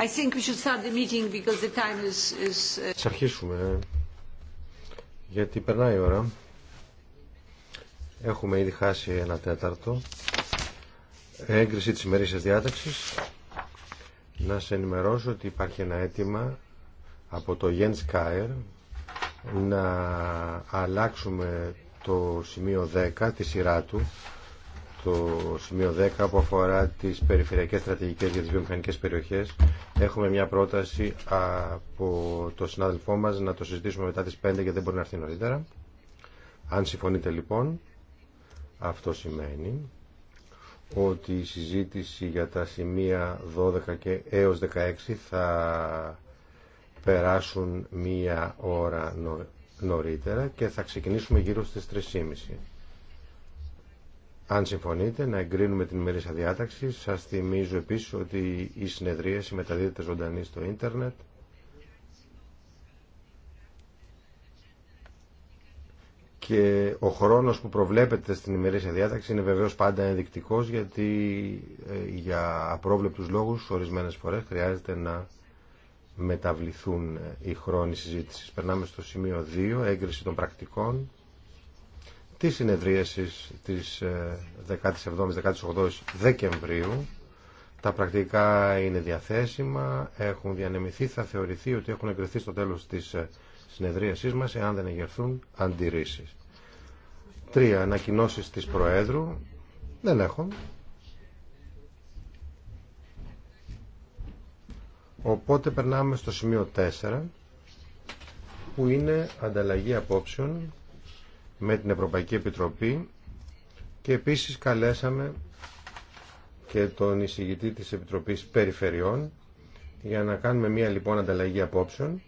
I αρχίσουμε γιατί περνάει η ώρα. Έχουμε ήδη χάσει ένα τέταρτο. Έγκριση της ημερήσιας διάταξης. Να σε ενημερώσω ότι υπάρχει ένα αίτημα από το Jens Kair να αλλάξουμε το σημείο 10 τη σειρά του το σημείο 10 που αφορά τις περιφερειακές στρατηγικές για τις βιομηχανικές περιοχές. Έχουμε μια πρόταση από το συνάδελφό μας να το συζητήσουμε μετά τις 5 γιατί δεν μπορεί να έρθει νωρίτερα. Αν συμφωνείτε λοιπόν, αυτό σημαίνει ότι η συζήτηση για τα σημεία 12 και έως 16 θα περάσουν μία ώρα νωρίτερα και θα ξεκινήσουμε γύρω στις 3.30. Αν συμφωνείτε, να εγκρίνουμε την ημερήσια διάταξη. Σας θυμίζω επίσης ότι η συνεδρίαση μεταδίδεται ζωντανή στο ίντερνετ. και ο χρόνος που προβλέπεται στην ημερήσια διάταξη είναι βεβαίω πάντα ενδεικτικό γιατί ε, για απρόβλεπτους λόγους ορισμένε φορές χρειάζεται να μεταβληθούν ε, οι χρόνοι συζήτηση. Περνάμε στο σημείο 2, έγκριση των πρακτικών της συνεδρίασης της 17 η 18 δεκεμβριου Τα πρακτικά είναι διαθέσιμα, έχουν διανεμηθεί, θα θεωρηθεί ότι έχουν εγκριθεί στο τέλος της ε, συνεδρίασής μας, εάν δεν εγερθούν αντιρρήσεις. Τρία, ανακοινώσει της Προέδρου. Δεν έχω. Οπότε περνάμε στο σημείο 4, που είναι ανταλλαγή απόψεων με την Ευρωπαϊκή Επιτροπή και επίσης καλέσαμε και τον εισηγητή της Επιτροπής Περιφερειών για να κάνουμε μία λοιπόν ανταλλαγή απόψεων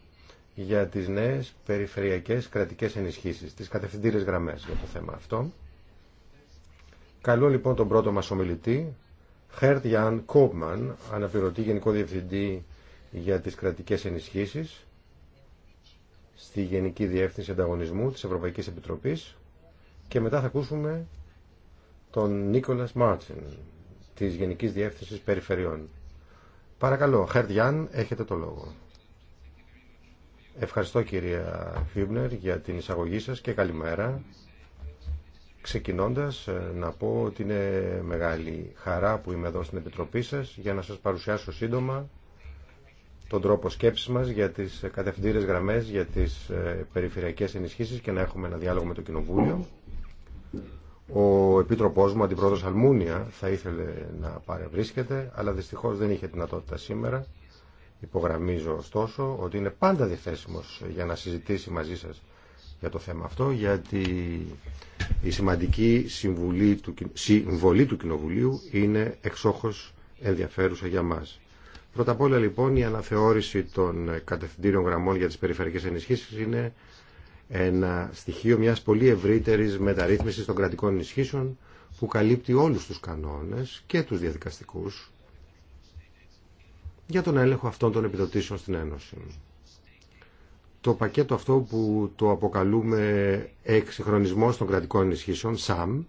για τις νέες περιφερειακές κρατικές ενισχύσεις, τις κατευθυντήρες γραμμές για το θέμα αυτό. Καλώ λοιπόν τον πρώτο μας ομιλητή, Χέρτ Γιάν Κόπμαν, αναπληρωτή Γενικό Διευθυντή για τις κρατικές ενισχύσεις στη Γενική Διεύθυνση Ανταγωνισμού της Ευρωπαϊκής Επιτροπής και μετά θα ακούσουμε τον Νίκολας Μάρτσιν της Γενικής Διεύθυνσης Περιφερειών. Παρακαλώ, Χερδιάν, έχετε το λόγο. Ευχαριστώ κυρία Χιούμπνερ για την εισαγωγή σας και καλημέρα. Ξεκινώντας ε, να πω ότι είναι μεγάλη χαρά που είμαι εδώ στην Επιτροπή σας για να σας παρουσιάσω σύντομα τον τρόπο σκέψης μας για τις ε, κατευθυντήρες γραμμές, για τις ε, περιφερειακές ενισχύσεις και να έχουμε ένα διάλογο με το Κοινοβούλιο. Ο επίτροπο μου, αντιπρόεδρο Αλμούνια, θα ήθελε να παρευρίσκεται, αλλά δυστυχώς δεν είχε δυνατότητα σήμερα. Υπογραμμίζω ωστόσο ότι είναι πάντα διθέσιμο για να συζητήσει μαζί σα για το θέμα αυτό, γιατί η σημαντική του, συμβολή του Κοινοβουλίου είναι εξόχως ενδιαφέρουσα για μας. Πρώτα απ' όλα λοιπόν η αναθεώρηση των κατευθυντήριων γραμμών για τις περιφερειακές ενισχύσεις είναι ένα στοιχείο μιας πολύ ευρύτερης μεταρρύθμισης των κρατικών ενισχύσεων που καλύπτει όλους τους κανόνες και τους διαδικαστικούς για τον έλεγχο αυτών των επιδοτήσεων στην Ένωση. Το πακέτο αυτό που το αποκαλούμε εξυγχρονισμός των κρατικών ενισχύσεων, ΣΑΜ,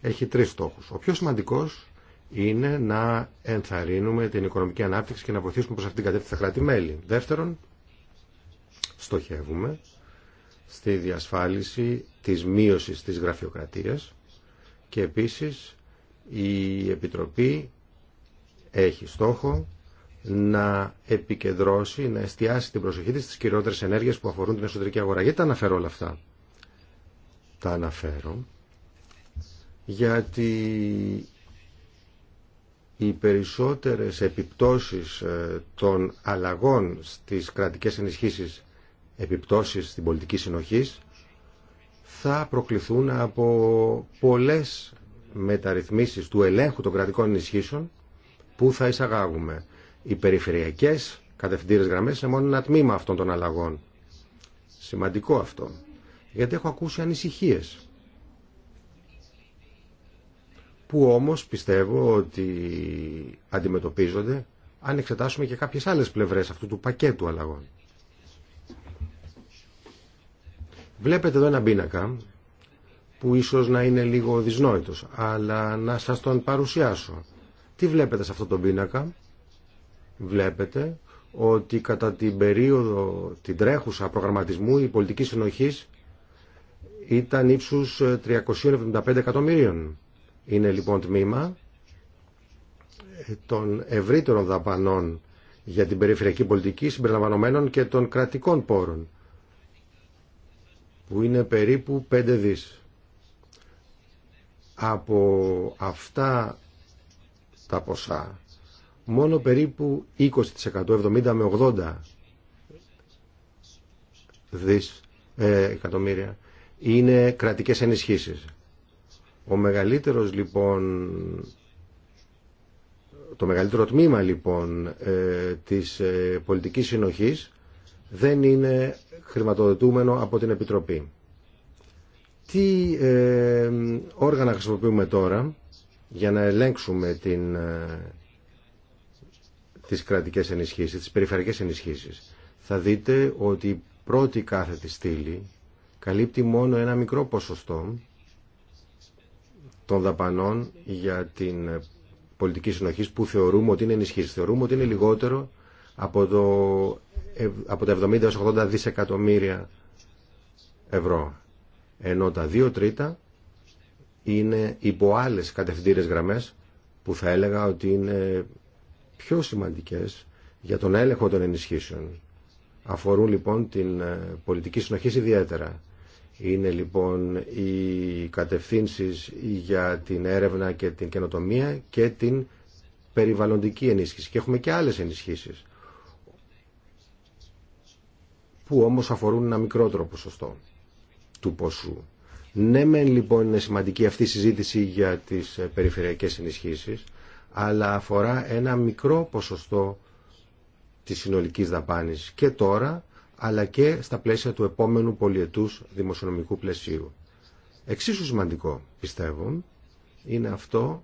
έχει τρεις στόχους. Ο πιο σημαντικός είναι να ενθαρρύνουμε την οικονομική ανάπτυξη και να βοηθήσουμε προς αυτήν την κατεύθυνση τα κράτη-μέλη. Δεύτερον, στοχεύουμε στη διασφάλιση της μείωσης της γραφειοκρατίας και επίσης η Επιτροπή έχει στόχο να επικεντρώσει, να εστιάσει την προσοχή της στις κυριότερες ενέργειες που αφορούν την εσωτερική αγορά. Γιατί τα αναφέρω όλα αυτά. Τα αναφέρω γιατί οι περισσότερες επιπτώσεις ε, των αλλαγών στις κρατικές ενισχύσεις, επιπτώσεις στην πολιτική συνοχής, θα προκληθούν από πολλές μεταρρυθμίσεις του ελέγχου των κρατικών ενισχύσεων που θα εισαγάγουμε. Οι περιφερειακές κατευθυντήρες γραμμές είναι μόνο ένα τμήμα αυτών των αλλαγών. Σημαντικό αυτό. Γιατί έχω ακούσει ανησυχίες που όμως πιστεύω ότι αντιμετωπίζονται αν εξετάσουμε και κάποιες άλλες πλευρές αυτού του πακέτου αλλαγών. Βλέπετε εδώ ένα πίνακα που ίσως να είναι λίγο δυσνόητος, αλλά να σας τον παρουσιάσω. Τι βλέπετε σε αυτό τον πίνακα? Βλέπετε ότι κατά την περίοδο την τρέχουσα προγραμματισμού η πολιτική συνοχής ήταν ύψους 375 εκατομμυρίων. Είναι λοιπόν τμήμα των ευρύτερων δαπανών για την περιφερειακή πολιτική συμπεριλαμβανομένων και των κρατικών πόρων που είναι περίπου 5 δις. Από αυτά τα ποσά μόνο περίπου 20%, 70 με 80 δις ε, εκατομμύρια είναι κρατικές ενισχύσεις. Ο μεγαλύτερος λοιπόν το μεγαλύτερο τμήμα λοιπόν ε, της ε, πολιτικής συνοχής δεν είναι χρηματοδοτούμενο από την Επιτροπή. Τι ε, όργανα χρησιμοποιούμε τώρα για να ελέγξουμε την, τις κρατικές ενισχύσεις, τις περιφερειακές ενισχύσεις. Θα δείτε ότι η πρώτη κάθετη στήλη καλύπτει μόνο ένα μικρό ποσοστό των δαπανών για την πολιτική συνοχή που θεωρούμε ότι είναι ενισχύσει. Θεωρούμε ότι είναι λιγότερο από, το, από τα 70-80 δισεκατομμύρια ευρώ. Ενώ τα δύο τρίτα είναι υπό άλλε κατευθυντήρε γραμμέ που θα έλεγα ότι είναι πιο σημαντικές για τον έλεγχο των ενισχύσεων. Αφορούν λοιπόν την ε, πολιτική συνοχή ιδιαίτερα. Είναι λοιπόν οι κατευθύνσεις για την έρευνα και την καινοτομία και την περιβαλλοντική ενίσχυση. Και έχουμε και άλλες ενισχύσεις που όμως αφορούν ένα μικρότερο ποσοστό του ποσού. Ναι μεν λοιπόν είναι σημαντική αυτή η συζήτηση για τις περιφερειακές ενισχύσεις αλλά αφορά ένα μικρό ποσοστό της συνολικής δαπάνης και τώρα αλλά και στα πλαίσια του επόμενου πολιετούς δημοσιονομικού πλαισίου. Εξίσου σημαντικό, πιστεύω, είναι αυτό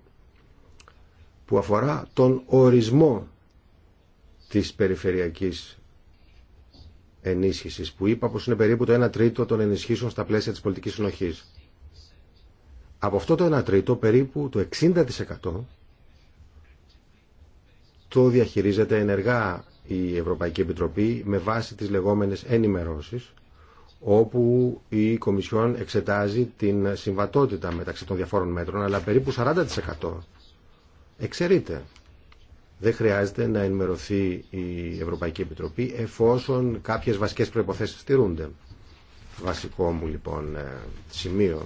που αφορά τον ορισμό της περιφερειακής ενίσχυσης, που είπα πως είναι περίπου το 1 τρίτο των ενισχύσεων στα πλαίσια της πολιτικής συνοχής. Από αυτό το 1 τρίτο, περίπου το 60% το διαχειρίζεται ενεργά η Ευρωπαϊκή Επιτροπή με βάση τις λεγόμενες ενημερώσεις όπου η Κομισιόν εξετάζει την συμβατότητα μεταξύ των διαφόρων μέτρων αλλά περίπου 40% εξαιρείται. Δεν χρειάζεται να ενημερωθεί η Ευρωπαϊκή Επιτροπή εφόσον κάποιες βασικές προϋποθέσεις στηρούνται. Βασικό μου λοιπόν ε, σημείο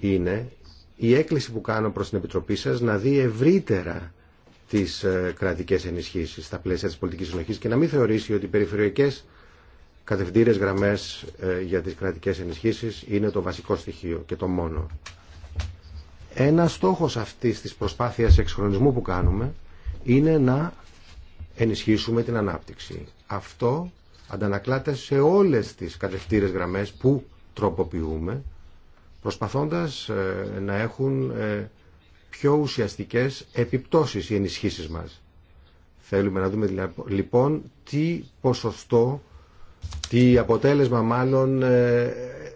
είναι η έκκληση που κάνω προς την Επιτροπή σας να δει ευρύτερα τις ε, κρατικές ενισχύσεις στα πλαίσια της πολιτικής συνοχής και να μην θεωρήσει ότι οι περιφερειακές κατευθύντηρες γραμμές ε, για τις κρατικές ενισχύσεις είναι το βασικό στοιχείο και το μόνο. Ένα στόχος αυτής της προσπάθειας εξχρονισμού που κάνουμε είναι να ενισχύσουμε την ανάπτυξη. Αυτό αντανακλάται σε όλες τις κατευθύντηρες γραμμές που τροποποιούμε προσπαθώντας ε, να έχουν πιο ουσιαστικές επιπτώσεις οι ενισχύσεις μας. Θέλουμε να δούμε λοιπόν τι ποσοστό, τι αποτέλεσμα μάλλον ε,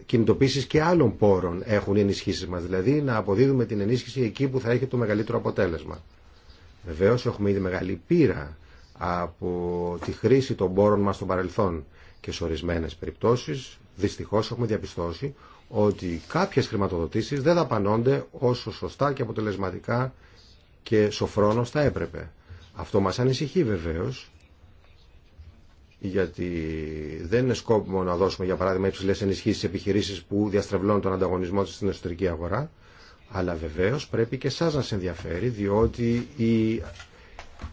κινητοποίησης και άλλων πόρων έχουν οι ενισχύσεις μας. Δηλαδή να αποδίδουμε την ενίσχυση εκεί που θα έχει το μεγαλύτερο αποτέλεσμα. Βεβαίως έχουμε ήδη μεγάλη πείρα από τη χρήση των πόρων μας στο παρελθόν και σε ορισμένες περιπτώσεις δυστυχώς έχουμε διαπιστώσει ότι κάποιες χρηματοδοτήσεις δεν δαπανώνται όσο σωστά και αποτελεσματικά και σοφρόνος θα έπρεπε. Αυτό μας ανησυχεί βεβαίως, γιατί δεν είναι σκόπιμο να δώσουμε για παράδειγμα υψηλέ ενισχύσει επιχειρήσει που διαστρεβλώνουν τον ανταγωνισμό τη στην εσωτερική αγορά. Αλλά βεβαίω πρέπει και εσά να σε ενδιαφέρει, διότι οι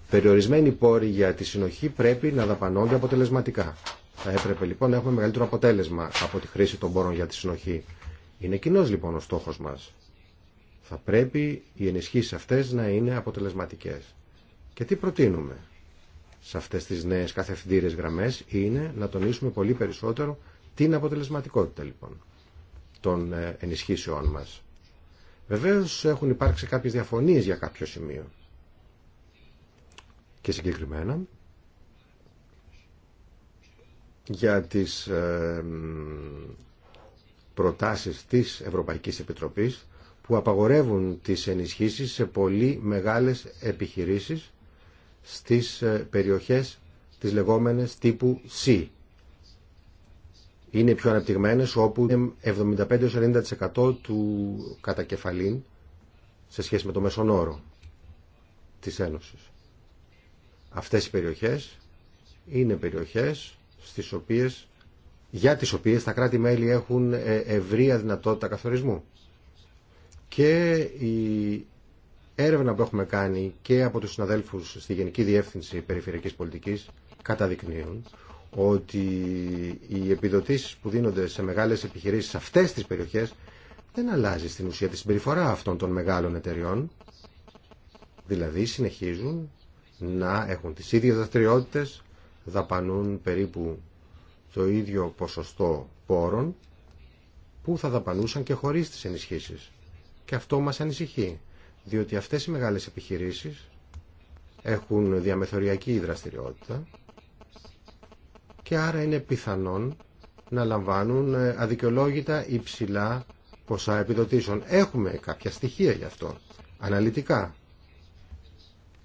περιορισμένοι πόροι για τη συνοχή πρέπει να δαπανώνται αποτελεσματικά. Θα έπρεπε λοιπόν να έχουμε μεγαλύτερο αποτέλεσμα από τη χρήση των πόρων για τη συνοχή. Είναι κοινό λοιπόν ο στόχο μα. Θα πρέπει οι ενισχύσει αυτέ να είναι αποτελεσματικέ. Και τι προτείνουμε σε αυτέ τι νέε καθευθύντηρε γραμμέ είναι να τονίσουμε πολύ περισσότερο την αποτελεσματικότητα λοιπόν των ε, ενισχύσεών μα. Βεβαίω έχουν υπάρξει κάποιε διαφωνίε για κάποιο σημείο. Και συγκεκριμένα για τις ε, προτάσεις της Ευρωπαϊκής Επιτροπής που απαγορεύουν τις ενισχύσεις σε πολύ μεγάλες επιχειρήσεις στις ε, περιοχές της λεγόμενες τύπου C. Είναι πιο αναπτυγμένες όπου 75-90% του κατακεφαλήν σε σχέση με το μέσον όρο της Ένωσης. Αυτές οι περιοχές είναι περιοχές στις οποίες, για τις οποίες τα κράτη-μέλη έχουν ε, ευρεία δυνατότητα καθορισμού. Και η έρευνα που έχουμε κάνει και από τους συναδέλφους στη Γενική Διεύθυνση Περιφερειακής Πολιτικής καταδεικνύουν ότι οι επιδοτήσεις που δίνονται σε μεγάλες επιχειρήσεις σε αυτές τις περιοχές δεν αλλάζει στην ουσία τη συμπεριφορά αυτών των μεγάλων εταιριών. Δηλαδή συνεχίζουν να έχουν τις ίδιες δραστηριότητε δαπανούν περίπου το ίδιο ποσοστό πόρων που θα δαπανούσαν και χωρίς τις ενισχύσεις. Και αυτό μας ανησυχεί, διότι αυτές οι μεγάλες επιχειρήσεις έχουν διαμεθοριακή δραστηριότητα και άρα είναι πιθανόν να λαμβάνουν ε, αδικαιολόγητα υψηλά ποσά επιδοτήσεων. Έχουμε κάποια στοιχεία γι' αυτό, αναλυτικά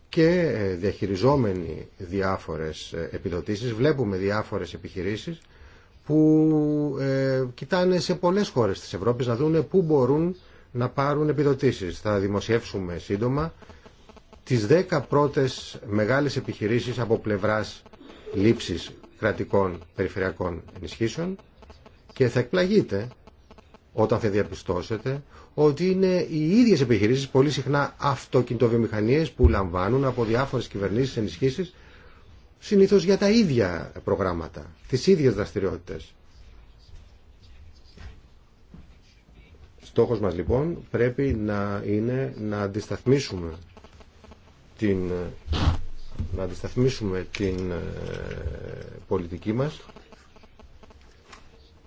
και ε, διαχειριζόμενοι διάφορες ε, επιδοτήσεις. Βλέπουμε διάφορες επιχειρήσεις που ε, κοιτάνε σε πολλές χώρες της Ευρώπης να δούνε πού μπορούν να πάρουν επιδοτήσεις. Θα δημοσιεύσουμε σύντομα τις δέκα πρώτες μεγάλες επιχειρήσεις από πλευράς λήψης κρατικών περιφερειακών ενισχύσεων και θα εκπλαγείτε όταν θα διαπιστώσετε ότι είναι οι ίδιες επιχειρήσεις, πολύ συχνά αυτοκινητοβιομηχανίες που λαμβάνουν από διάφορες κυβερνήσεις ενισχύσεις, συνήθως για τα ίδια προγράμματα, τις ίδιες δραστηριότητες. Στόχος μας λοιπόν πρέπει να είναι να αντισταθμίσουμε την, να αντισταθμίσουμε την ε, πολιτική μας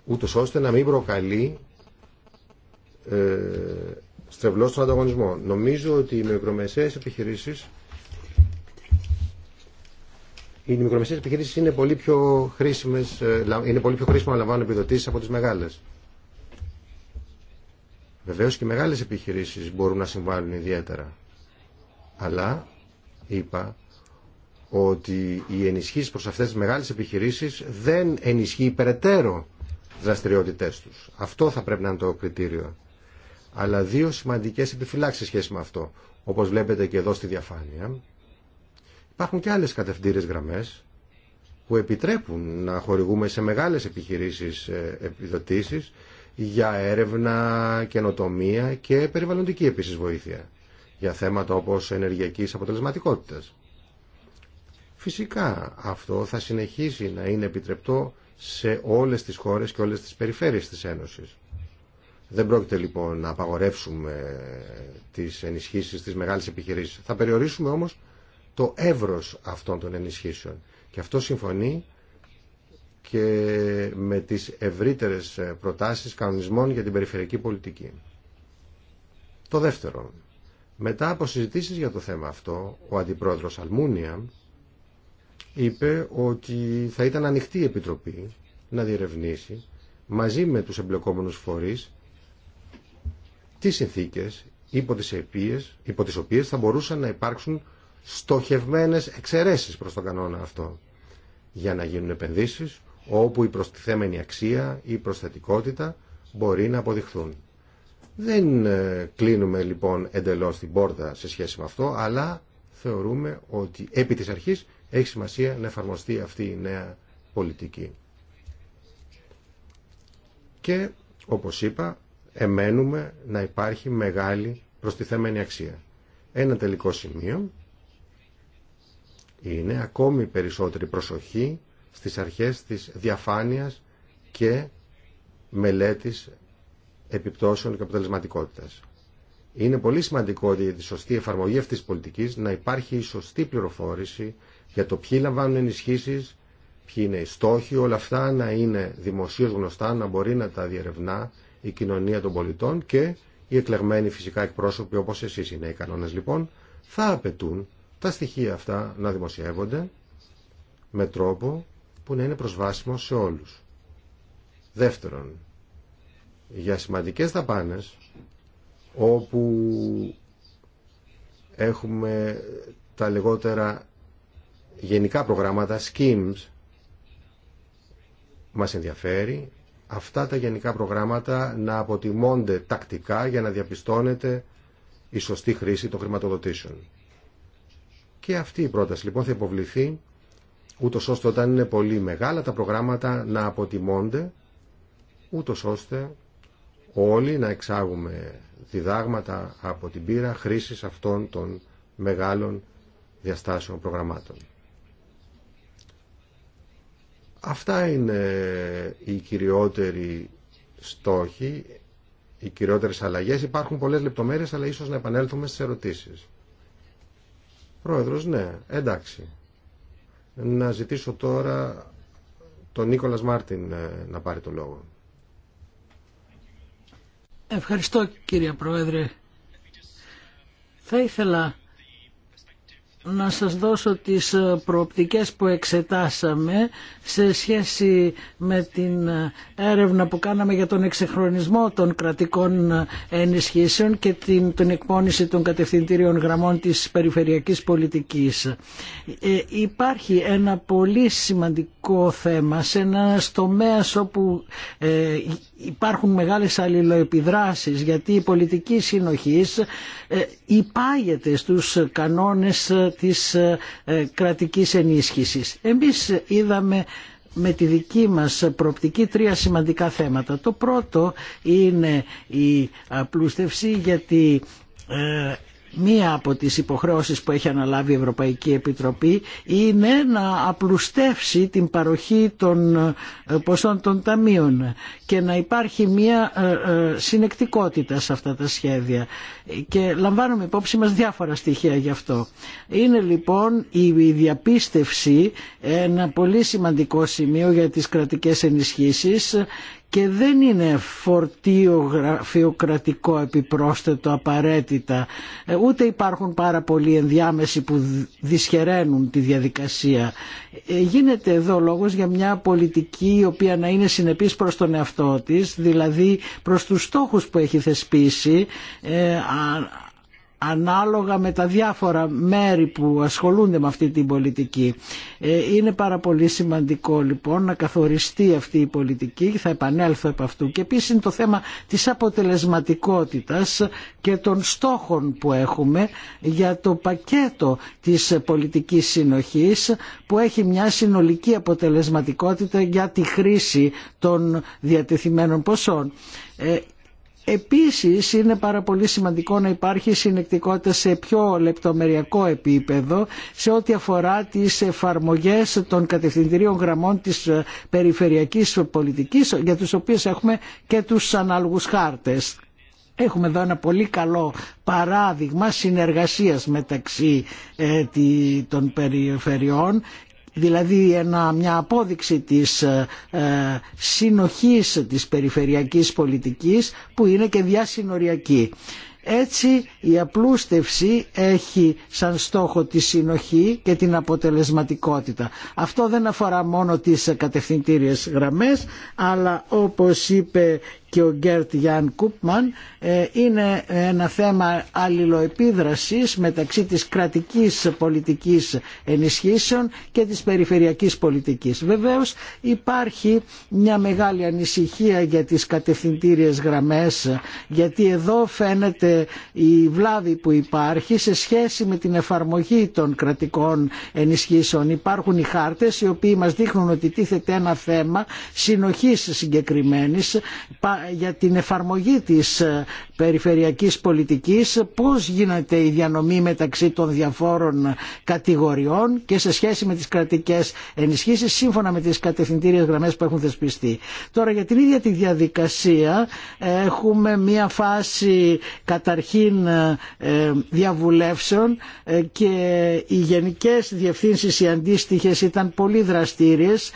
ούτως ώστε να μην προκαλεί ε, στρεβλώσει ανταγωνισμό. Νομίζω ότι οι μικρομεσαίες επιχειρήσει οι είναι πολύ πιο χρήσιμες, ε, είναι πολύ πιο χρήσιμο να λαμβάνουν επιδοτήσει από τι μεγάλε. Βεβαίω και οι μεγάλες επιχειρήσεις μπορούν να συμβάλλουν ιδιαίτερα. Αλλά είπα ότι η ενισχύση προ αυτέ τι μεγάλε επιχειρήσει δεν ενισχύει περαιτέρω δραστηριότητε του. Αυτό θα πρέπει να είναι το κριτήριο αλλά δύο σημαντικές επιφυλάξεις σχέση με αυτό. Όπως βλέπετε και εδώ στη διαφάνεια, υπάρχουν και άλλες κατευθύντηρες γραμμές που επιτρέπουν να χορηγούμε σε μεγάλες επιχειρήσεις ε, επιδοτήσεις για έρευνα, καινοτομία και περιβαλλοντική επίσης βοήθεια για θέματα όπως ενεργειακής αποτελεσματικότητας. Φυσικά αυτό θα συνεχίσει να είναι επιτρεπτό σε όλες τις χώρες και όλες τις περιφέρειες της Ένωσης. Δεν πρόκειται λοιπόν να απαγορεύσουμε τις ενισχύσεις της μεγάλης επιχειρήσης. Θα περιορίσουμε όμως το εύρος αυτών των ενισχύσεων. Και αυτό συμφωνεί και με τις ευρύτερες προτάσεις κανονισμών για την περιφερειακή πολιτική. Το δεύτερο. Μετά από συζητήσεις για το θέμα αυτό, ο Αντιπρόεδρος Αλμούνια είπε ότι θα ήταν ανοιχτή η Επιτροπή να διερευνήσει μαζί με τους εμπλεκόμενους φορείς τις συνθήκες υπό τις, επίες υπό τις οποίες θα μπορούσαν να υπάρξουν στοχευμένες εξαιρέσεις προς τον κανόνα αυτό για να γίνουν επενδύσεις όπου η προστιθέμενη αξία ή η προσθετικότητα μπορεί να αποδειχθούν. Δεν ε, κλείνουμε λοιπόν εντελώς την πόρτα σε σχέση με αυτό, αλλά θεωρούμε ότι επί της αρχής έχει σημασία να εφαρμοστεί αυτή η νέα πολιτική. Και όπως είπα εμένουμε να υπάρχει μεγάλη προστιθέμενη αξία. Ένα τελικό σημείο είναι ακόμη περισσότερη προσοχή στις αρχές της διαφάνειας και μελέτης επιπτώσεων και αποτελεσματικότητας. Είναι πολύ σημαντικό για τη σωστή εφαρμογή αυτής της πολιτικής να υπάρχει η σωστή πληροφόρηση για το ποιοι λαμβάνουν ενισχύσει, ποιοι είναι οι στόχοι, όλα αυτά να είναι δημοσίως γνωστά, να μπορεί να τα διερευνά η κοινωνία των πολιτών και οι εκλεγμένοι φυσικά εκπρόσωποι όπως εσείς είναι οι κανόνες λοιπόν, θα απαιτούν τα στοιχεία αυτά να δημοσιεύονται με τρόπο που να είναι προσβάσιμο σε όλους. Δεύτερον, για σημαντικές δαπάνες όπου έχουμε τα λιγότερα γενικά προγράμματα, schemes, μας ενδιαφέρει αυτά τα γενικά προγράμματα να αποτιμώνται τακτικά για να διαπιστώνεται η σωστή χρήση των χρηματοδοτήσεων. Και αυτή η πρόταση λοιπόν θα υποβληθεί ούτω ώστε όταν είναι πολύ μεγάλα τα προγράμματα να αποτιμώνται ούτω ώστε όλοι να εξάγουμε διδάγματα από την πείρα χρήσης αυτών των μεγάλων διαστάσεων προγραμμάτων. Αυτά είναι οι κυριότεροι στόχοι, οι κυριότερες αλλαγές. Υπάρχουν πολλές λεπτομέρειες, αλλά ίσως να επανέλθουμε στις ερωτήσεις. Πρόεδρος, ναι, εντάξει. Να ζητήσω τώρα τον Νίκολας Μάρτιν ε, να πάρει το λόγο. Ευχαριστώ κύριε Πρόεδρε. Θα ήθελα να σας δώσω τις ε, προοπτικές που εξετάσαμε σε σχέση με την ε, έρευνα που κάναμε για τον εξεχρονισμό των κρατικών ε, ενισχύσεων και την, την εκπόνηση των κατευθυντήριων γραμμών της περιφερειακής πολιτικής. υπάρχει ένα πολύ σημαντικό θέμα σε ένα τομέα όπου υπάρχουν μεγάλες αλληλοεπιδράσεις γιατί η πολιτική συνοχής ε, υπάγεται στους κανόνες ε, της ε, κρατικής ενίσχυσης. Εμείς είδαμε με τη δική μας προοπτική τρία σημαντικά θέματα. Το πρώτο είναι η απλούστευση γιατί μία από τις υποχρεώσεις που έχει αναλάβει η Ευρωπαϊκή Επιτροπή είναι να απλουστεύσει την παροχή των ε, ποσών των ταμείων και να υπάρχει μία ε, ε, συνεκτικότητα σε αυτά τα σχέδια και λαμβάνουμε υπόψη μας διάφορα στοιχεία γι' αυτό. Είναι λοιπόν η διαπίστευση ένα πολύ σημαντικό σημείο για τις κρατικές ενισχύσεις και δεν είναι φορτίο γραφειοκρατικό επιπρόσθετο απαραίτητα ε, ούτε υπάρχουν πάρα πολλοί ενδιάμεσοι που δυσχεραίνουν τη διαδικασία. Ε, γίνεται εδώ λόγος για μια πολιτική η οποία να είναι συνεπής προς τον εαυτό της δηλαδή προς τους στόχους που έχει θεσπίσει ε, ανάλογα με τα διάφορα μέρη που ασχολούνται με αυτή την πολιτική. Ε, είναι πάρα πολύ σημαντικό λοιπόν να καθοριστεί αυτή η πολιτική, θα επανέλθω από αυτού. Και επίσης είναι το θέμα της αποτελεσματικότητας και των στόχων που έχουμε για το πακέτο της πολιτικής συνοχής που έχει μια συνολική αποτελεσματικότητα για τη χρήση των διατεθειμένων ποσών ε, Επίσης είναι πάρα πολύ σημαντικό να υπάρχει συνεκτικότητα σε πιο λεπτομεριακό επίπεδο σε ό,τι αφορά τις εφαρμογές των κατευθυντηρίων γραμμών της περιφερειακής πολιτικής για τους οποίες έχουμε και τους ανάλογους χάρτες. Έχουμε εδώ ένα πολύ καλό παράδειγμα συνεργασίας μεταξύ ε, των περιφερειών δηλαδή μια απόδειξη της ε, ε, συνοχής της περιφερειακής πολιτικής που είναι και διασυνοριακή. Έτσι η απλούστευση έχει σαν στόχο τη συνοχή και την αποτελεσματικότητα. Αυτό δεν αφορά μόνο τις κατευθυντήριες γραμμές αλλά όπως είπε και ο Γκέρτ Γιάν Κούπμαν ε, είναι ένα θέμα αλληλοεπίδρασης μεταξύ της κρατικής πολιτικής ενισχύσεων και της περιφερειακής πολιτικής. Βεβαίως υπάρχει μια μεγάλη ανησυχία για τις κατευθυντήριες γραμμές γιατί εδώ φαίνεται η βλάβη που υπάρχει σε σχέση με την εφαρμογή των κρατικών ενισχύσεων. Υπάρχουν οι χάρτες οι οποίοι μας δείχνουν ότι τίθεται ένα θέμα συνοχής συγκεκριμένης για την εφαρμογή της ε, περιφερειακής πολιτικής πώς γίνεται η διανομή μεταξύ των διαφόρων κατηγοριών και σε σχέση με τις κρατικές ενισχύσεις σύμφωνα με τις κατευθυντήριες γραμμές που έχουν θεσπιστεί. Τώρα για την ίδια τη διαδικασία έχουμε μία φάση καταρχήν ε, ε, διαβουλεύσεων και οι γενικές διευθύνσεις οι αντίστοιχες ήταν πολύ δραστήριες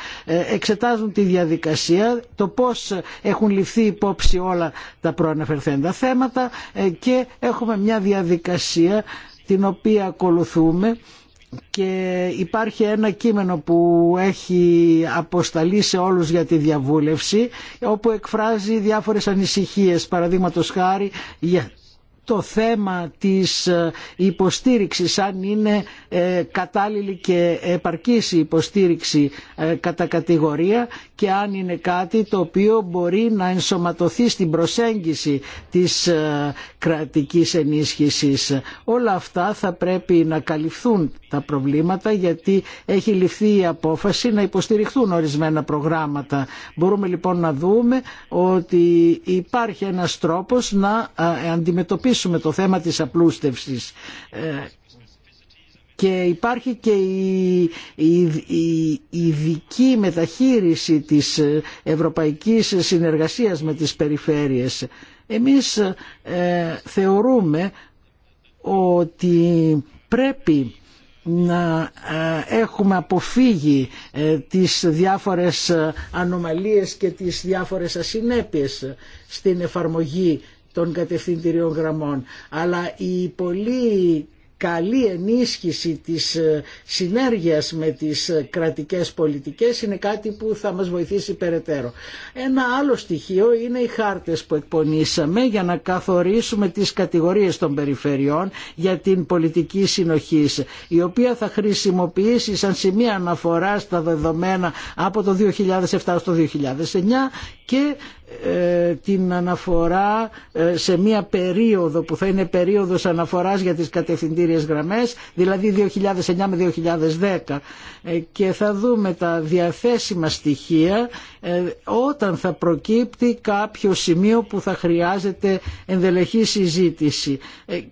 εξετάζουν τη διαδικασία το πώς έχουν ληφθεί υπόψη όλα τα προαναφερθέντα θέματα ε, και έχουμε μια διαδικασία την οποία ακολουθούμε και υπάρχει ένα κείμενο που έχει αποσταλεί σε όλους για τη διαβούλευση όπου εκφράζει διάφορες ανησυχίες παραδείγματος χάρη για το θέμα της ε, υποστήριξης αν είναι ε, κατάλληλη και επαρκής η υποστήριξη ε, κατά κατηγορία και αν είναι κάτι το οποίο μπορεί να ενσωματωθεί στην προσέγγιση της κρατικής ενίσχυσης. Όλα αυτά θα πρέπει να καλυφθούν τα προβλήματα γιατί έχει ληφθεί η απόφαση να υποστηριχθούν ορισμένα προγράμματα. Μπορούμε λοιπόν να δούμε ότι υπάρχει ένας τρόπος να αντιμετωπίσουμε το θέμα της απλούστευσης ε, και υπάρχει και η, η, ειδική μεταχείριση της ευρωπαϊκής συνεργασίας με τις περιφέρειες. Εμείς ε, θεωρούμε ότι πρέπει να ε, έχουμε αποφύγει τις διάφορες ανομαλίες και τις διάφορες ασυνέπειες στην εφαρμογή των κατευθυντηριών γραμμών. Αλλά η πολύ καλή ενίσχυση της ε, συνέργειας με τις ε, κρατικές πολιτικές είναι κάτι που θα μας βοηθήσει περαιτέρω. Ένα άλλο στοιχείο είναι οι χάρτες που εκπονήσαμε για να καθορίσουμε τις κατηγορίες των περιφερειών για την πολιτική συνοχή, η οποία θα χρησιμοποιήσει σαν σημεία αναφορά στα δεδομένα από το 2007 στο 2009 και ε, την αναφορά ε, σε μία περίοδο που θα είναι περίοδος αναφοράς για τις κατευθυντήριες γραμμές, δηλαδή 2009 με 2010 ε, και θα δούμε τα διαθέσιμα στοιχεία όταν θα προκύπτει κάποιο σημείο που θα χρειάζεται ενδελεχή συζήτηση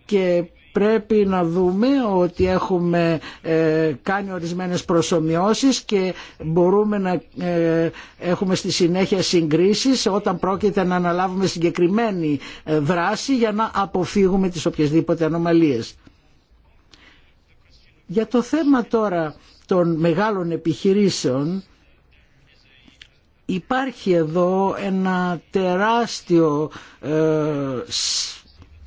και πρέπει να δούμε ότι έχουμε ε, κάνει ορισμένες προσωμιώσεις και μπορούμε να ε, έχουμε στη συνέχεια συγκρίσεις όταν πρόκειται να αναλάβουμε συγκεκριμένη ε, δράση για να αποφύγουμε τις οποιασδήποτε ανομαλίες. Για το θέμα τώρα των μεγάλων επιχειρήσεων υπάρχει εδώ ένα τεράστιο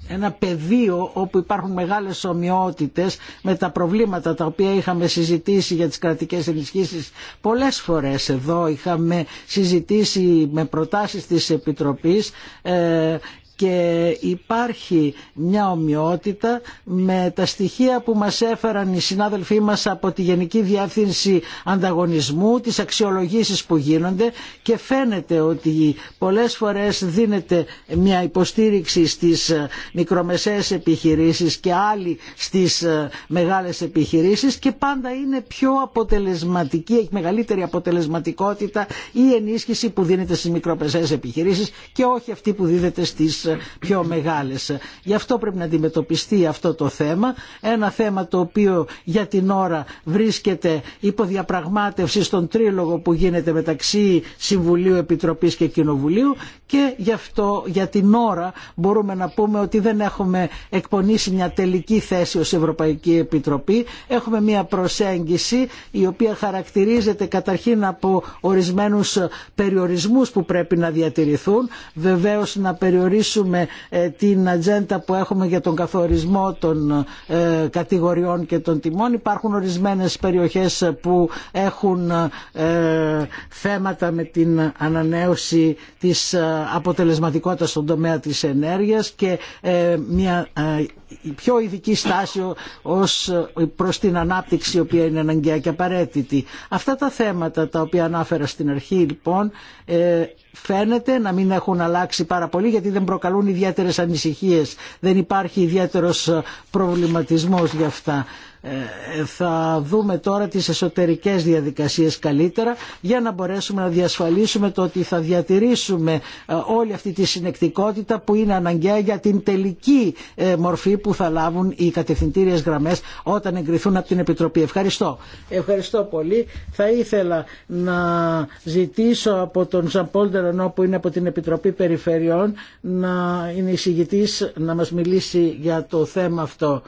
ένα πεδίο όπου υπάρχουν μεγάλες ομοιότητες με τα προβλήματα τα οποία είχαμε συζητήσει για τις κρατικές ενισχύσεις πολλές φορές εδώ είχαμε συζητήσει με προτάσεις της Επιτροπής ε, και υπάρχει μια ομοιότητα με τα στοιχεία που μας έφεραν οι συνάδελφοί μας από τη Γενική Διεύθυνση Ανταγωνισμού, τις αξιολογήσεις που γίνονται και φαίνεται ότι πολλές φορές δίνεται μια υποστήριξη στις μικρομεσαίες επιχειρήσεις και άλλη στις μεγάλες επιχειρήσεις και πάντα είναι πιο αποτελεσματική, έχει μεγαλύτερη αποτελεσματικότητα η ενίσχυση που δίνεται στις μικρομεσαίες επιχειρήσεις και όχι αυτή που δίδεται στις πιο μεγάλες. Γι' αυτό πρέπει να αντιμετωπιστεί αυτό το θέμα. Ένα θέμα το οποίο για την ώρα βρίσκεται υπό διαπραγμάτευση στον τρίλογο που γίνεται μεταξύ Συμβουλίου, Επιτροπής και Κοινοβουλίου και γι' αυτό για την ώρα μπορούμε να πούμε ότι δεν έχουμε εκπονήσει μια τελική θέση ως Ευρωπαϊκή Επιτροπή. Έχουμε μια προσέγγιση η οποία χαρακτηρίζεται καταρχήν από ορισμένους περιορισμούς που πρέπει να διατηρηθούν. Βεβαίως να περιορίσουμε ε, την ατζέντα που έχουμε για τον καθορισμό των ε, κατηγοριών και των τιμών. Υπάρχουν ορισμένες περιοχές που έχουν ε, θέματα με την ανανέωση της αποτελεσματικότητας στον τομέα της ενέργειας και μια πιο ειδική στάση ως προς την ανάπτυξη η οποία είναι αναγκαία και απαραίτητη. Αυτά τα θέματα τα οποία ανάφερα στην αρχή λοιπόν φαίνεται να μην έχουν αλλάξει πάρα πολύ γιατί δεν προκαλούν ιδιαίτερες ανησυχίες. Δεν υπάρχει ιδιαίτερος ε, προβληματισμός για αυτά. Ε, θα δούμε τώρα τις εσωτερικές διαδικασίες καλύτερα για να μπορέσουμε να διασφαλίσουμε το ότι θα διατηρήσουμε ε, όλη αυτή τη συνεκτικότητα που είναι αναγκαία για την τελική ε, μορφή που θα λάβουν οι κατευθυντήριες γραμμές όταν εγκριθούν από την Επιτροπή. Ευχαριστώ. Ευχαριστώ πολύ. Θα ήθελα να ζητήσω από τον Ζαμπόλ Ντερανό που είναι από την Επιτροπή Περιφερειών να είναι εισηγητής να μας μιλήσει για το θέμα αυτό.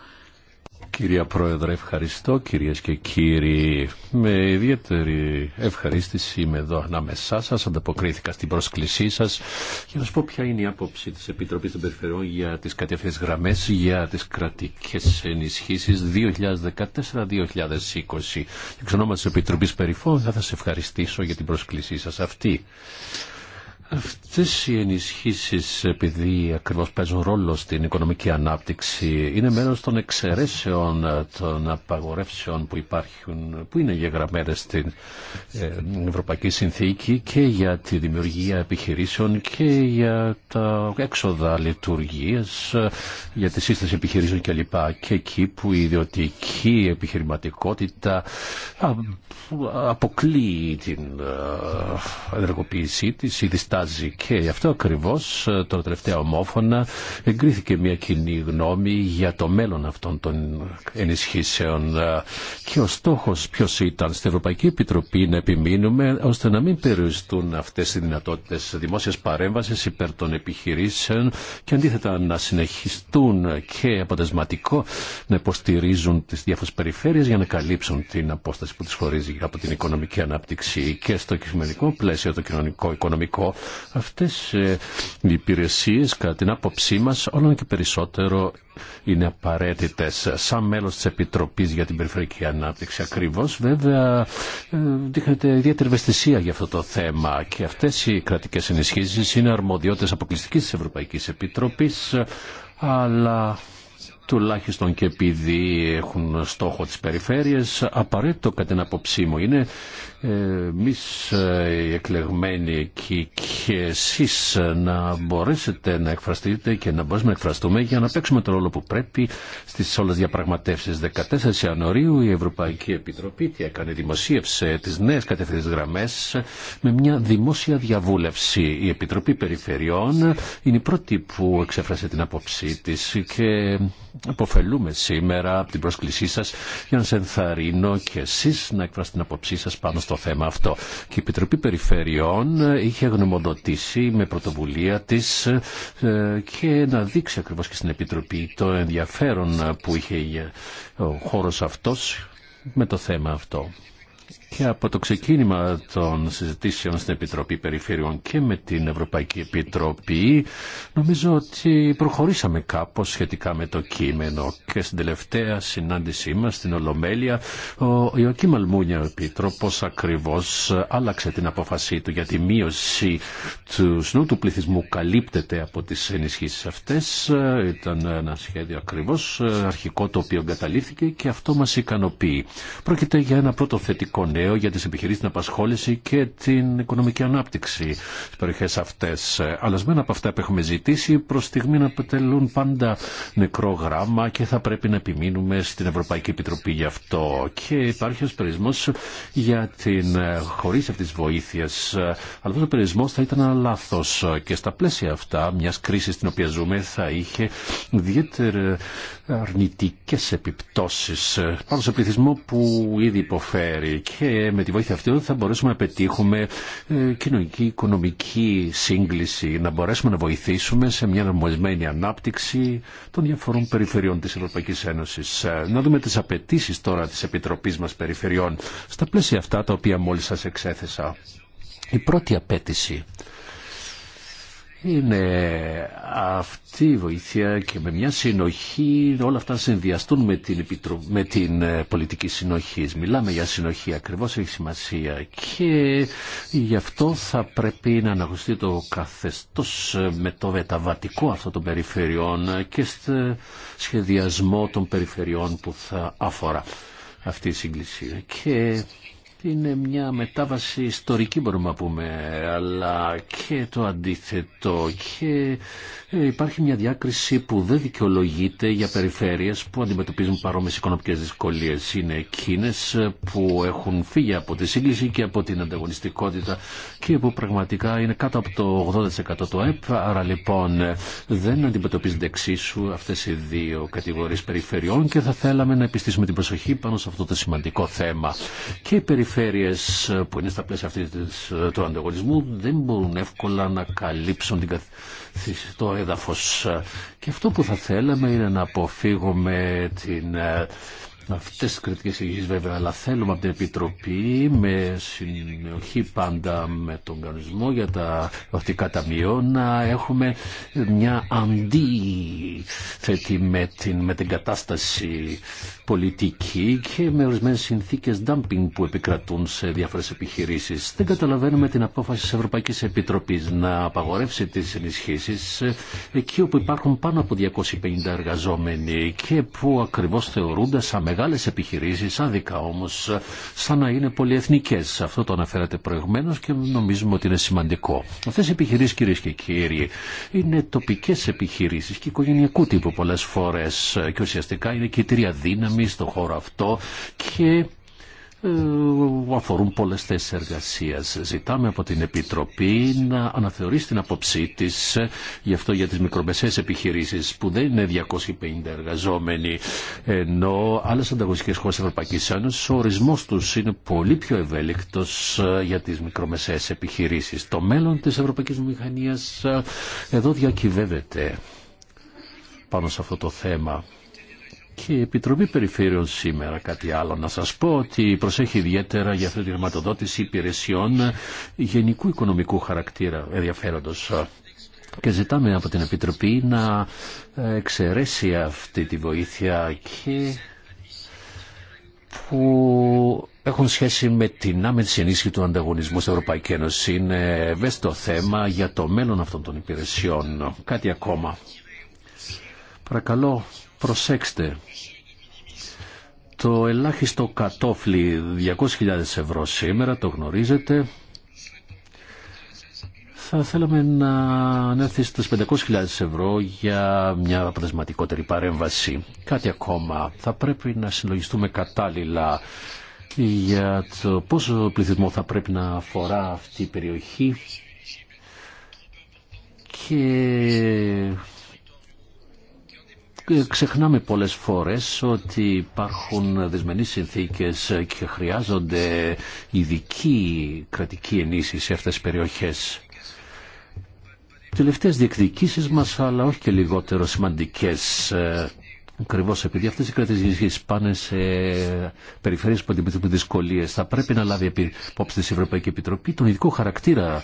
Κυρία Πρόεδρε, ευχαριστώ. Κυρίες και κύριοι, με ιδιαίτερη ευχαρίστηση είμαι εδώ ανάμεσά σας. Ανταποκρίθηκα στην πρόσκλησή σας για να σας πω ποια είναι η άποψη της Επιτροπής των Περιφερειών για τις κατευθύνες γραμμές για τις κρατικές ενισχύσεις 2014-2020. Εξ ονόματο της Επιτροπής Περιφών θα σας ευχαριστήσω για την πρόσκλησή σας αυτή. Αυτές οι ενισχύσεις επειδή ακριβώς παίζουν ρόλο στην οικονομική ανάπτυξη είναι μέρος των εξαιρέσεων των απαγορεύσεων που υπάρχουν που είναι γεγραμμένες στην ε, Ευρωπαϊκή Συνθήκη και για τη δημιουργία επιχειρήσεων και για τα έξοδα λειτουργίας για τη σύσταση επιχειρήσεων κλπ. Και εκεί που η ιδιωτική επιχειρηματικότητα αποκλείει την ε, ενεργοποίησή της, η και γι' αυτό ακριβώς ε, τώρα τελευταία ομόφωνα εγκρίθηκε μια κοινή γνώμη για το μέλλον αυτών των ενισχύσεων. Ε, και ο στόχος ποιος ήταν στην Ευρωπαϊκή Επιτροπή να επιμείνουμε ώστε να μην περιοριστούν αυτές οι δυνατότητες δημόσιας παρέμβασης υπέρ των επιχειρήσεων και αντίθετα να συνεχιστούν και αποτεσματικό να υποστηρίζουν τις διάφορες περιφέρειες για να καλύψουν την απόσταση που τις χωρίζει από την οικονομική ανάπτυξη και στο κοινωνικό πλαίσιο, το κοινωνικό, οικονομικό, Αυτές ε, οι υπηρεσίες κατά την άποψή μας όλο και περισσότερο είναι απαραίτητες. Σαν μέλος της Επιτροπής για την Περιφερειακή Ανάπτυξη ακριβώς βέβαια ε, δείχνεται ιδιαίτερη ευαισθησία για αυτό το θέμα και αυτές οι κρατικές ενισχύσεις είναι αρμοδιότητες αποκλειστικής της Ευρωπαϊκής Επιτροπής ε, αλλά τουλάχιστον και επειδή έχουν στόχο τις περιφέρειες, απαραίτητο κατά την απόψή μου είναι ε, εμείς ε, οι εκλεγμένοι εκεί και εσείς να μπορέσετε να εκφραστείτε και να μπορέσουμε να εκφραστούμε για να παίξουμε τον ρόλο που πρέπει στις όλες διαπραγματεύσεις. 14 Ιανουαρίου η Ευρωπαϊκή Επιτροπή τι έκανε, δημοσίευσε τις νέες κατευθυντικές γραμμές με μια δημόσια διαβούλευση. Η Επιτροπή Περιφερειών είναι η πρώτη που εξέφρασε την απόψή της και Αποφελούμε σήμερα από την πρόσκλησή σα για να σε ενθαρρύνω και εσεί να εκφράσετε την απόψή σα πάνω στο θέμα αυτό. Και η Επιτροπή Περιφερειών είχε γνωμοδοτήσει με πρωτοβουλία τη ε, και να δείξει ακριβώ και στην Επιτροπή το ενδιαφέρον που είχε ο χώρο αυτό με το θέμα αυτό και από το ξεκίνημα των συζητήσεων στην Επιτροπή Περιφερειών και με την Ευρωπαϊκή Επιτροπή νομίζω ότι προχωρήσαμε κάπως σχετικά με το κείμενο και στην τελευταία συνάντησή μας στην Ολομέλεια ο Ιωκή Μαλμούνια ο Επίτροπος ακριβώς άλλαξε την αποφασή του για τη μείωση του σνού του πληθυσμού καλύπτεται από τις ενισχύσεις αυτές ήταν ένα σχέδιο ακριβώς αρχικό το οποίο εγκαταλείφθηκε και αυτό μας ικανοποιεί. Πρόκειται για ένα πρώτο νέο για τις επιχειρήσεις, την απασχόληση και την οικονομική ανάπτυξη στις περιοχές αυτές. Αλλασμένα από αυτά που έχουμε ζητήσει προς στιγμή να αποτελούν πάντα νεκρό γράμμα και θα πρέπει να επιμείνουμε στην Ευρωπαϊκή Επιτροπή γι' αυτό. Και υπάρχει ο περιορισμό για την χωρίς αυτής της βοήθειας. Αλλά αυτός ο περιορισμό θα ήταν λάθος και στα πλαίσια αυτά μιας κρίσης στην οποία ζούμε θα είχε ιδιαίτερη αρνητικές επιπτώσεις ε, πάνω σε πληθυσμό που ήδη υποφέρει και με τη βοήθεια αυτή θα μπορέσουμε να πετύχουμε ε, κοινωνική, οικονομική σύγκληση, να μπορέσουμε να βοηθήσουμε σε μια νομισμένη ανάπτυξη των διαφορών περιφερειών της Ευρωπαϊκής Ένωσης. Ε, να δούμε τις απαιτήσει τώρα της Επιτροπής μας Περιφερειών στα πλαίσια αυτά τα οποία μόλις σας εξέθεσα. Η πρώτη απέτηση είναι αυτή η βοήθεια και με μια συνοχή όλα αυτά συνδυαστούν με την, με την ε, πολιτική συνοχή. Μιλάμε για συνοχή ακριβώς έχει σημασία και γι' αυτό θα πρέπει να αναγνωστεί το καθεστώς ε, με το βεταβατικό αυτό των περιφερειών και στο σχεδιασμό των περιφερειών που θα αφορά αυτή η σύγκληση. Και είναι μια μετάβαση ιστορική μπορούμε να πούμε, αλλά και το αντίθετο και ε, υπάρχει μια διάκριση που δεν δικαιολογείται για περιφέρειες που αντιμετωπίζουν παρόμοιες οικονομικές δυσκολίες. Είναι εκείνε που έχουν φύγει από τη σύγκληση και από την ανταγωνιστικότητα και που πραγματικά είναι κάτω από το 80% του ΕΠ, άρα λοιπόν δεν αντιμετωπίζονται εξίσου αυτές οι δύο κατηγορίες περιφερειών και θα θέλαμε να επιστήσουμε την προσοχή πάνω σε αυτό το σημαντικό θέμα. Και οι περιφέρειες που είναι στα πλαίσια της, του ανταγωνισμού δεν μπορούν εύκολα να καλύψουν την το έδαφος. Και αυτό που θα θέλαμε είναι να αποφύγουμε την ε, Αυτέ τι κριτικέ κριτικές βέβαια, αλλά θέλουμε από την Επιτροπή με συνοχή πάντα με τον κανονισμό για τα ορτικά ταμείο να έχουμε μια αντίθετη με την, με την κατάσταση πολιτική και με ορισμένε συνθήκε dumping που επικρατούν σε διάφορε επιχειρήσει. Δεν καταλαβαίνουμε την απόφαση τη Ευρωπαϊκή Επιτροπή να απαγορεύσει τι ενισχύσει εκεί όπου υπάρχουν πάνω από 250 εργαζόμενοι και που ακριβώς θεωρούνται σαν μεγάλες επιχειρήσεις, άδικα όμως, σαν να είναι πολυεθνικές. Αυτό το αναφέρατε προηγουμένως και νομίζουμε ότι είναι σημαντικό. Αυτές οι επιχειρήσεις κυρίε και κύριοι είναι τοπικές επιχειρήσεις και οικογενειακού τύπου πολλές φορές και ουσιαστικά είναι κυτρία δύναμη στον χώρο αυτό και ε, αφορούν πολλές θέσεις εργασίας. Ζητάμε από την Επιτροπή να αναθεωρήσει την απόψή της ε, γι' αυτό για τις μικρομεσαίες επιχειρήσεις που δεν είναι 250 εργαζόμενοι ενώ άλλες ανταγωνιστικέ χώρες της Ευρωπαϊκής Ένωσης ο ορισμός τους είναι πολύ πιο ευέλικτος ε, για τις μικρομεσαίες επιχειρήσεις. Το μέλλον της Ευρωπαϊκής Μηχανίας εδώ διακυβεύεται πάνω σε αυτό το θέμα η Επιτροπή Περιφέρειων σήμερα κάτι άλλο. Να σας πω ότι προσέχει ιδιαίτερα για αυτή τη χρηματοδότηση υπηρεσιών γενικού οικονομικού χαρακτήρα ενδιαφέροντος και ζητάμε από την Επιτροπή να εξαιρέσει αυτή τη βοήθεια και που έχουν σχέση με την άμεση ενίσχυση του ανταγωνισμού στην Ευρωπαϊκή Ένωση. Είναι ευαίσθητο θέμα για το μέλλον αυτών των υπηρεσιών. Κάτι ακόμα. Παρακαλώ Προσέξτε, το ελάχιστο κατόφλι 200.000 ευρώ σήμερα, το γνωρίζετε, θα θέλαμε να έρθει στις 500.000 ευρώ για μια αποτελεσματικότερη παρέμβαση. Κάτι ακόμα. Θα πρέπει να συλλογιστούμε κατάλληλα για το πόσο πληθυσμό θα πρέπει να αφορά αυτή η περιοχή και ξεχνάμε πολλές φορές ότι υπάρχουν δεσμενείς συνθήκες και χρειάζονται ειδική κρατική ενίσχυση σε αυτές τις περιοχές. Τελευταίες διεκδικήσεις μας, αλλά όχι και λιγότερο σημαντικές. Ε, Ακριβώ επειδή αυτέ οι κρατικέ ενισχύσει πάνε σε περιφέρειε που αντιμετωπίζουν δυσκολίε, θα πρέπει να λάβει υπόψη τη Ευρωπαϊκή Επιτροπή τον ειδικό χαρακτήρα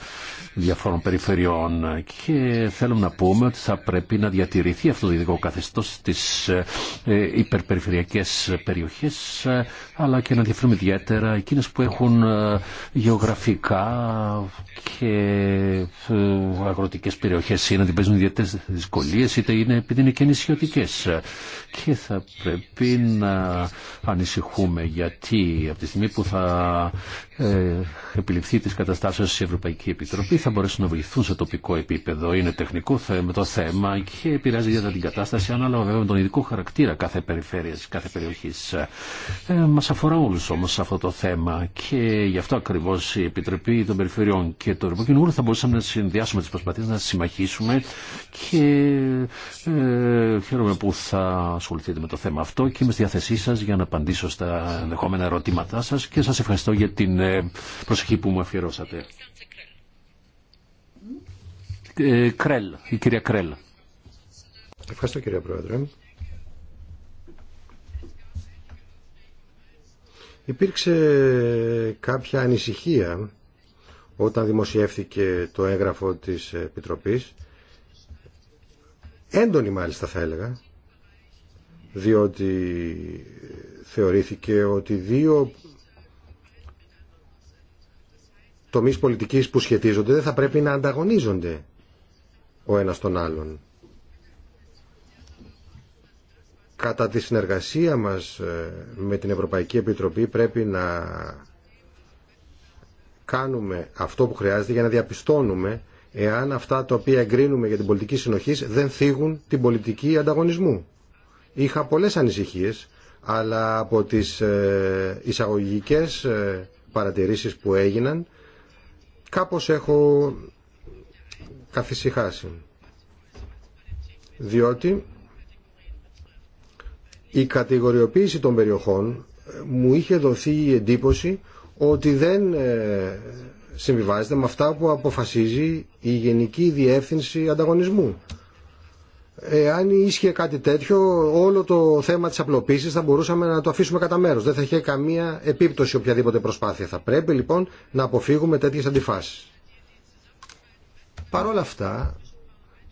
διαφόρων περιφερειών και θέλουμε να πούμε ότι θα πρέπει να διατηρηθεί αυτό το ειδικό καθεστώς στις ε, υπερπεριφερειακές περιοχές ε, αλλά και να διαφέρουμε ιδιαίτερα εκείνες που έχουν ε, γεωγραφικά και αγροτικές περιοχές ή να αντιμετωπίζουν ιδιαίτερες δυσκολίες είτε είναι επειδή είναι και νησιωτικές και θα πρέπει να ανησυχούμε γιατί από τη στιγμή που θα ε, επιληφθεί της καταστάσεως η Ευρωπαϊκή Επιτροπή θα μπορέσουν να βοηθούν σε τοπικό επίπεδο. Είναι τεχνικό με το θέμα και επηρεάζει για την κατάσταση ανάλογα βέβαια με τον ειδικό χαρακτήρα κάθε περιφέρειας, κάθε περιοχής. Ε, μας αφορά όλους όμως αυτό το θέμα και γι' αυτό ακριβώς η Επιτροπή των Περιφερειών και το Ευρωπαϊκό θα μπορούσαμε να συνδυάσουμε τις προσπαθήσει, να συμμαχίσουμε και ε, χαίρομαι που θα ασχοληθείτε με το θέμα αυτό και είμαι στη διάθεσή σα για να απαντήσω στα ενδεχόμενα ερωτήματά σας και σας ευχαριστώ για την ε, προσοχή που μου αφιερώσατε. Ε, Κρέλ, η κυρία Κρέλ. Ευχαριστώ κύριε Πρόεδρε. Υπήρξε κάποια ανησυχία όταν δημοσιεύθηκε το έγγραφο της Επιτροπής, έντονη μάλιστα θα έλεγα, διότι θεωρήθηκε ότι δύο τομείς πολιτικής που σχετίζονται δεν θα πρέπει να ανταγωνίζονται ο ένας τον άλλον. Κατά τη συνεργασία μας ε, με την Ευρωπαϊκή Επιτροπή πρέπει να κάνουμε αυτό που χρειάζεται για να διαπιστώνουμε εάν αυτά τα οποία εγκρίνουμε για την πολιτική συνοχή δεν θίγουν την πολιτική ανταγωνισμού. Είχα πολλές ανησυχίες, αλλά από τις ε, εισαγωγικές ε, παρατηρήσεις που έγιναν κάπως έχω καθησυχάσει. Διότι η κατηγοριοποίηση των περιοχών ε, μου είχε δοθεί η εντύπωση ότι δεν ε, συμβιβάζεται με αυτά που αποφασίζει η Γενική Διεύθυνση Ανταγωνισμού. Εάν ίσχυε κάτι τέτοιο, όλο το θέμα της απλοποίηση θα μπορούσαμε να το αφήσουμε κατά μέρο. Δεν θα είχε καμία επίπτωση οποιαδήποτε προσπάθεια. Θα πρέπει λοιπόν να αποφύγουμε τέτοιες αντιφάσεις. Παρ' όλα αυτά,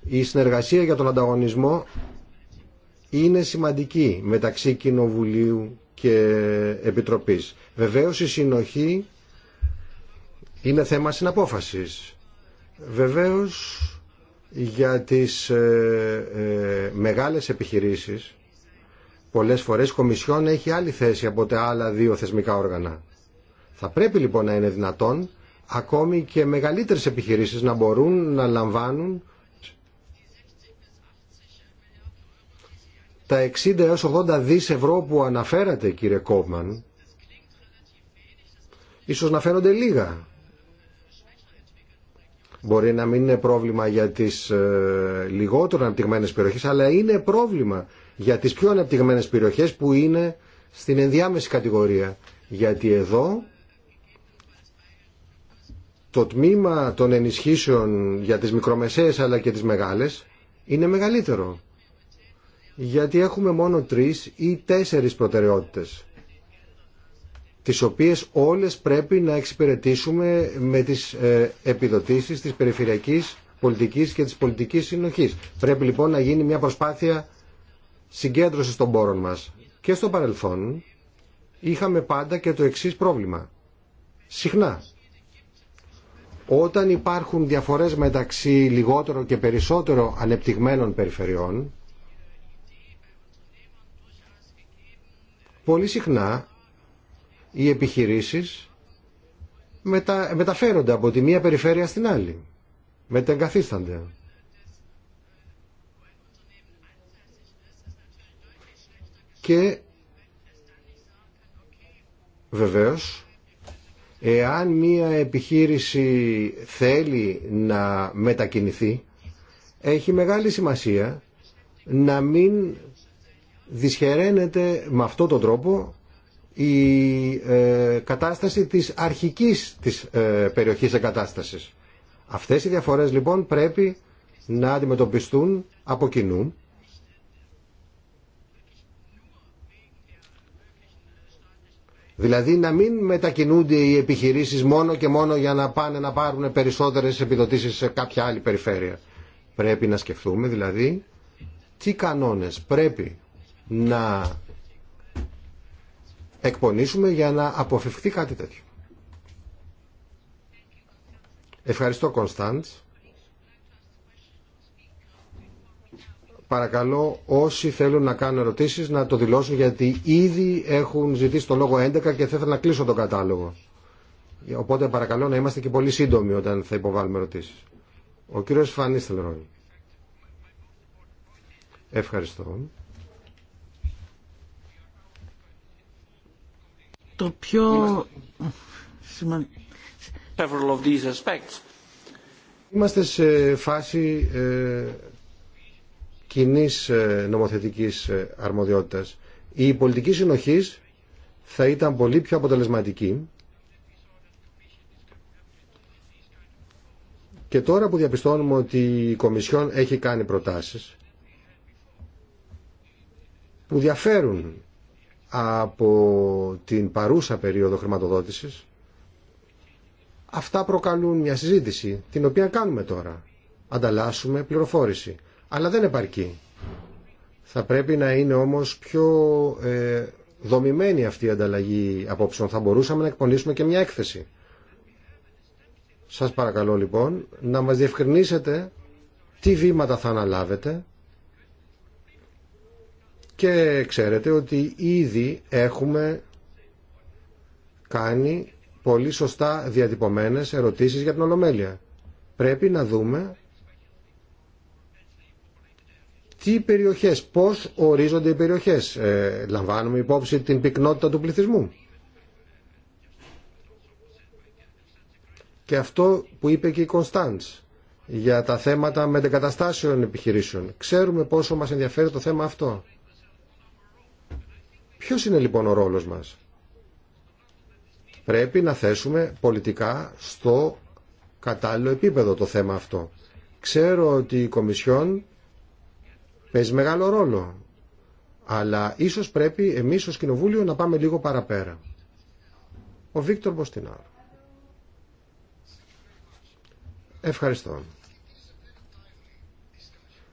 η συνεργασία για τον ανταγωνισμό είναι σημαντική μεταξύ Κοινοβουλίου και Επιτροπής. Βεβαίως η συνοχή είναι θέμα συναπόφασης. Βεβαίως για τις ε, ε, μεγάλες επιχειρήσεις πολλές φορές η Κομισιόν έχει άλλη θέση από τα άλλα δύο θεσμικά όργανα. Θα πρέπει λοιπόν να είναι δυνατόν ακόμη και μεγαλύτερες επιχειρήσεις να μπορούν να λαμβάνουν τα 60 έως 80 δις ευρώ που αναφέρατε κύριε Κόμμαν ίσως να φαίνονται λίγα Μπορεί να μην είναι πρόβλημα για τις ε, λιγότερο αναπτυγμένες περιοχές, αλλά είναι πρόβλημα για τις πιο αναπτυγμένες περιοχές που είναι στην ενδιάμεση κατηγορία. Γιατί εδώ το τμήμα των ενισχύσεων για τις μικρομεσαίες αλλά και τις μεγάλες είναι μεγαλύτερο. Γιατί έχουμε μόνο τρεις ή τέσσερις προτεραιότητες τις οποίες όλες πρέπει να εξυπηρετήσουμε με τις ε, επιδοτήσεις της περιφερειακής πολιτικής και της πολιτικής συνοχής. Πρέπει λοιπόν να γίνει μια προσπάθεια συγκέντρωσης των πόρων μας. Και στο παρελθόν είχαμε πάντα και το εξής πρόβλημα. Συχνά. Όταν υπάρχουν διαφορές μεταξύ λιγότερο και περισσότερο ανεπτυγμένων περιφερειών, πολύ συχνά οι επιχειρήσεις μετα... μεταφέρονται από τη μία περιφέρεια στην άλλη. Μετεγκαθίστανται. Και βεβαίως εάν μία επιχείρηση θέλει να μετακινηθεί έχει μεγάλη σημασία να μην δυσχεραίνεται με αυτόν τον τρόπο η ε, κατάσταση της αρχικής της ε, περιοχής εγκατάστασης. Αυτές οι διαφορές λοιπόν πρέπει να αντιμετωπιστούν από κοινού Δηλαδή να μην μετακινούνται οι επιχειρήσεις μόνο και μόνο για να πάνε να πάρουν περισσότερες επιδοτήσεις σε κάποια άλλη περιφέρεια. Πρέπει να σκεφτούμε δηλαδή τι κανόνες πρέπει να εκπονήσουμε για να αποφευχθεί κάτι τέτοιο. Ευχαριστώ Κωνσταντς. Παρακαλώ όσοι θέλουν να κάνουν ερωτήσεις να το δηλώσουν γιατί ήδη έχουν ζητήσει το λόγο 11 και θα ήθελα να κλείσω τον κατάλογο. Οπότε παρακαλώ να είμαστε και πολύ σύντομοι όταν θα υποβάλουμε ερωτήσεις. Ο κύριος Φανίστελ Ευχαριστώ. το πιο σημαντικό. Είμαστε σε φάση ε, κοινή ε, νομοθετικής ε, αρμοδιότητας. Η πολιτική συνοχής θα ήταν πολύ πιο αποτελεσματική και τώρα που διαπιστώνουμε ότι η Κομισιόν έχει κάνει προτάσεις που διαφέρουν από την παρούσα περίοδο χρηματοδότησης αυτά προκαλούν μια συζήτηση την οποία κάνουμε τώρα ανταλλάσσουμε πληροφόρηση αλλά δεν επαρκεί θα πρέπει να είναι όμως πιο ε, δομημένη αυτή η ανταλλαγή απόψεων θα μπορούσαμε να εκπονήσουμε και μια έκθεση σας παρακαλώ λοιπόν να μας διευκρινίσετε τι βήματα θα αναλάβετε και ξέρετε ότι ήδη έχουμε κάνει πολύ σωστά διατυπωμένες ερωτήσεις για την Ολομέλεια. Πρέπει να δούμε τι περιοχές, πώς ορίζονται οι περιοχές. Ε, λαμβάνουμε υπόψη την πυκνότητα του πληθυσμού. Και αυτό που είπε και η Κωνσταντς για τα θέματα μετεγκαταστάσεων επιχειρήσεων. Ξέρουμε πόσο μας ενδιαφέρει το θέμα αυτό. Ποιος είναι λοιπόν ο ρόλος μας. Πρέπει να θέσουμε πολιτικά στο κατάλληλο επίπεδο το θέμα αυτό. Ξέρω ότι η Κομισιόν παίζει μεγάλο ρόλο, αλλά ίσως πρέπει εμείς ως Κοινοβούλιο να πάμε λίγο παραπέρα. Ο Βίκτορ Μποστινάρ. Ευχαριστώ.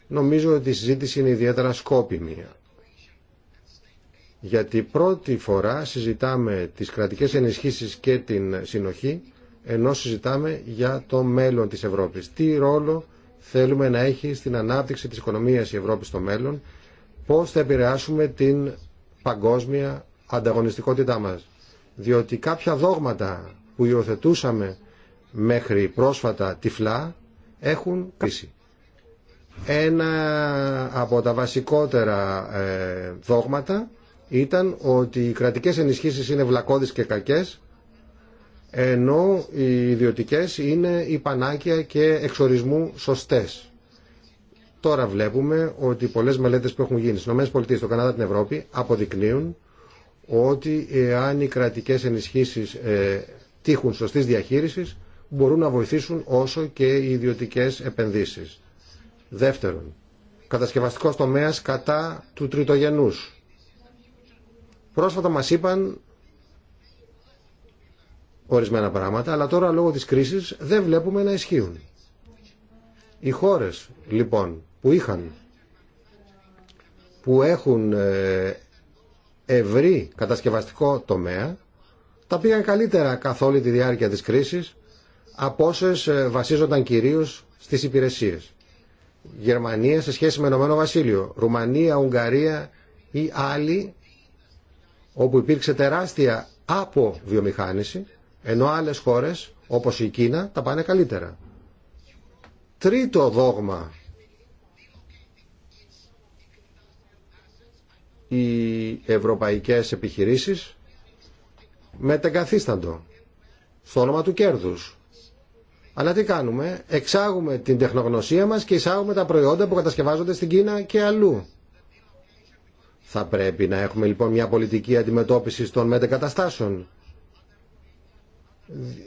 Νομίζω ότι η συζήτηση είναι ιδιαίτερα σκόπιμη γιατί πρώτη φορά συζητάμε τις κρατικές ενισχύσεις και την συνοχή ενώ συζητάμε για το μέλλον της Ευρώπης. Τι ρόλο θέλουμε να έχει στην ανάπτυξη της οικονομίας η Ευρώπη στο μέλλον, πώς θα επηρεάσουμε την παγκόσμια ανταγωνιστικότητά μας. Διότι κάποια δόγματα που υιοθετούσαμε μέχρι πρόσφατα τυφλά έχουν κρίση. Ένα από τα βασικότερα ε, δόγματα ήταν ότι οι κρατικές ενισχύσεις είναι βλακώδεις και κακές ενώ οι ιδιωτικές είναι υπανάκια και εξορισμού σωστές. Τώρα βλέπουμε ότι πολλές μελέτες που έχουν γίνει στις ΗΠΑ, στο Καναδά, την Ευρώπη αποδεικνύουν ότι εάν οι κρατικές ενισχύσεις ε, τύχουν σωστής διαχείρισης μπορούν να βοηθήσουν όσο και οι ιδιωτικές επενδύσεις. Δεύτερον, κατασκευαστικός τομέας κατά του τριτογενούς Πρόσφατα μας είπαν ορισμένα πράγματα, αλλά τώρα λόγω της κρίσης δεν βλέπουμε να ισχύουν. Οι χώρες λοιπόν που είχαν, που έχουν ε, ευρύ κατασκευαστικό τομέα, τα πήγαν καλύτερα καθ' όλη τη διάρκεια της κρίσης από όσε ε, βασίζονταν κυρίως στις υπηρεσίες. Γερμανία σε σχέση με Ηνωμένο Βασίλειο, Ρουμανία, Ουγγαρία ή άλλοι όπου υπήρξε τεράστια από αποβιομηχάνηση, ενώ άλλες χώρες, όπως η Κίνα, τα πάνε καλύτερα. Τρίτο δόγμα. Οι ευρωπαϊκές επιχειρήσεις μετεγκαθίσταντο στο όνομα του κέρδους. Αλλά τι κάνουμε, εξάγουμε την τεχνογνωσία μας και εισάγουμε τα προϊόντα που κατασκευάζονται στην Κίνα και αλλού. Θα πρέπει να έχουμε λοιπόν μια πολιτική αντιμετώπιση των μετεκαταστάσεων.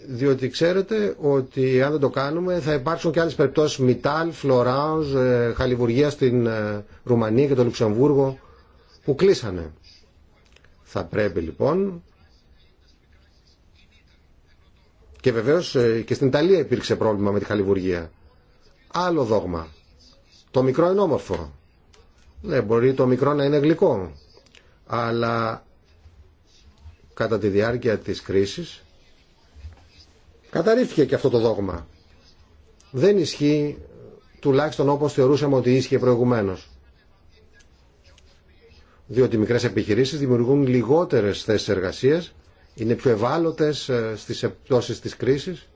Διότι ξέρετε ότι αν δεν το κάνουμε θα υπάρξουν και άλλες περιπτώσεις Μιτάλ, Φλωράνζ, ε, Χαλιβουργία στην ε, Ρουμανία και το Λουξεμβούργο που κλείσανε. Θα πρέπει λοιπόν και βεβαίως ε, και στην Ιταλία υπήρξε πρόβλημα με τη Χαλιβουργία. Άλλο δόγμα. Το μικρό είναι ναι, μπορεί το μικρό να είναι γλυκό, αλλά κατά τη διάρκεια της κρίσης καταρρίφθηκε και αυτό το δόγμα. Δεν ισχύει τουλάχιστον όπως θεωρούσαμε ότι ίσχυε προηγουμένως. Διότι οι μικρές επιχειρήσεις δημιουργούν λιγότερες θέσεις εργασίας, είναι πιο ευάλωτες ε, στις επιπτώσεις της κρίσης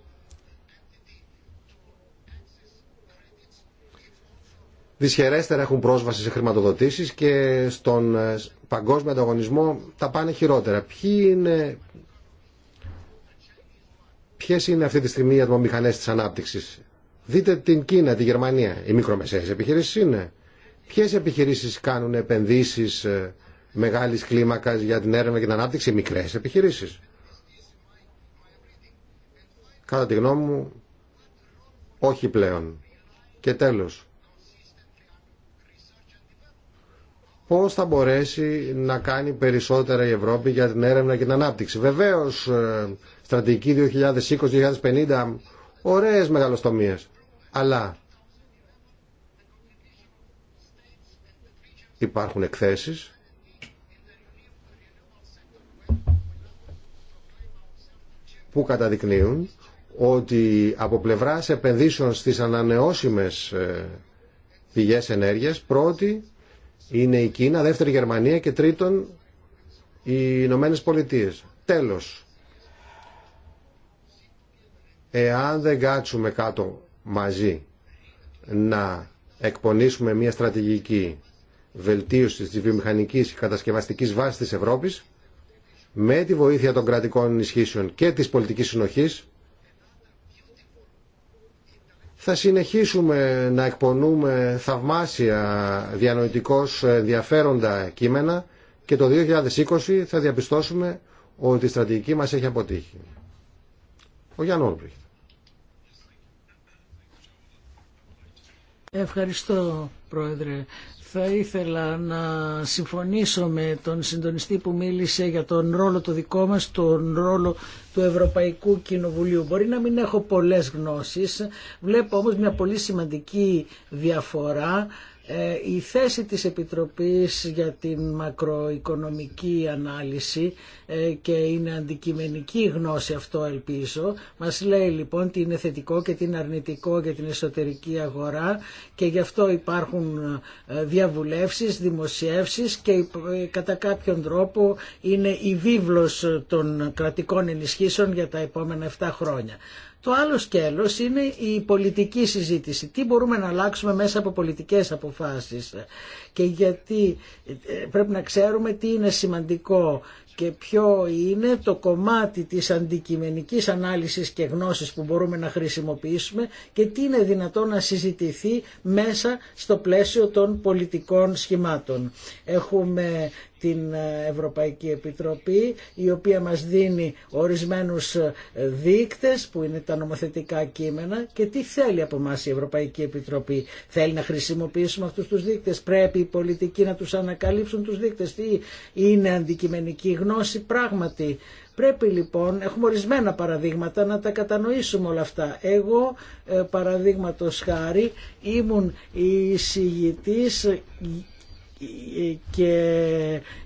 δυσχερέστερα έχουν πρόσβαση σε χρηματοδοτήσεις και στον ε, παγκόσμιο ανταγωνισμό τα πάνε χειρότερα. Ποιοι είναι... Ποιες είναι αυτή τη στιγμή οι ατμομηχανές της ανάπτυξης. Δείτε την Κίνα, τη Γερμανία. Οι μικρομεσαίες επιχειρήσεις είναι. Ποιες επιχειρήσεις κάνουν επενδύσεις ε, μεγάλης κλίμακας για την έρευνα και την ανάπτυξη. Οι μικρές επιχειρήσεις. Κατά τη γνώμη μου, όχι πλέον. Και τέλος, Πώ θα μπορέσει να κάνει περισσότερα η Ευρώπη για την έρευνα και την ανάπτυξη. Βεβαίως, ε, στρατηγική 2020-2050, ωραίε μεγαλοστομίε. Αλλά υπάρχουν εκθέσεις που καταδεικνύουν ότι από πλευράς επενδύσεων στις ανανεώσιμες ε, πηγές ενέργειας πρώτη είναι η Κίνα, δεύτερη η Γερμανία και τρίτον οι Ηνωμένε Πολιτείε. Τέλος, εάν δεν κάτσουμε κάτω μαζί να εκπονήσουμε μια στρατηγική βελτίωση της βιομηχανικής και κατασκευαστικής βάσης της Ευρώπης, με τη βοήθεια των κρατικών ενισχύσεων και της πολιτικής συνοχής, θα συνεχίσουμε να εκπονούμε θαυμάσια διανοητικώς ενδιαφέροντα κείμενα και το 2020 θα διαπιστώσουμε ότι η στρατηγική μας έχει αποτύχει. Ο Γιάννη Όλμπριχτ. Ευχαριστώ Πρόεδρε. Θα ήθελα να συμφωνήσω με τον συντονιστή που μίλησε για τον ρόλο το δικό μας, τον ρόλο του Ευρωπαϊκού Κοινοβουλίου. Μπορεί να μην έχω πολλές γνώσεις, βλέπω όμως μια πολύ σημαντική διαφορά ε, η θέση της Επιτροπής για την μακροοικονομική ανάλυση ε, και είναι αντικειμενική γνώση αυτό ελπίζω μας λέει λοιπόν τι είναι θετικό και τι είναι αρνητικό για την εσωτερική αγορά και γι' αυτό υπάρχουν ε, διαβουλεύσεις, δημοσιεύσεις και κατά κάποιον τρόπο είναι η βίβλος των κρατικών ενισχύσεων για τα επόμενα 7 χρόνια. Το άλλο σκέλος είναι η πολιτική συζήτηση. Τι μπορούμε να αλλάξουμε μέσα από πολιτικές αποφάσεις και γιατί ε, πρέπει να ξέρουμε τι είναι σημαντικό και ποιο είναι το κομμάτι της αντικειμενικής ανάλυσης και γνώσης που μπορούμε να χρησιμοποιήσουμε και τι είναι δυνατό να συζητηθεί μέσα στο πλαίσιο των πολιτικών σχημάτων. Έχουμε την Ευρωπαϊκή Επιτροπή η οποία μας δίνει ορισμένους δείκτες που είναι τα νομοθετικά κείμενα και τι θέλει από μας η Ευρωπαϊκή Επιτροπή. Θέλει να χρησιμοποιήσουμε αυτούς τους δείκτες, πρέπει οι πολιτικοί να τους ανακαλύψουν τους δείκτες, τι είναι αντικειμενική γνώση γνώση πράγματι. Πρέπει λοιπόν, έχουμε ορισμένα παραδείγματα, να τα κατανοήσουμε όλα αυτά. Εγώ, ε, παραδείγματος χάρη, ήμουν εισηγητής ε, και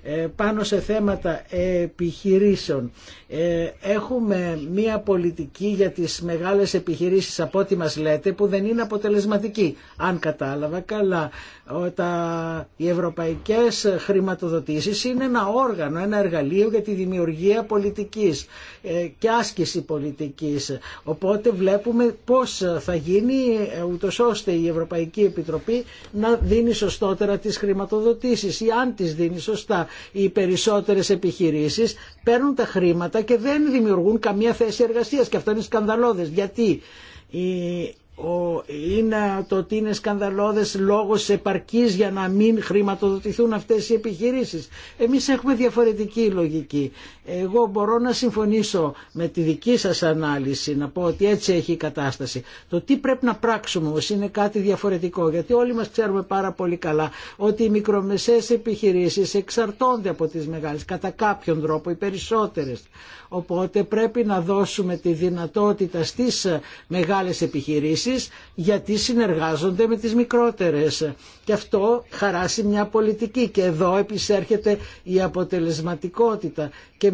ε, πάνω σε θέματα επιχειρήσεων ε, έχουμε μία πολιτική για τις μεγάλες επιχειρήσεις από ό,τι μας λέτε που δεν είναι αποτελεσματική. Αν κατάλαβα καλά, τα, οι ευρωπαϊκές χρηματοδοτήσεις είναι ένα όργανο, ένα εργαλείο για τη δημιουργία πολιτικής ε, και άσκηση πολιτικής. Οπότε βλέπουμε πώς θα γίνει ε, ούτως ώστε η Ευρωπαϊκή Επιτροπή να δίνει σωστότερα τις χρηματοδοτήσεις ή αν τις δίνει σωστά οι περισσότερες επιχειρήσεις παίρνουν τα χρήματα και δεν δημιουργούν καμία θέση εργασίας και αυτό είναι σκανδαλώδες. Γιατί είναι το ότι είναι σκανδαλώδες λόγος επαρκής για να μην χρηματοδοτηθούν αυτές οι επιχειρήσεις. Εμείς έχουμε διαφορετική λογική. Εγώ μπορώ να συμφωνήσω με τη δική σας ανάλυση, να πω ότι έτσι έχει η κατάσταση. Το τι πρέπει να πράξουμε όμως είναι κάτι διαφορετικό, γιατί όλοι μας ξέρουμε πάρα πολύ καλά ότι οι μικρομεσαίες επιχειρήσεις εξαρτώνται από τις μεγάλες, κατά κάποιον τρόπο οι περισσότερες. Οπότε πρέπει να δώσουμε τη δυνατότητα στις μεγάλες επιχειρήσεις γιατί συνεργάζονται με τις μικρότερες. Και αυτό χαράσει μια πολιτική και εδώ επισέρχεται η αποτελεσματικότητα και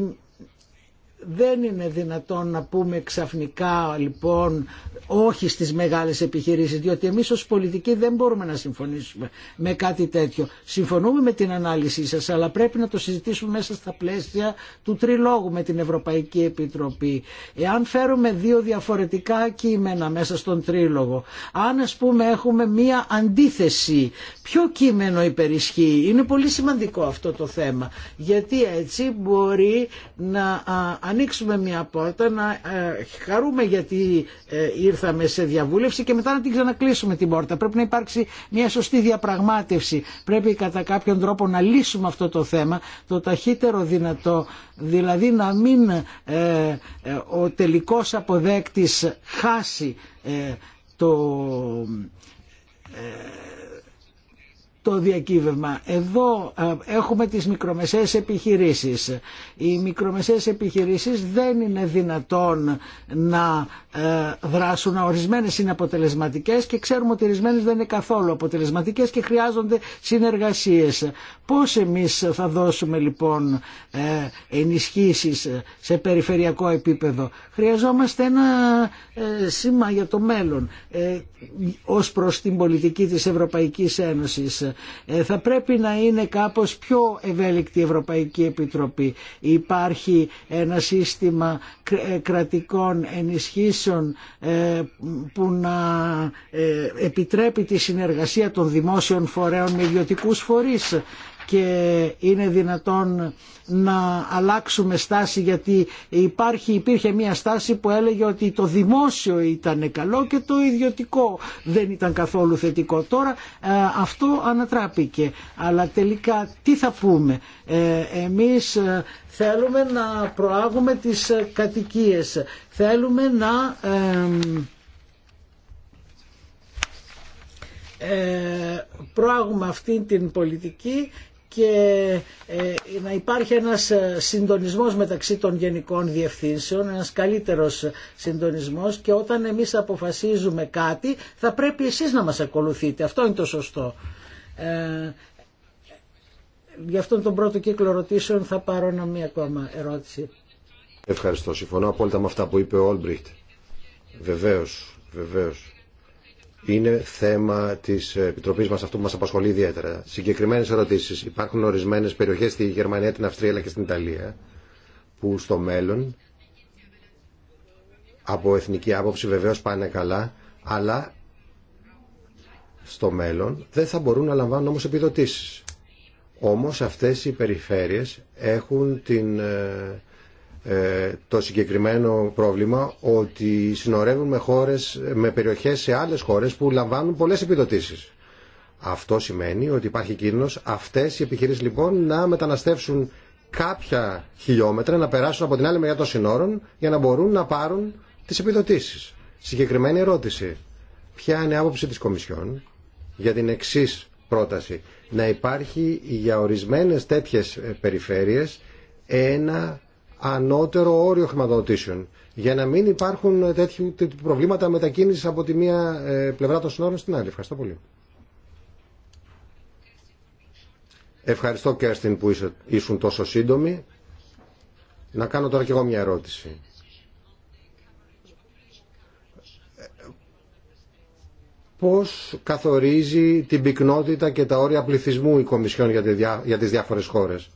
δεν είναι δυνατόν να πούμε ξαφνικά λοιπόν όχι στις μεγάλες επιχειρήσεις διότι εμείς ως πολιτικοί δεν μπορούμε να συμφωνήσουμε με κάτι τέτοιο. Συμφωνούμε με την ανάλυση σας αλλά πρέπει να το συζητήσουμε μέσα στα πλαίσια του τριλόγου με την Ευρωπαϊκή Επιτροπή. Εάν φέρουμε δύο διαφορετικά κείμενα μέσα στον τρίλογο, αν ας πούμε έχουμε μία αντίθεση, ποιο κείμενο υπερισχύει, είναι πολύ σημαντικό αυτό το θέμα γιατί έτσι μπορεί να ανοίξουμε μια πόρτα, να ε, χαρούμε γιατί ε, ήρθαμε σε διαβούλευση και μετά να την ξανακλείσουμε την πόρτα. Πρέπει να υπάρξει μια σωστή διαπραγμάτευση. Πρέπει κατά κάποιον τρόπο να λύσουμε αυτό το θέμα το ταχύτερο δυνατό. Δηλαδή να μην ε, ο τελικός αποδέκτης χάσει το το διακύβευμα. Εδώ ε, έχουμε τις μικρομεσαίες επιχειρήσεις. Οι μικρομεσαίες επιχειρήσεις δεν είναι δυνατόν να ε, δράσουν. Ορισμένες είναι αποτελεσματικές και ξέρουμε ότι ορισμένες δεν είναι καθόλου αποτελεσματικές και χρειάζονται συνεργασίες. Πώς εμείς θα δώσουμε λοιπόν ε, ενισχύσεις σε περιφερειακό επίπεδο. Χρειαζόμαστε ένα σήμα για το μέλλον ως προς την πολιτική της Ευρωπαϊκής Ένωσης ε, θα πρέπει να είναι κάπως πιο ευέλικτη η Ευρωπαϊκή Επιτροπή. Υπάρχει ένα σύστημα ε, κρατικών ενισχύσεων ε, που να επιτρέπει τη συνεργασία των δημόσιων φορέων με ιδιωτικού φορείς και είναι δυνατόν να αλλάξουμε στάση γιατί υπάρχει, υπήρχε μια στάση που έλεγε ότι το δημόσιο ήταν καλό και το ιδιωτικό δεν ήταν καθόλου θετικό. Τώρα ε, αυτό ανατράπηκε. Αλλά τελικά τι θα πούμε. Ε, εμείς ε, θέλουμε να προάγουμε τις κατοικίες. Θέλουμε να... προάγουμε αυτή την πολιτική και ε, να υπάρχει ένας ε, συντονισμός μεταξύ των γενικών διευθύνσεων, ένας καλύτερος συντονισμός και όταν εμείς αποφασίζουμε κάτι θα πρέπει εσείς να μας ακολουθείτε. Αυτό είναι το σωστό. Ε, για αυτόν τον πρώτο κύκλο ερωτήσεων θα πάρω ένα μία ακόμα ερώτηση. Ευχαριστώ. Συμφωνώ απόλυτα με αυτά που είπε ο Όλμπριχτ. Βεβαίως, βεβαίως είναι θέμα τη Επιτροπή μα αυτό που μα απασχολεί ιδιαίτερα. Συγκεκριμένε ερωτήσει. Υπάρχουν ορισμένε περιοχέ στη Γερμανία, την Αυστρία αλλά και στην Ιταλία που στο μέλλον από εθνική άποψη βεβαίω πάνε καλά, αλλά στο μέλλον δεν θα μπορούν να λαμβάνουν όμω επιδοτήσει. Όμως αυτές οι περιφέρειες έχουν την ε, ε, το συγκεκριμένο πρόβλημα ότι συνορεύουν με, χώρες, με περιοχές σε άλλες χώρες που λαμβάνουν πολλές επιδοτήσεις. Αυτό σημαίνει ότι υπάρχει κίνδυνος αυτές οι επιχειρήσεις λοιπόν να μεταναστεύσουν κάποια χιλιόμετρα, να περάσουν από την άλλη μεριά των συνόρων για να μπορούν να πάρουν τις επιδοτήσεις. Συγκεκριμένη ερώτηση. Ποια είναι η άποψη της Κομισιόν για την εξή πρόταση. Να υπάρχει για ορισμένες τέτοιες περιφέρειες ένα ανώτερο όριο χρηματοδοτήσεων για να μην υπάρχουν τέτοιου προβλήματα μετακίνησης από τη μία ε, πλευρά των συνόρων στην άλλη. Ευχαριστώ πολύ. Ευχαριστώ Κέρστιν που ήσουν τόσο σύντομη. Να κάνω τώρα και εγώ μια ερώτηση. Πώς καθορίζει την πυκνότητα και τα όρια πληθυσμού η Κομισιόν για τις διάφορες χώρες.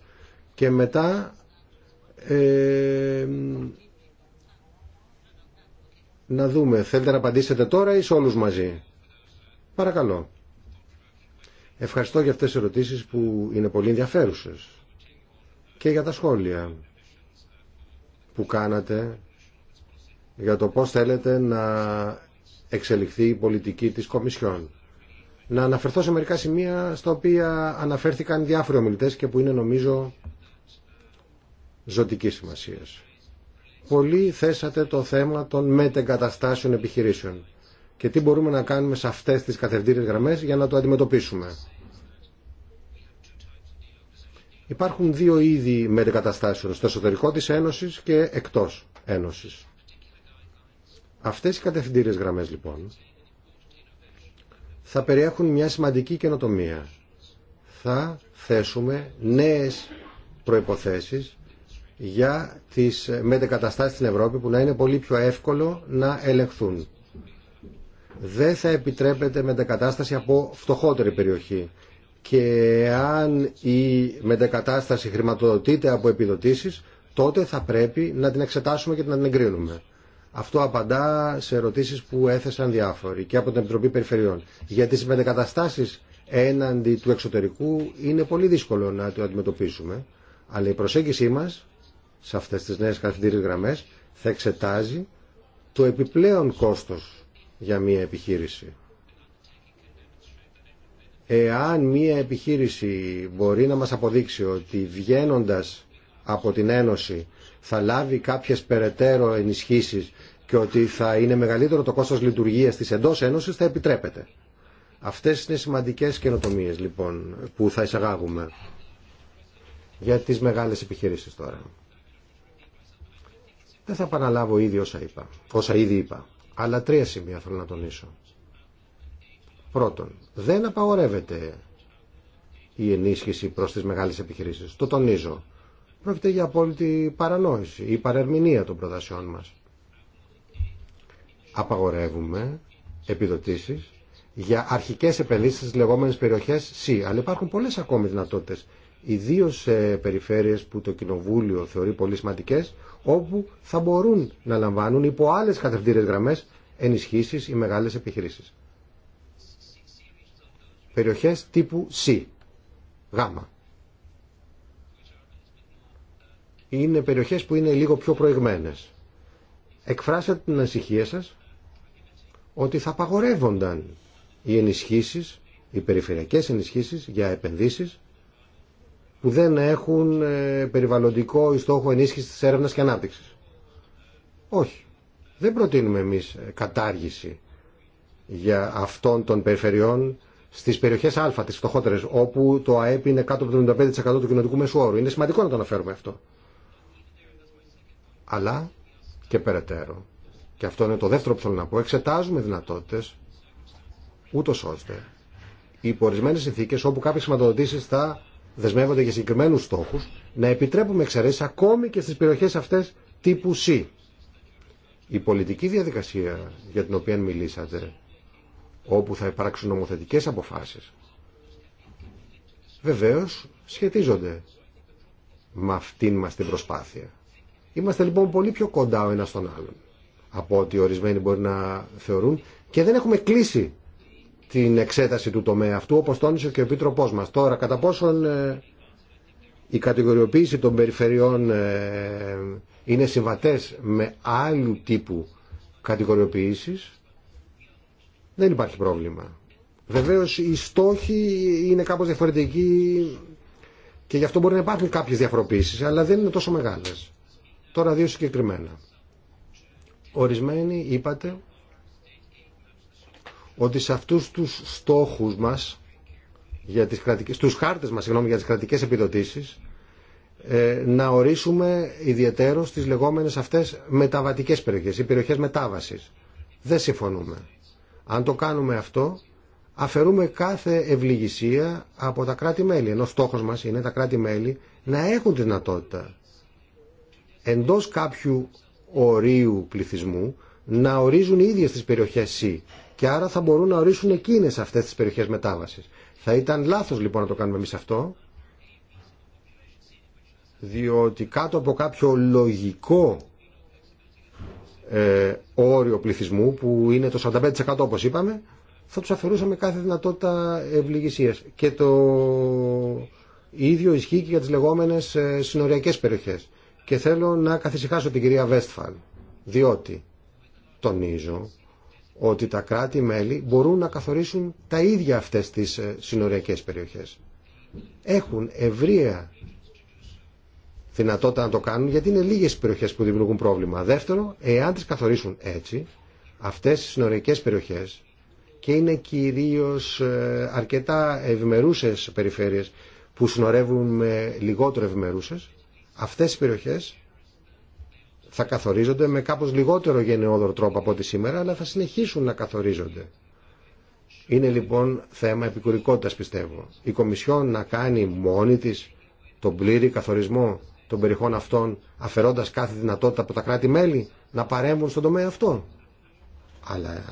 Και μετά ε, να δούμε. Θέλετε να απαντήσετε τώρα ή σε όλους μαζί. Παρακαλώ. Ευχαριστώ για αυτές τις ερωτήσεις που είναι πολύ ενδιαφέρουσες. Και για τα σχόλια που κάνατε για το πώς θέλετε να εξελιχθεί η πολιτική της Κομισιόν. Να αναφερθώ σε μερικά σημεία στα οποία αναφέρθηκαν διάφοροι ομιλητέ και που είναι νομίζω ζωτικής σημασία. Πολλοί θέσατε το θέμα των μετεγκαταστάσεων επιχειρήσεων και τι μπορούμε να κάνουμε σε αυτές τις καθευτήρε γραμμέ για να το αντιμετωπίσουμε. Υπάρχουν δύο είδη μετεγκαταστάσεων, στο εσωτερικό της Ένωσης και εκτός Ένωσης. Αυτές οι κατευθυντήριες γραμμές λοιπόν θα περιέχουν μια σημαντική καινοτομία. Θα θέσουμε νέες προϋποθέσεις για τις μετεκαταστάσεις στην Ευρώπη που να είναι πολύ πιο εύκολο να ελεγχθούν. Δεν θα επιτρέπεται μετεκατάσταση από φτωχότερη περιοχή και αν η μετεκατάσταση χρηματοδοτείται από επιδοτήσεις τότε θα πρέπει να την εξετάσουμε και να την εγκρίνουμε. Αυτό απαντά σε ερωτήσεις που έθεσαν διάφοροι και από την Επιτροπή Περιφερειών. Για τις μετεκαταστάσεις έναντι του εξωτερικού είναι πολύ δύσκολο να το αντιμετωπίσουμε αλλά η προσέγγιση μας σε αυτές τις νέες καθυντήριες γραμμές θα εξετάζει το επιπλέον κόστος για μια επιχείρηση. Εάν μια επιχείρηση μπορεί να μας αποδείξει ότι βγαίνοντας από την Ένωση θα λάβει κάποιες περαιτέρω ενισχύσεις και ότι θα είναι μεγαλύτερο το κόστος λειτουργίας της εντός Ένωσης θα επιτρέπεται. Αυτές είναι σημαντικές καινοτομίες λοιπόν που θα εισαγάγουμε για τις μεγάλες επιχειρήσεις τώρα. Δεν θα επαναλάβω ήδη όσα, είπα, όσα ήδη είπα, αλλά τρία σημεία θέλω να τονίσω. Πρώτον, δεν απαγορεύεται η ενίσχυση προς τις μεγάλες επιχειρήσεις. Το τονίζω. Πρόκειται για απόλυτη παρανόηση ή παρερμηνία των προτασιών μας. Απαγορεύουμε επιδοτήσεις για αρχικές επενδύσεις στις λεγόμενες περιοχές C, αλλά υπάρχουν πολλές ακόμη δυνατότητες, ιδίως σε περιφέρειες που το Κοινοβούλιο θεωρεί πολύ σημαντικές, όπου θα μπορούν να λαμβάνουν υπό άλλες κατευθύντες γραμμές ενισχύσεις ή μεγάλες επιχειρήσεις. Περιοχές τύπου C, Γ. Είναι περιοχές που είναι λίγο πιο προηγμένες. Εκφράσατε την ανησυχία σας ότι θα απαγορεύονταν οι ενισχύσεις, οι περιφερειακές ενισχύσεις για επενδύσεις που δεν έχουν ε, περιβαλλοντικό ή στόχο ενίσχυση τη έρευνα και ανάπτυξη. Όχι. Δεν προτείνουμε εμείς ε, κατάργηση για αυτών των περιφερειών στις περιοχές α, τις φτωχότερε, όπου το ΑΕΠ είναι κάτω από το 95% του κοινωνικού όρου. Είναι σημαντικό να το αναφέρουμε αυτό. Αλλά και περαιτέρω, και αυτό είναι το δεύτερο που θέλω να πω, εξετάζουμε δυνατότητε. ούτω ώστε υπορισμένε συνθήκε όπου κάποιε σηματοδοτήσει θα δεσμεύονται για συγκεκριμένους στόχους, να επιτρέπουμε εξαιρέσεις ακόμη και στις περιοχές αυτές τύπου C. Η πολιτική διαδικασία για την οποία μιλήσατε, όπου θα υπάρξουν νομοθετικές αποφάσεις, βεβαίως σχετίζονται με αυτήν μας την προσπάθεια. Είμαστε λοιπόν πολύ πιο κοντά ο ένας στον άλλον από ό,τι ορισμένοι μπορεί να θεωρούν και δεν έχουμε κλείσει την εξέταση του τομέα αυτού, όπως τόνισε και ο Επίτροπός μας. Τώρα, κατά πόσον ε, η κατηγοριοποίηση των περιφερειών ε, είναι συμβατές με άλλου τύπου κατηγοριοποίησης, δεν υπάρχει πρόβλημα. Βεβαίως, οι στόχοι είναι κάπως διαφορετικοί και γι' αυτό μπορεί να υπάρχουν κάποιες διαφοροποίησεις, αλλά δεν είναι τόσο μεγάλες. Τώρα δύο συγκεκριμένα. Ορισμένοι είπατε ότι σε αυτούς τους στόχους μας, για τις κρατικές, στους χάρτες μας για τις κρατικές επιδοτήσεις, ε, να ορίσουμε ιδιαίτερο τις λεγόμενες αυτές μεταβατικές περιοχές, οι περιοχές μετάβασης. Δεν συμφωνούμε. Αν το κάνουμε αυτό, αφαιρούμε κάθε ευληγησία από τα κράτη-μέλη. Ενώ στόχος μας είναι τα κράτη-μέλη να έχουν τη δυνατότητα εντός κάποιου ορίου πληθυσμού να ορίζουν οι ίδιες τις περιοχές C και άρα θα μπορούν να ορίσουν εκείνες αυτές τις περιοχές μετάβασης. Θα ήταν λάθος λοιπόν να το κάνουμε εμεί αυτό, διότι κάτω από κάποιο λογικό ε, όριο πληθυσμού που είναι το 45% όπως είπαμε θα τους αφαιρούσαμε κάθε δυνατότητα ευληγησίας και το ίδιο ισχύει και για τις λεγόμενες ε, συνοριακές περιοχές και θέλω να καθησυχάσω την κυρία Βέστφαλ διότι τονίζω ότι τα κράτη-μέλη μπορούν να καθορίσουν τα ίδια αυτές τις ε, συνοριακές περιοχές. Έχουν ευρεία δυνατότητα να το κάνουν γιατί είναι λίγες περιοχές που δημιουργούν πρόβλημα. Δεύτερο, εάν τις καθορίσουν έτσι, αυτές τις συνοριακές περιοχές και είναι κυρίως ε, αρκετά ευημερούσες περιφέρειες που συνορεύουν με λιγότερο ευημερούσες, αυτές οι περιοχές θα καθορίζονται με κάπως λιγότερο γενναιόδορο τρόπο από ό,τι σήμερα, αλλά θα συνεχίσουν να καθορίζονται. Είναι λοιπόν θέμα επικουρικότητας πιστεύω. Η Κομισιόν να κάνει μόνη της τον πλήρη καθορισμό των περιχών αυτών, αφαιρώντας κάθε δυνατότητα από τα κράτη-μέλη να παρέμβουν στον τομέα αυτό. Αλλά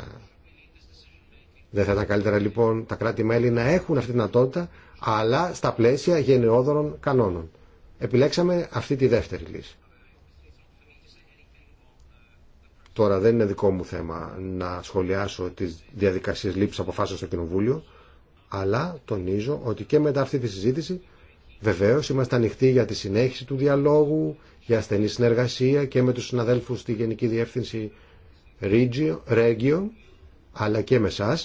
δεν θα ήταν καλύτερα λοιπόν τα κράτη-μέλη να έχουν αυτή τη δυνατότητα, αλλά στα πλαίσια γενναιόδωρων κανόνων. Επιλέξαμε αυτή τη δεύτερη λύση. Τώρα δεν είναι δικό μου θέμα να σχολιάσω τις διαδικασίες λήψης αποφάσεων στο Κοινοβούλιο, αλλά τονίζω ότι και μετά αυτή τη συζήτηση βεβαίως είμαστε ανοιχτοί για τη συνέχιση του διαλόγου, για ασθενή συνεργασία και με τους συναδέλφους στη Γενική Διεύθυνση Regio, αλλά και με εσά.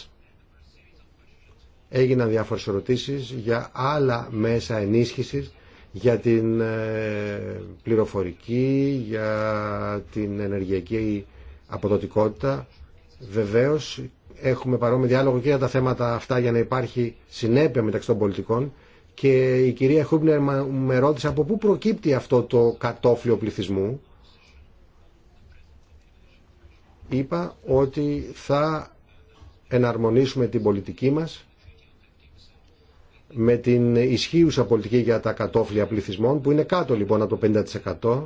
Έγιναν διάφορες ερωτήσει για άλλα μέσα ενίσχυση για την ε, πληροφορική, για την ενεργειακή αποδοτικότητα. Βεβαίως έχουμε παρόμοιο διάλογο και για τα θέματα αυτά για να υπάρχει συνέπεια μεταξύ των πολιτικών και η κυρία Χούμπνερ με ρώτησε από πού προκύπτει αυτό το κατόφλιο πληθυσμού. Είπα ότι θα εναρμονίσουμε την πολιτική μας με την ισχύουσα πολιτική για τα κατόφλια πληθυσμών που είναι κάτω λοιπόν από το 50%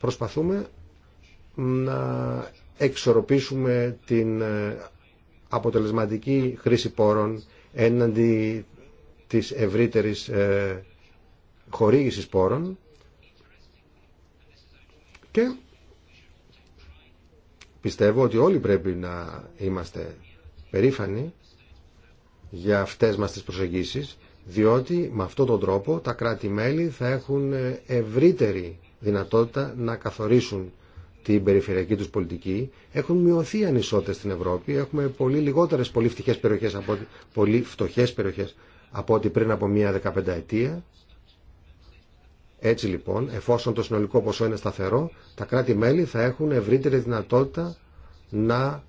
προσπαθούμε να εξορροπήσουμε την ε, αποτελεσματική χρήση πόρων έναντι της ευρύτερης ε, χορήγησης πόρων και πιστεύω ότι όλοι πρέπει να είμαστε περήφανοι για αυτές μας τις προσεγγίσεις, διότι με αυτόν τον τρόπο τα κράτη-μέλη θα έχουν ε, ευρύτερη δυνατότητα να καθορίσουν την περιφερειακή τους πολιτική. Έχουν μειωθεί οι ανισότητες στην Ευρώπη, έχουμε πολύ λιγότερες πολύ φτυχές περιοχές από, πολύ φτωχές περιοχές από ό,τι πριν από μία δεκαπενταετία. Έτσι λοιπόν, εφόσον το συνολικό ποσό είναι σταθερό, τα κράτη-μέλη θα έχουν ευρύτερη δυνατότητα να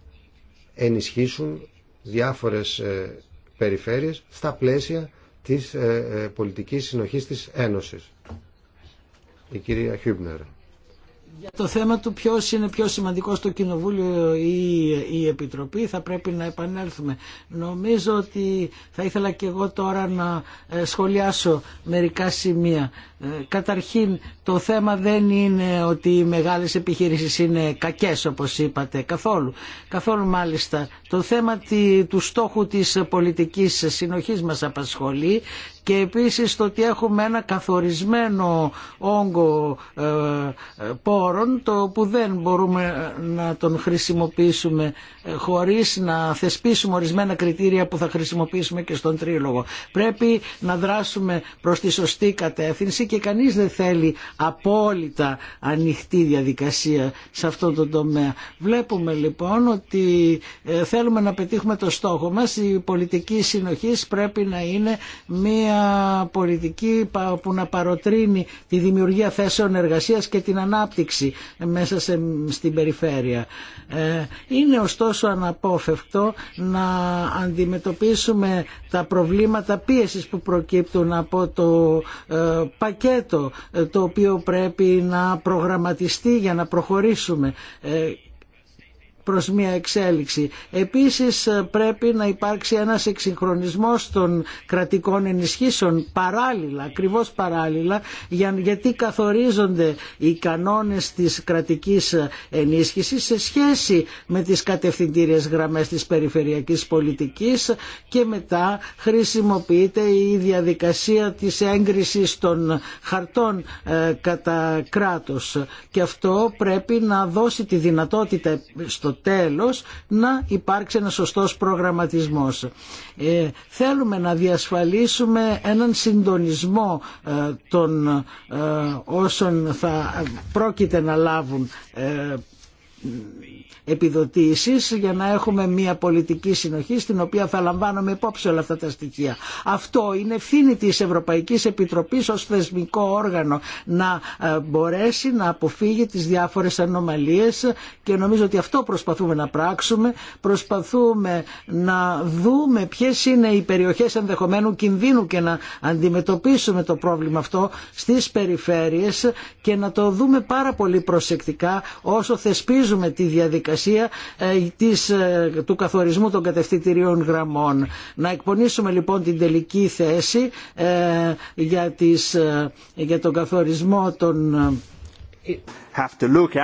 ενισχύσουν διάφορες ε, περιφέρειες στα πλαίσια της ε, ε, πολιτικής συνοχής της Ένωσης. Η κυρία Χιούμπνερ. Για το θέμα του ποιο είναι πιο σημαντικό στο Κοινοβούλιο ή η Επιτροπή θα πρέπει να επανέλθουμε. Νομίζω ότι θα ήθελα και εγώ τώρα να ε, σχολιάσω μερικά σημεία. Ε, καταρχήν το θέμα δεν είναι ότι οι μεγάλες επιχειρήσεις είναι κακές όπως είπατε καθόλου. Καθόλου μάλιστα το θέμα του στόχου της πολιτικής συνοχής μας απασχολεί και επίσης το ότι έχουμε ένα καθορισμένο όγκο ε, πόρων το που δεν μπορούμε να τον χρησιμοποιήσουμε ε, χωρίς να θεσπίσουμε ορισμένα κριτήρια που θα χρησιμοποιήσουμε και στον τρίλογο. Πρέπει να δράσουμε προς τη σωστή κατεύθυνση και κανείς δεν θέλει απόλυτα ανοιχτή διαδικασία σε αυτό το τομέα. Βλέπουμε λοιπόν ότι ε, θέλουμε να πετύχουμε το στόχο μας. Η πολιτική συνοχής πρέπει να είναι μια πολιτική που να παροτρύνει τη δημιουργία θέσεων εργασίας και την ανάπτυξη μέσα σε, στην περιφέρεια. Ε, είναι ωστόσο αναπόφευκτο να αντιμετωπίσουμε τα προβλήματα πίεσης που προκύπτουν από το ε, πακέτο ε, το οποίο πρέπει να προγραμματιστεί για να προχωρήσουμε ε, προς μια εξέλιξη. Επίσης ε, πρέπει να υπάρξει ένας εξυγχρονισμός των κρατικών ενισχύσεων παράλληλα, ακριβώ παράλληλα, γιατί καθορίζονται οι κανόνες της κρατικής ε, ενίσχυσης σε σχέση με τις κατευθυντήριες γραμμές της περιφερειακής πολιτικής και μετά χρησιμοποιείται η διαδικασία της έγκρισης των χαρτών ε, κατά κράτος και αυτό πρέπει να δώσει τη δυνατότητα στο τέλος να υπάρξει ένα σωστός προγραμματισμός. Ε, θέλουμε να διασφαλίσουμε έναν συντονισμό ε, των ε, όσων θα ε, πρόκειται να λάβουν επιδοτήσεις για να έχουμε μια πολιτική συνοχή στην οποία θα λαμβάνουμε υπόψη όλα αυτά τα στοιχεία. Αυτό είναι ευθύνη της Ευρωπαϊκής Επιτροπής ως θεσμικό όργανο να ε, μπορέσει να αποφύγει τις διάφορες ανομαλίες και νομίζω ότι αυτό προσπαθούμε να πράξουμε. Προσπαθούμε να δούμε ποιες είναι οι περιοχές ενδεχομένου κινδύνου και να αντιμετωπίσουμε το πρόβλημα αυτό στις περιφέρειες και να το δούμε πάρα πολύ προσεκτικά όσο θεσπίζουμε τη διαδικασία διαδικασία ε, της, ε, του καθορισμού των κατευθυντηρίων γραμμών. Να εκπονήσουμε λοιπόν την τελική θέση ε, για, τις, για τον καθορισμό των look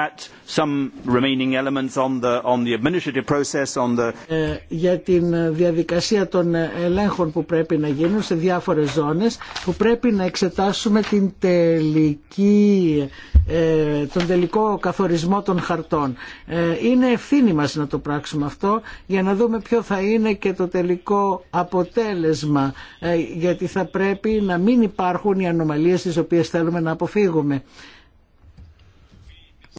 για την ε, διαδικασία των ε, ελέγχων που πρέπει να γίνουν σε διάφορες ζώνες που πρέπει να εξετάσουμε την τελική, ε, τον τελικό καθορισμό των χαρτών. είναι ευθύνη μας να το πράξουμε αυτό για να δούμε ποιο θα είναι και το τελικό αποτέλεσμα γιατί θα πρέπει να μην υπάρχουν οι ανομαλίες τις οποίες θέλουμε να αποφύγουμε.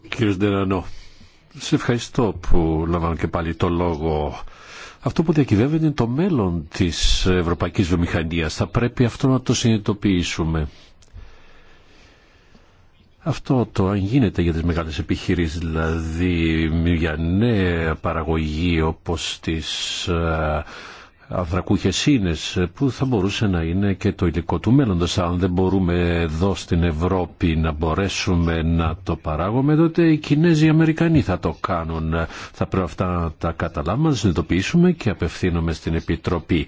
Κύριε Ντερανό, σε ευχαριστώ που λαμβάνω και πάλι το λόγο. Αυτό που διακυβεύεται είναι το μέλλον της ευρωπαϊκής βιομηχανίας. Θα πρέπει αυτό να το συνειδητοποιήσουμε. Αυτό το αν γίνεται για τις μεγάλες επιχειρήσεις, δηλαδή για νέα παραγωγή όπως τις ε, ανθρακούχες ίνες ε, που θα μπορούσε να είναι και το υλικό του μέλλοντος. Αν δεν μπορούμε εδώ στην Ευρώπη να μπορέσουμε να το παράγουμε, τότε οι Κινέζοι οι Αμερικανοί θα το κάνουν. Θα πρέπει αυτά να τα καταλάβουμε, να συνειδητοποιήσουμε και απευθύνομαι στην Επιτροπή.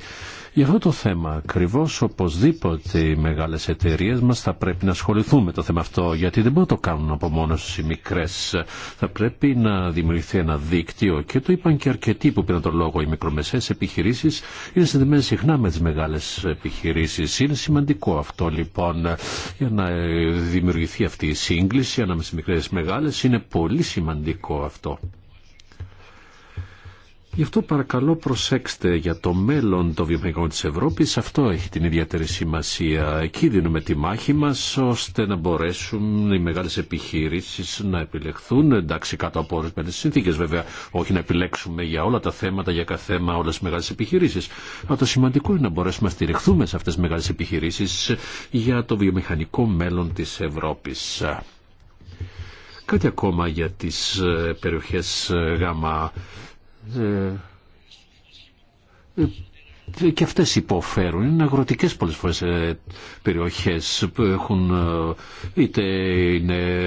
Για αυτό το θέμα ακριβώ οπωσδήποτε οι μεγάλες εταιρείες μας θα πρέπει να ασχοληθούν με το θέμα αυτό γιατί δεν μπορούν να το κάνουν από μόνο οι μικρές. Θα πρέπει να δημιουργηθεί ένα δίκτυο και το είπαν και αρκετοί που πήραν τον λόγο οι μικρομεσαίες επιχειρήσεις είναι συνδεμένες συχνά με τις μεγάλες επιχειρήσεις. Είναι σημαντικό αυτό λοιπόν για να δημιουργηθεί αυτή η σύγκληση ανάμεσα στις μικρές μεγάλες. Είναι πολύ σημαντικό αυτό. Γι' αυτό παρακαλώ προσέξτε για το μέλλον των βιομηχανικών της Ευρώπης. Αυτό έχει την ιδιαίτερη σημασία. Εκεί δίνουμε τη μάχη μας ώστε να μπορέσουν οι μεγάλες επιχείρησεις να επιλεχθούν. Εντάξει κάτω από όλες τις συνθήκες βέβαια. Όχι να επιλέξουμε για όλα τα θέματα, για κάθε θέμα όλες τις μεγάλες επιχειρήσεις. Αλλά το σημαντικό είναι να μπορέσουμε να στηριχθούμε σε αυτές τις μεγάλες επιχειρήσεις για το βιομηχανικό μέλλον της Ευρώπης. Κάτι ακόμα για τις ε, περιοχές ε, γάμα ε, ε, και αυτές υποφέρουν. Είναι αγροτικές πολλές φορές ε, περιοχές που έχουν είτε είναι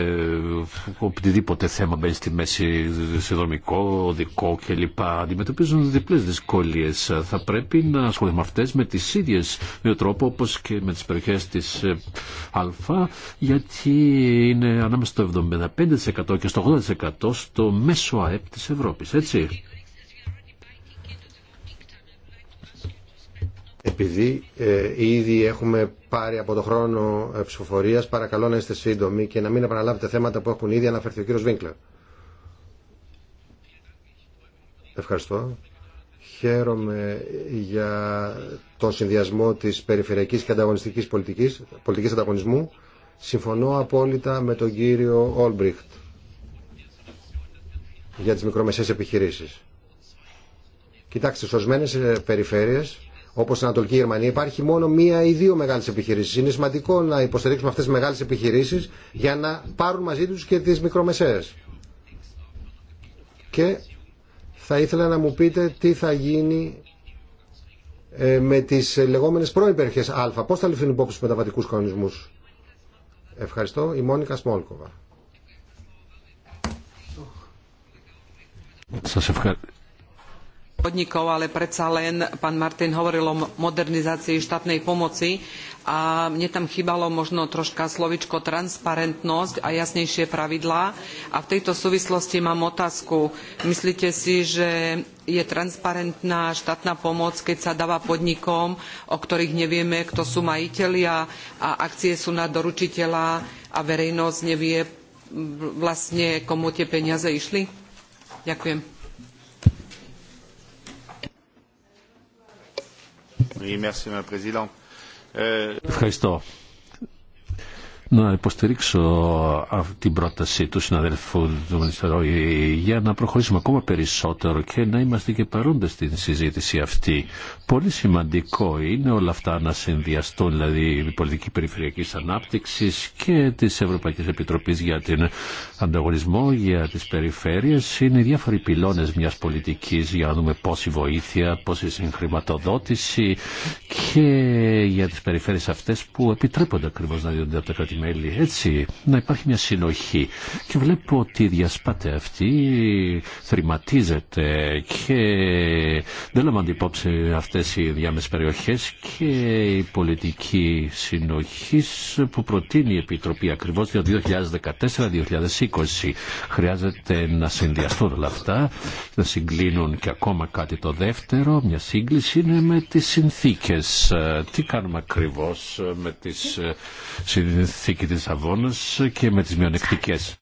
οποιοδήποτε θέμα μπαίνει στη μέση συνδρομικό, οδικό κλπ. Αντιμετωπίζουν διπλές δυσκολίες. Θα πρέπει να ασχοληθούμε με αυτές με τις ίδιες με τρόπο όπως και με τις περιοχές της Α γιατί είναι ανάμεσα στο 75% και στο 80% στο μέσο ΑΕΠ της Ευρώπης. Έτσι. Επειδή ε, ήδη έχουμε πάρει από το χρόνο ε, ψηφοφορία, παρακαλώ να είστε σύντομοι και να μην επαναλάβετε θέματα που έχουν ήδη αναφερθεί ο κύριος Βίνκλερ. Ευχαριστώ. Χαίρομαι για τον συνδυασμό της περιφερειακής και ανταγωνιστικής πολιτικής, πολιτικής ανταγωνισμού. Συμφωνώ απόλυτα με τον κύριο Όλμπριχτ για τις μικρομεσαίες επιχειρήσεις. Κοιτάξτε, σωσμένες ε, περιφέρειες Όπω στην Ανατολική Γερμανία υπάρχει μόνο μία ή δύο μεγάλε επιχειρήσει. Είναι σημαντικό να υποστηρίξουμε αυτέ τι μεγάλε επιχειρήσει για να πάρουν μαζί του και τι μικρομεσαίε. Και θα ήθελα να μου πείτε τι θα γίνει ε, με τι λεγόμενε περιοχέ Α. Πώ θα ληφθούν υπόψη του μεταβατικού κανονισμού. Ευχαριστώ. Η Μόνικα Σμόλκοβα. Σας ευχαριστώ podnikov, ale predsa len pán Martin hovoril o modernizácii štátnej pomoci a mne tam chýbalo možno troška slovičko transparentnosť a jasnejšie pravidlá. A v tejto súvislosti mám otázku. Myslíte si, že je transparentná štátna pomoc, keď sa dáva podnikom, o ktorých nevieme, kto sú majitelia a akcie sú na doručiteľa a verejnosť nevie vlastne, komu tie peniaze išli? Ďakujem. Euh, Ευχαριστώ να υποστηρίξω την πρόταση του συναδελφού του ε, για να προχωρήσουμε ακόμα περισσότερο και να είμαστε και παρόντες στην συζήτηση αυτή. Πολύ σημαντικό είναι όλα αυτά να συνδυαστούν, δηλαδή η πολιτική περιφερειακή ανάπτυξη και τη Ευρωπαϊκή Επιτροπή για την ανταγωνισμό, για τι περιφέρειε. Είναι διάφοροι πυλώνε μια πολιτική, για να δούμε πόση βοήθεια, πόση συγχρηματοδότηση και για τι περιφέρειε αυτέ που επιτρέπονται ακριβώ να διονται από τα κράτη μελη έτσι, να υπάρχει μια συνοχή. Και βλέπω ότι η αυτή θρηματίζεται και δεν λαμβάνει υπόψη αυτές οι διάμεσες περιοχές και η πολιτική συνοχή που προτείνει η Επιτροπή ακριβώς το 2014-2020. Χρειάζεται να συνδυαστούν όλα αυτά, να συγκλίνουν και ακόμα κάτι το δεύτερο, μια σύγκληση είναι με τις συνθήκες. Τι κάνουμε ακριβώς με τις συνθήκες συνθήκη της Αβώνας και με τις μειονεκτικές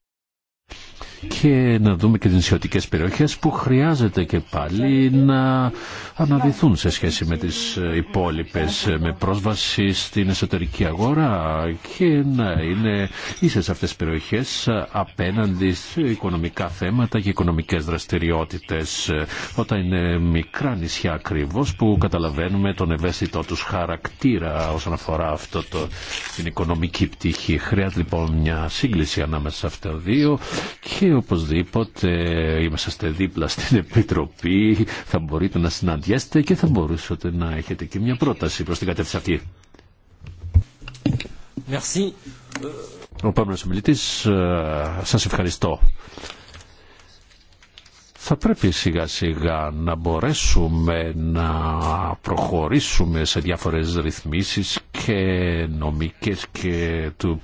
και να δούμε και τις νησιωτικές περιοχές που χρειάζεται και πάλι να αναδυθούν σε σχέση με τις υπόλοιπες με πρόσβαση στην εσωτερική αγορά και να είναι ίσες αυτές τις περιοχές απέναντι σε οικονομικά θέματα και οικονομικές δραστηριότητες όταν είναι μικρά νησιά ακριβώ που καταλαβαίνουμε τον ευαίσθητο τους χαρακτήρα όσον αφορά αυτό το, την οικονομική πτυχή. Χρειάζεται λοιπόν μια σύγκληση ανάμεσα σε αυτά δύο και οπωσδήποτε είμαστε δίπλα στην Επιτροπή, θα μπορείτε να συναντιέστε και θα μπορούσατε να έχετε και μια πρόταση προς την κατεύθυνση αυτή. Merci. Ο πάμενος ομιλητής, ε, σας ευχαριστώ. Θα πρέπει σιγά σιγά να μπορέσουμε να προχωρήσουμε σε διάφορες ρυθμίσεις και νομικές και του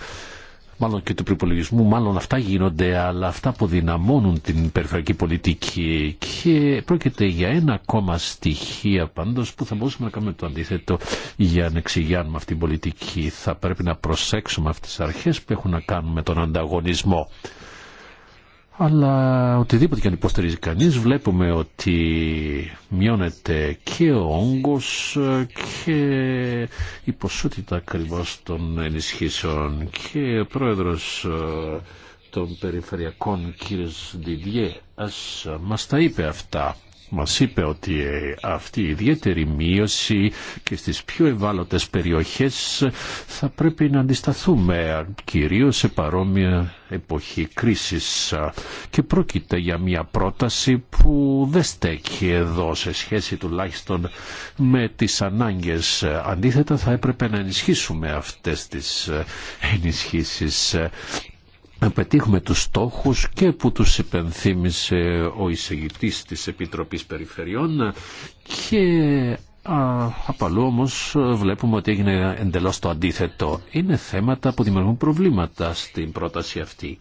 μάλλον και του προπολογισμού, μάλλον αυτά γίνονται, αλλά αυτά που δυναμώνουν την περιφερειακή πολιτική και πρόκειται για ένα ακόμα στοιχείο πάντως που θα μπορούσαμε να κάνουμε το αντίθετο για να εξηγιάνουμε αυτή την πολιτική. Θα πρέπει να προσέξουμε αυτές τις αρχές που έχουν να κάνουν με τον ανταγωνισμό. Αλλά οτιδήποτε και αν υποστηρίζει κανείς βλέπουμε ότι μειώνεται και ο όγκος και η ποσότητα ακριβώ των ενισχύσεων. Και ο πρόεδρος ε, των περιφερειακών κύριος Διδιέ ας ε, μας τα είπε αυτά μα είπε ότι ε, αυτή η ιδιαίτερη μείωση και στις πιο ευάλωτες περιοχές θα πρέπει να αντισταθούμε κυρίως σε παρόμοια εποχή κρίσης και πρόκειται για μια πρόταση που δεν στέκει εδώ σε σχέση τουλάχιστον με τις ανάγκες. Αντίθετα θα έπρεπε να ενισχύσουμε αυτές τις ενισχύσεις να πετύχουμε τους στόχους και που τους υπενθύμησε ο εισηγητής της Επιτροπής Περιφερειών και Α, απαλού όμως βλέπουμε ότι έγινε εντελώς το αντίθετο. Είναι θέματα που δημιουργούν προβλήματα στην πρόταση αυτή.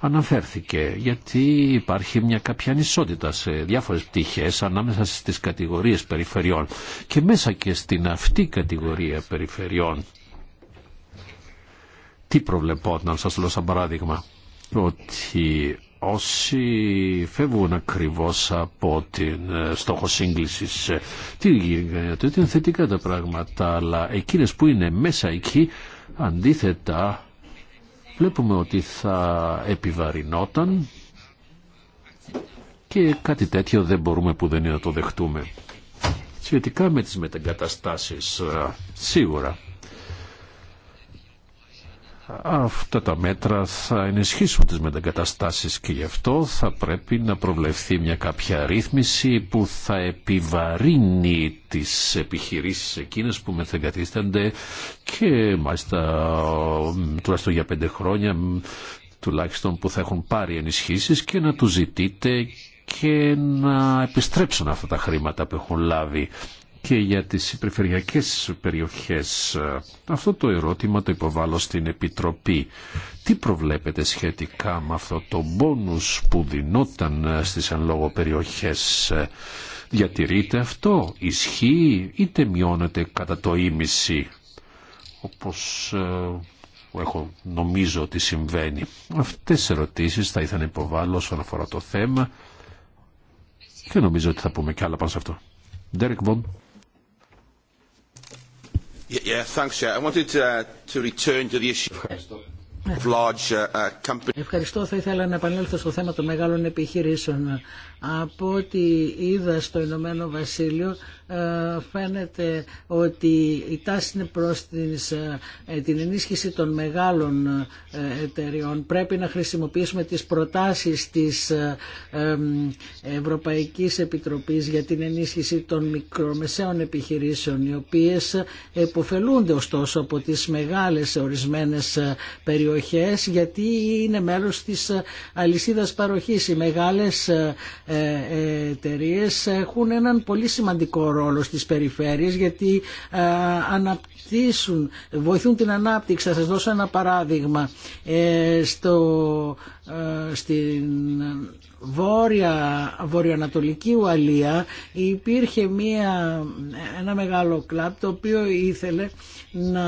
Αναφέρθηκε γιατί υπάρχει μια κάποια ανισότητα σε διάφορες πτυχές ανάμεσα στις κατηγορίες περιφερειών και μέσα και στην αυτή κατηγορία περιφερειών τι προβλεπόταν, σας λέω σαν παράδειγμα, ότι όσοι φεύγουν ακριβώς από την ε, στόχο σύγκλησης, ε, τι γίνεται, ότι είναι θετικά τα πράγματα, αλλά εκείνες που είναι μέσα εκεί, αντίθετα, βλέπουμε ότι θα επιβαρυνόταν και κάτι τέτοιο δεν μπορούμε που δεν είναι να το δεχτούμε. Σχετικά με τις μεταγκαταστάσεις, ε, σίγουρα αυτά τα μέτρα θα ενισχύσουν τις μετακαταστάσεις και γι' αυτό θα πρέπει να προβλεφθεί μια κάποια ρύθμιση που θα επιβαρύνει τις επιχειρήσεις εκείνες που μεταγκαθίστανται και μάλιστα τουλάχιστον για πέντε χρόνια τουλάχιστον που θα έχουν πάρει ενισχύσεις και να του ζητείτε και να επιστρέψουν αυτά τα χρήματα που έχουν λάβει και για τις περιφερειακές περιοχές. Αυτό το ερώτημα το υποβάλλω στην Επιτροπή. Τι προβλέπετε σχετικά με αυτό το μπόνους που δινόταν στις εν λόγω περιοχές. Διατηρείται αυτό, ισχύει, είτε μειώνεται κατά το ίμιση, όπως ε, έχω νομίζω ότι συμβαίνει. Αυτές οι ερωτήσεις θα ήθελα να υποβάλλω όσον αφορά το θέμα και νομίζω ότι θα πούμε κι άλλα πάνω σε αυτό. Ευχαριστώ. Θα ήθελα να επανέλθω στο θέμα των μεγάλων επιχειρήσεων. Από ό,τι είδα στο Ηνωμένο Βασίλειο ε, φαίνεται ότι η τάση είναι προς ε, ε, την ενίσχυση των μεγάλων εταιριών. Πρέπει να χρησιμοποιήσουμε τις προτάσεις της Ευρωπαϊκής Επιτροπής για την ενίσχυση των μικρομεσαίων επιχειρήσεων οι οποίες εποφελούνται ωστόσο από τις μεγάλες ορισμένες περιοχές γιατί είναι μέλος της αλυσίδας παροχής. Οι μεγάλες ε, εταιρείε έχουν έναν πολύ σημαντικό ρόλο στις περιφέρειες γιατί ε, αναπτύσσουν, βοηθούν την ανάπτυξη. Θα σας δώσω ένα παράδειγμα. Ε, στο, στην βόρεια, βορειοανατολική Ουαλία υπήρχε μία, ένα μεγάλο κλαμπ το οποίο ήθελε να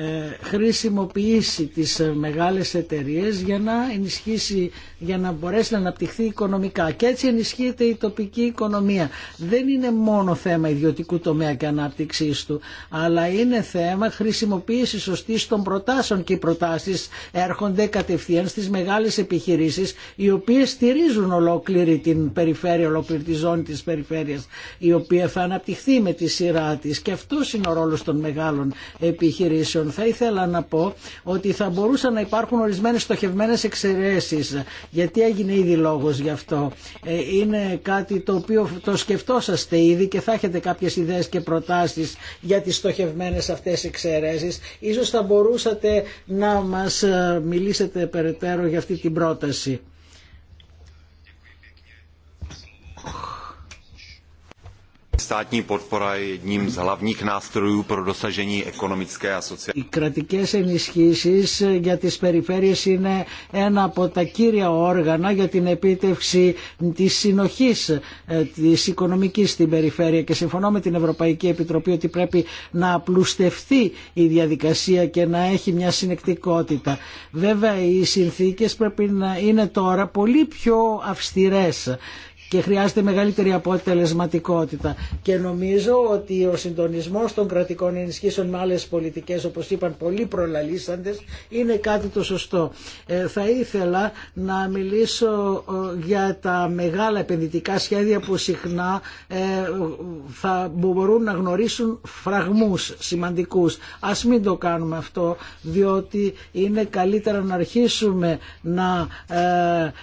ε, χρησιμοποιήσει τις ε, μεγάλες εταιρείες για να ενισχύσει, για να μπορέσει να αναπτυχθεί οικονομικά και έτσι ενισχύεται η τοπική οικονομία. Δεν είναι μόνο θέμα ιδιωτικού τομέα και ανάπτυξής του, αλλά είναι θέμα χρησιμοποίηση σωστή των προτάσεων και οι προτάσεις έρχονται κατευθείαν στις μεγάλες επιχειρήσεις οι οποίες στηρίζουν ολόκληρη την περιφέρεια, ολόκληρη τη ζώνη της περιφέρειας η οποία θα αναπτυχθεί με τη σειρά της και αυτός είναι ο ρόλος των μεγάλων επιχειρήσεων θα ήθελα να πω ότι θα μπορούσαν να υπάρχουν ορισμένε στοχευμένε εξαιρέσει, Γιατί έγινε ήδη λόγο γι' αυτό. Ε, είναι κάτι το οποίο το σκεφτόσαστε ήδη και θα έχετε κάποιε ιδέε και προτάσει για τι στοχευμένε αυτές εξαιρεσει. Σω θα μπορούσατε να μας ε, μιλήσετε περαιτέρω για αυτή την πρόταση. Οι κρατικές ενισχύσει για τι περιφέρειες είναι ένα από τα κύρια όργανα για την επίτευξη της συνοχής ε, τη οικονομική στην περιφέρεια και συμφωνώ με την Ευρωπαϊκή Επιτροπή ότι πρέπει να απλουστευτεί η διαδικασία και να έχει μια συνεκτικότητα. Βέβαια οι συνθήκες πρέπει να είναι τώρα πολύ πιο αυστηρέ και χρειάζεται μεγαλύτερη αποτελεσματικότητα. Και νομίζω ότι ο συντονισμός των κρατικών ενισχύσεων με άλλες πολιτικές, όπως είπαν πολύ προλαλήσαντες, είναι κάτι το σωστό. Ε, θα ήθελα να μιλήσω ε, για τα μεγάλα επενδυτικά σχέδια που συχνά ε, θα μπορούν να γνωρίσουν φραγμούς σημαντικούς. Ας μην το κάνουμε αυτό, διότι είναι καλύτερα να αρχίσουμε να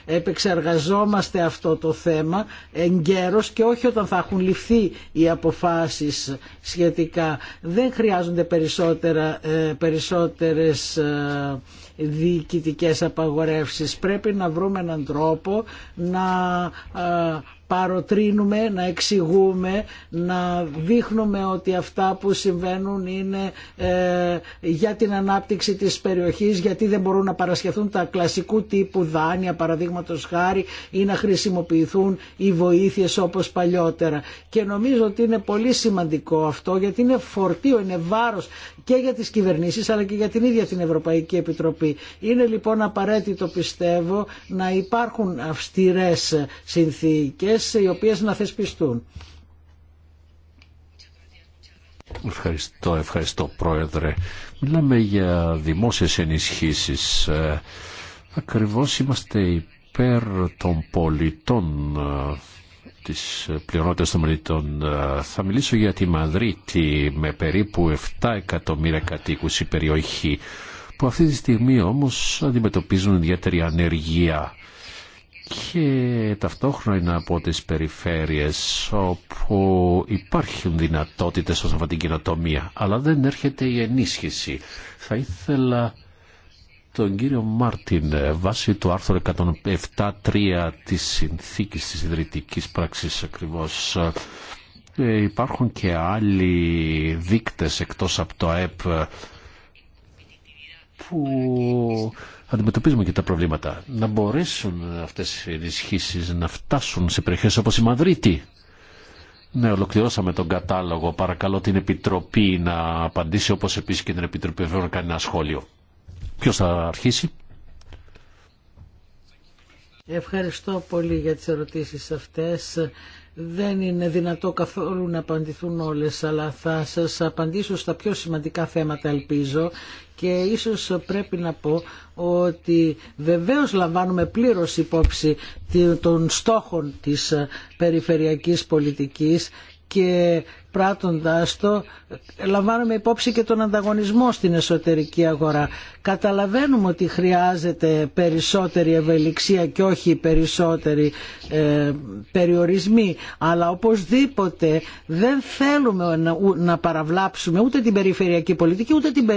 επεξεργαζόμαστε αυτό το θέμα ενγέρος και όχι όταν θα έχουν ληφθεί οι αποφάσεις σχετικά. Δεν χρειάζονται περισσότερα, ε, περισσότερες ε, διοικητικές απαγορεύσεις. Πρέπει να βρούμε έναν τρόπο να ε, παροτρύνουμε, να εξηγούμε, να δείχνουμε ότι αυτά που συμβαίνουν είναι ε, για την ανάπτυξη της περιοχής, γιατί δεν μπορούν να παρασχεθούν τα κλασικού τύπου δάνεια, παραδείγματος χάρη, ή να χρησιμοποιηθούν οι βοήθειες όπως παλιότερα. Και νομίζω ότι είναι πολύ σημαντικό αυτό, γιατί είναι φορτίο, είναι βάρος και για τις κυβερνήσεις, αλλά και για την ίδια την Ευρωπαϊκή Επιτροπή. Είναι λοιπόν απαραίτητο, πιστεύω, να υπάρχουν αυστηρές συνθήκες, οι οποίες να θεσπιστούν. Ευχαριστώ, ευχαριστώ Πρόεδρε. Μιλάμε για δημόσιες ενισχύσεις. Ε, ακριβώς είμαστε υπέρ των πολιτών ε, της πλειονότητας των πολιτών. Ε, θα μιλήσω για τη Μαδρίτη με περίπου 7 εκατομμύρια κατοίκους η περιοχή που αυτή τη στιγμή όμως αντιμετωπίζουν ιδιαίτερη ανεργία και ταυτόχρονα από τις περιφέρειες όπου υπάρχουν δυνατότητες όσον αφορά την κοινοτομία, αλλά δεν έρχεται η ενίσχυση. Θα ήθελα τον κύριο Μάρτιν βάσει του άρθρου 107.3 της συνθήκης της ιδρυτικής πράξης ακριβώς ε, υπάρχουν και άλλοι δείκτες εκτός από το ΑΕΠ που αντιμετωπίζουμε και τα προβλήματα. Να μπορέσουν αυτές οι ενισχύσει να φτάσουν σε περιοχές όπως η Μαδρίτη. Ναι, ολοκληρώσαμε τον κατάλογο. Παρακαλώ την Επιτροπή να απαντήσει όπως επίσης και την Επιτροπή να κάνει ένα σχόλιο. Ποιος θα αρχίσει? Ευχαριστώ πολύ για τις ερωτήσεις αυτές. Δεν είναι δυνατό καθόλου να απαντηθούν όλες, αλλά θα σας απαντήσω στα πιο σημαντικά θέματα, ελπίζω. Και ίσως πρέπει να πω ότι βεβαίως λαμβάνουμε πλήρως υπόψη των στόχων της περιφερειακής πολιτικής και πράττοντας το λαμβάνουμε υπόψη και τον ανταγωνισμό στην εσωτερική αγορά. Καταλαβαίνουμε ότι χρειάζεται περισσότερη ευελιξία και όχι περισσότερη ε, περιορισμοί αλλά οπωσδήποτε δεν θέλουμε να, να παραβλάψουμε ούτε την περιφερειακή πολιτική ούτε την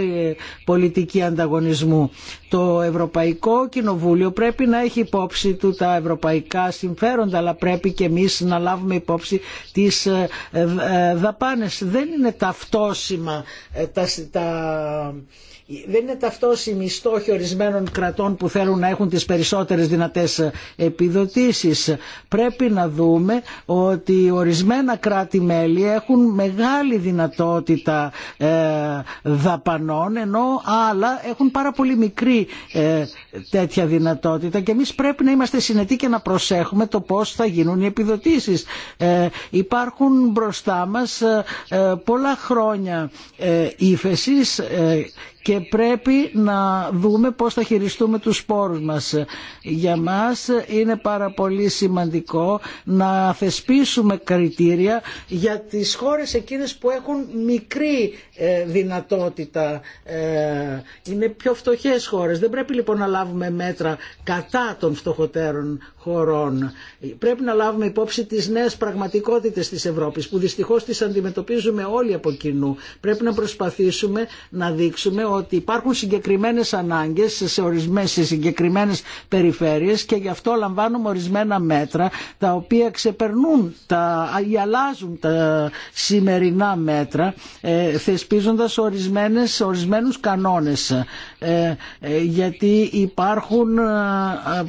πολιτική ανταγωνισμού. Το Ευρωπαϊκό Κοινοβούλιο πρέπει να έχει υπόψη του τα ευρωπαϊκά συμφέροντα αλλά πρέπει και εμείς να λάβουμε υπόψη τις ε, ε δαπάνες. Δεν είναι ταυτόσιμα ε, τα, τα δεν είναι ταυτόσιμη στόχη ορισμένων κρατών που θέλουν να έχουν τις περισσότερες δυνατές επιδοτήσεις. Πρέπει να δούμε ότι ορισμένα κράτη-μέλη έχουν μεγάλη δυνατότητα ε, δαπανών ενώ άλλα έχουν πάρα πολύ μικρή ε, τέτοια δυνατότητα και εμείς πρέπει να είμαστε συνετοί και να προσέχουμε το πώς θα γίνουν οι επιδοτήσεις. Ε, υπάρχουν μπροστά μας πολλά χρόνια ύφεσης και πρέπει να δούμε πώς θα χειριστούμε τους σπόρους μας. Για μας είναι πάρα πολύ σημαντικό να θεσπίσουμε κριτήρια για τις χώρες εκείνες που έχουν μικρή ε, δυνατότητα. Ε, είναι πιο φτωχές χώρες. Δεν πρέπει λοιπόν να λάβουμε μέτρα κατά των φτωχοτέρων χωρών. Πρέπει να λάβουμε υπόψη τις νέες πραγματικότητες της Ευρώπης που δυστυχώς τις αντιμετωπίζουμε όλοι από κοινού. Πρέπει να προσπαθήσουμε να δείξουμε ότι υπάρχουν συγκεκριμένες ανάγκες σε, ορισμένες, σε συγκεκριμένες περιφέρειες και γι' αυτό λαμβάνουμε ορισμένα μέτρα τα οποία ξεπερνούν τα, ή αλλάζουν τα σημερινά μέτρα ε, θεσπίζοντας ορισμένες, ορισμένους κανόνες ε, ε, γιατί υπάρχουν ε,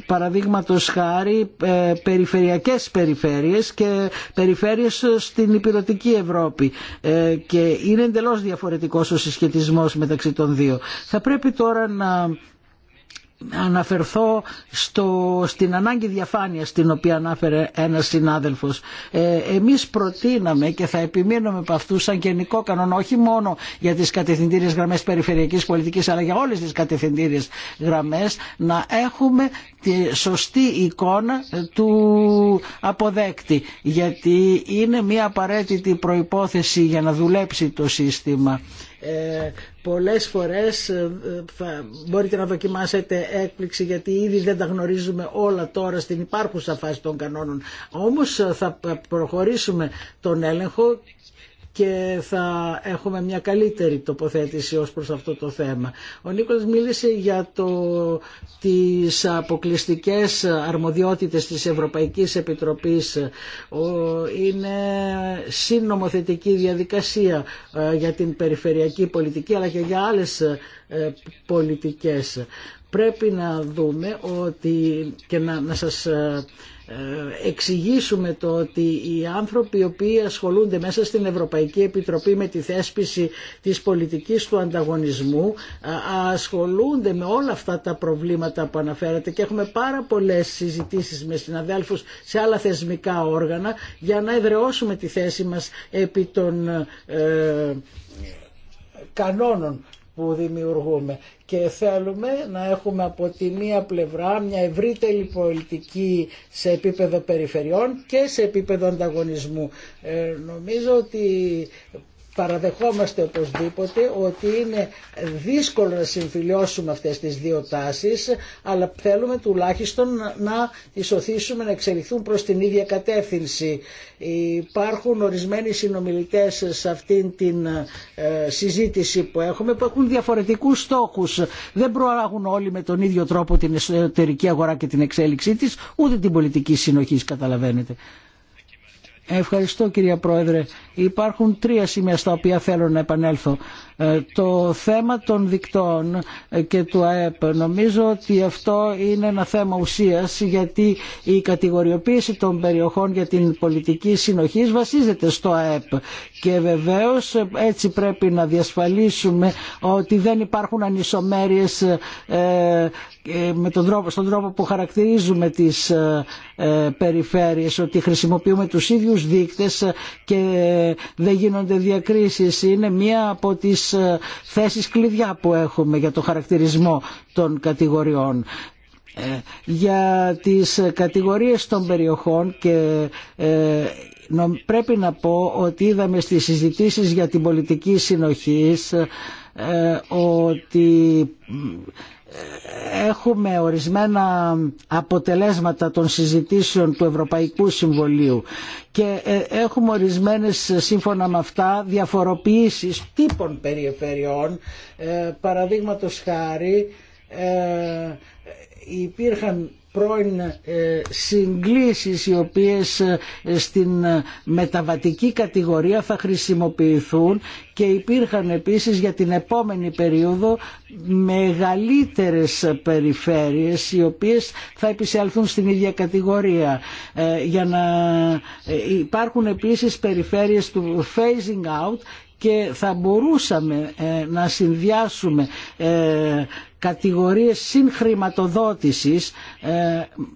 παραδείγματος χάρη ε, περιφερειακές περιφέρειες και περιφέρειες στην υπηρετική Ευρώπη και είναι εντελώς διαφορετικός ο συσχετισμός μεταξύ των θα πρέπει τώρα να αναφερθώ στο, στην ανάγκη διαφάνειας την οποία ανάφερε ένας συνάδελφος. Ε, εμείς προτείναμε και θα επιμείνουμε από αυτού σαν γενικό κανόνα όχι μόνο για τις κατευθυντήριες γραμμές περιφερειακής πολιτικής αλλά για όλες τις κατευθυντήριες γραμμές να έχουμε τη σωστή εικόνα του αποδέκτη γιατί είναι μια απαραίτητη προϋπόθεση για να δουλέψει το σύστημα ε, πολλές φορές ε, μπορείτε να δοκιμάσετε έκπληξη γιατί ήδη δεν τα γνωρίζουμε όλα τώρα στην υπάρχουσα φάση των κανόνων. Όμως ε, θα προχωρήσουμε τον έλεγχο και θα έχουμε μια καλύτερη τοποθέτηση ως προς αυτό το θέμα. Ο Νίκος μίλησε για το, τις αποκλειστικές αρμοδιότητες της Ευρωπαϊκής Επιτροπής. Είναι συνομοθετική διαδικασία ε, για την περιφερειακή πολιτική αλλά και για άλλες ε, πολιτικές. Πρέπει να δούμε ότι και να, να σας ε, ε, εξηγήσουμε το ότι οι άνθρωποι οι οποίοι ασχολούνται μέσα στην Ευρωπαϊκή Επιτροπή με τη θέσπιση της πολιτικής του ανταγωνισμού ε, ασχολούνται με όλα αυτά τα προβλήματα που αναφέρατε και έχουμε πάρα πολλές συζητήσεις με συναδέλφους σε άλλα θεσμικά όργανα για να εδρεώσουμε τη θέση μας επί των ε, κανόνων που δημιουργούμε και θέλουμε να έχουμε από τη μία πλευρά μια ευρύτερη πολιτική σε επίπεδο περιφερειών και σε επίπεδο ανταγωνισμού. Ε, νομίζω ότι παραδεχόμαστε οπωσδήποτε ότι είναι δύσκολο να συμφιλιώσουμε αυτές τις δύο τάσεις αλλά θέλουμε τουλάχιστον να ισοθήσουμε να εξελιχθούν προς την ίδια κατεύθυνση. Υπάρχουν ορισμένοι συνομιλητές σε αυτήν την ε, συζήτηση που έχουμε που έχουν διαφορετικούς στόχους. Δεν προάγουν όλοι με τον ίδιο τρόπο την εσωτερική αγορά και την εξέλιξή της ούτε την πολιτική συνοχή καταλαβαίνετε. Ευχαριστώ κυρία Πρόεδρε. Υπάρχουν τρία σημεία στα οποία θέλω να επανέλθω. Ε, το θέμα των δικτών ε, και του ΑΕΠ νομίζω ότι αυτό είναι ένα θέμα ουσίας γιατί η κατηγοριοποίηση των περιοχών για την πολιτική συνοχή βασίζεται στο ΑΕΠ και βεβαίως ε, έτσι πρέπει να διασφαλίσουμε ότι δεν υπάρχουν ανισομέρειες με τον στον τρόπο που χαρακτηρίζουμε τις περιφέρειες ότι χρησιμοποιούμε τους ίδιους δείκτες και δεν γίνονται διακρίσεις. Είναι μία από τις τις ε, θέσεις κλειδιά που έχουμε για το χαρακτηρισμό των κατηγοριών ε, για τις κατηγορίες των περιοχών και ε, πρέπει να πω ότι είδαμε στις συζητήσεις για την πολιτική συνοχής ότι έχουμε ορισμένα αποτελέσματα των συζητήσεων του Ευρωπαϊκού Συμβολίου και ε, έχουμε ορισμένες ε, σύμφωνα με αυτά διαφοροποιήσεις τύπων περιφερειών ε, παραδείγματος χάρη υπήρχαν πρώην ε, συγκλήσεις οι οποίες ε, στην μεταβατική κατηγορία θα χρησιμοποιηθούν και υπήρχαν επίσης για την επόμενη περίοδο μεγαλύτερες περιφέρειες οι οποίες θα επισέλθουν στην ίδια κατηγορία. Ε, για να υπάρχουν επίσης περιφέρειες του phasing out και θα μπορούσαμε να συνδυάσουμε κατηγορίες συγχρηματοδότησης ε,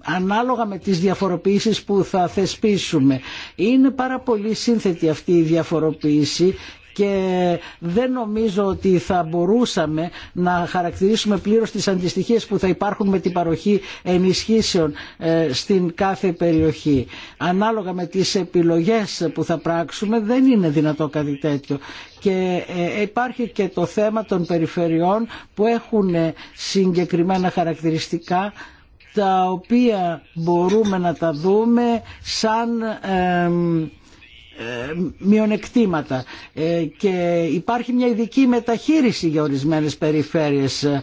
ανάλογα με τις διαφοροποιήσεις που θα θεσπίσουμε. Είναι πάρα πολύ σύνθετη αυτή η διαφοροποίηση και δεν νομίζω ότι θα μπορούσαμε να χαρακτηρίσουμε πλήρως τις αντιστοιχίες που θα υπάρχουν με την παροχή ενισχύσεων ε, στην κάθε περιοχή. Ανάλογα με τις επιλογές που θα πράξουμε δεν είναι δυνατό κάτι τέτοιο και ε, υπάρχει και το θέμα των περιφερειών που έχουν ε, συγκεκριμένα χαρακτηριστικά τα οποία μπορούμε να τα δούμε σαν ε, μειονεκτήματα ε, και υπάρχει μια ειδική μεταχείριση για ορισμένες περιφέρειες ε,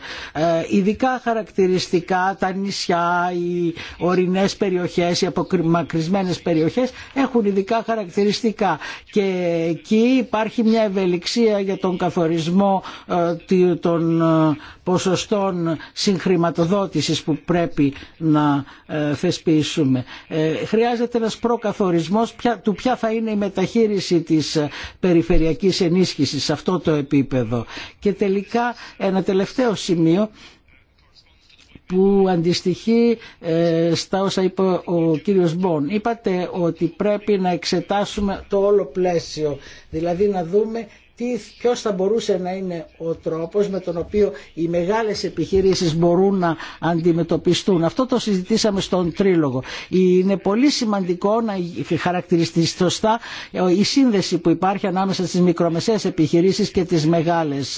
ειδικά χαρακτηριστικά τα νησιά οι ορεινές περιοχές οι απομακρυσμένες περιοχές έχουν ειδικά χαρακτηριστικά και εκεί υπάρχει μια ευελιξία για τον καθορισμό των ποσοστών συγχρηματοδότησης που πρέπει να θεσπίσουμε. Χρειάζεται ένας προκαθορισμός του ποια θα είναι η μεταχείριση της περιφερειακής ενίσχυσης σε αυτό το επίπεδο. Και τελικά ένα τελευταίο σημείο που αντιστοιχεί ε, στα όσα είπε ο κύριος Μπον. Είπατε ότι πρέπει να εξετάσουμε το όλο πλαίσιο, δηλαδή να δούμε τι, ποιος θα μπορούσε να είναι ο τρόπος με τον οποίο οι μεγάλες επιχειρήσεις μπορούν να αντιμετωπιστούν. Αυτό το συζητήσαμε στον Τρίλογο. Είναι πολύ σημαντικό να χαρακτηριστεί σωστά η σύνδεση που υπάρχει ανάμεσα στις μικρομεσαίες επιχειρήσεις και τις μεγάλες.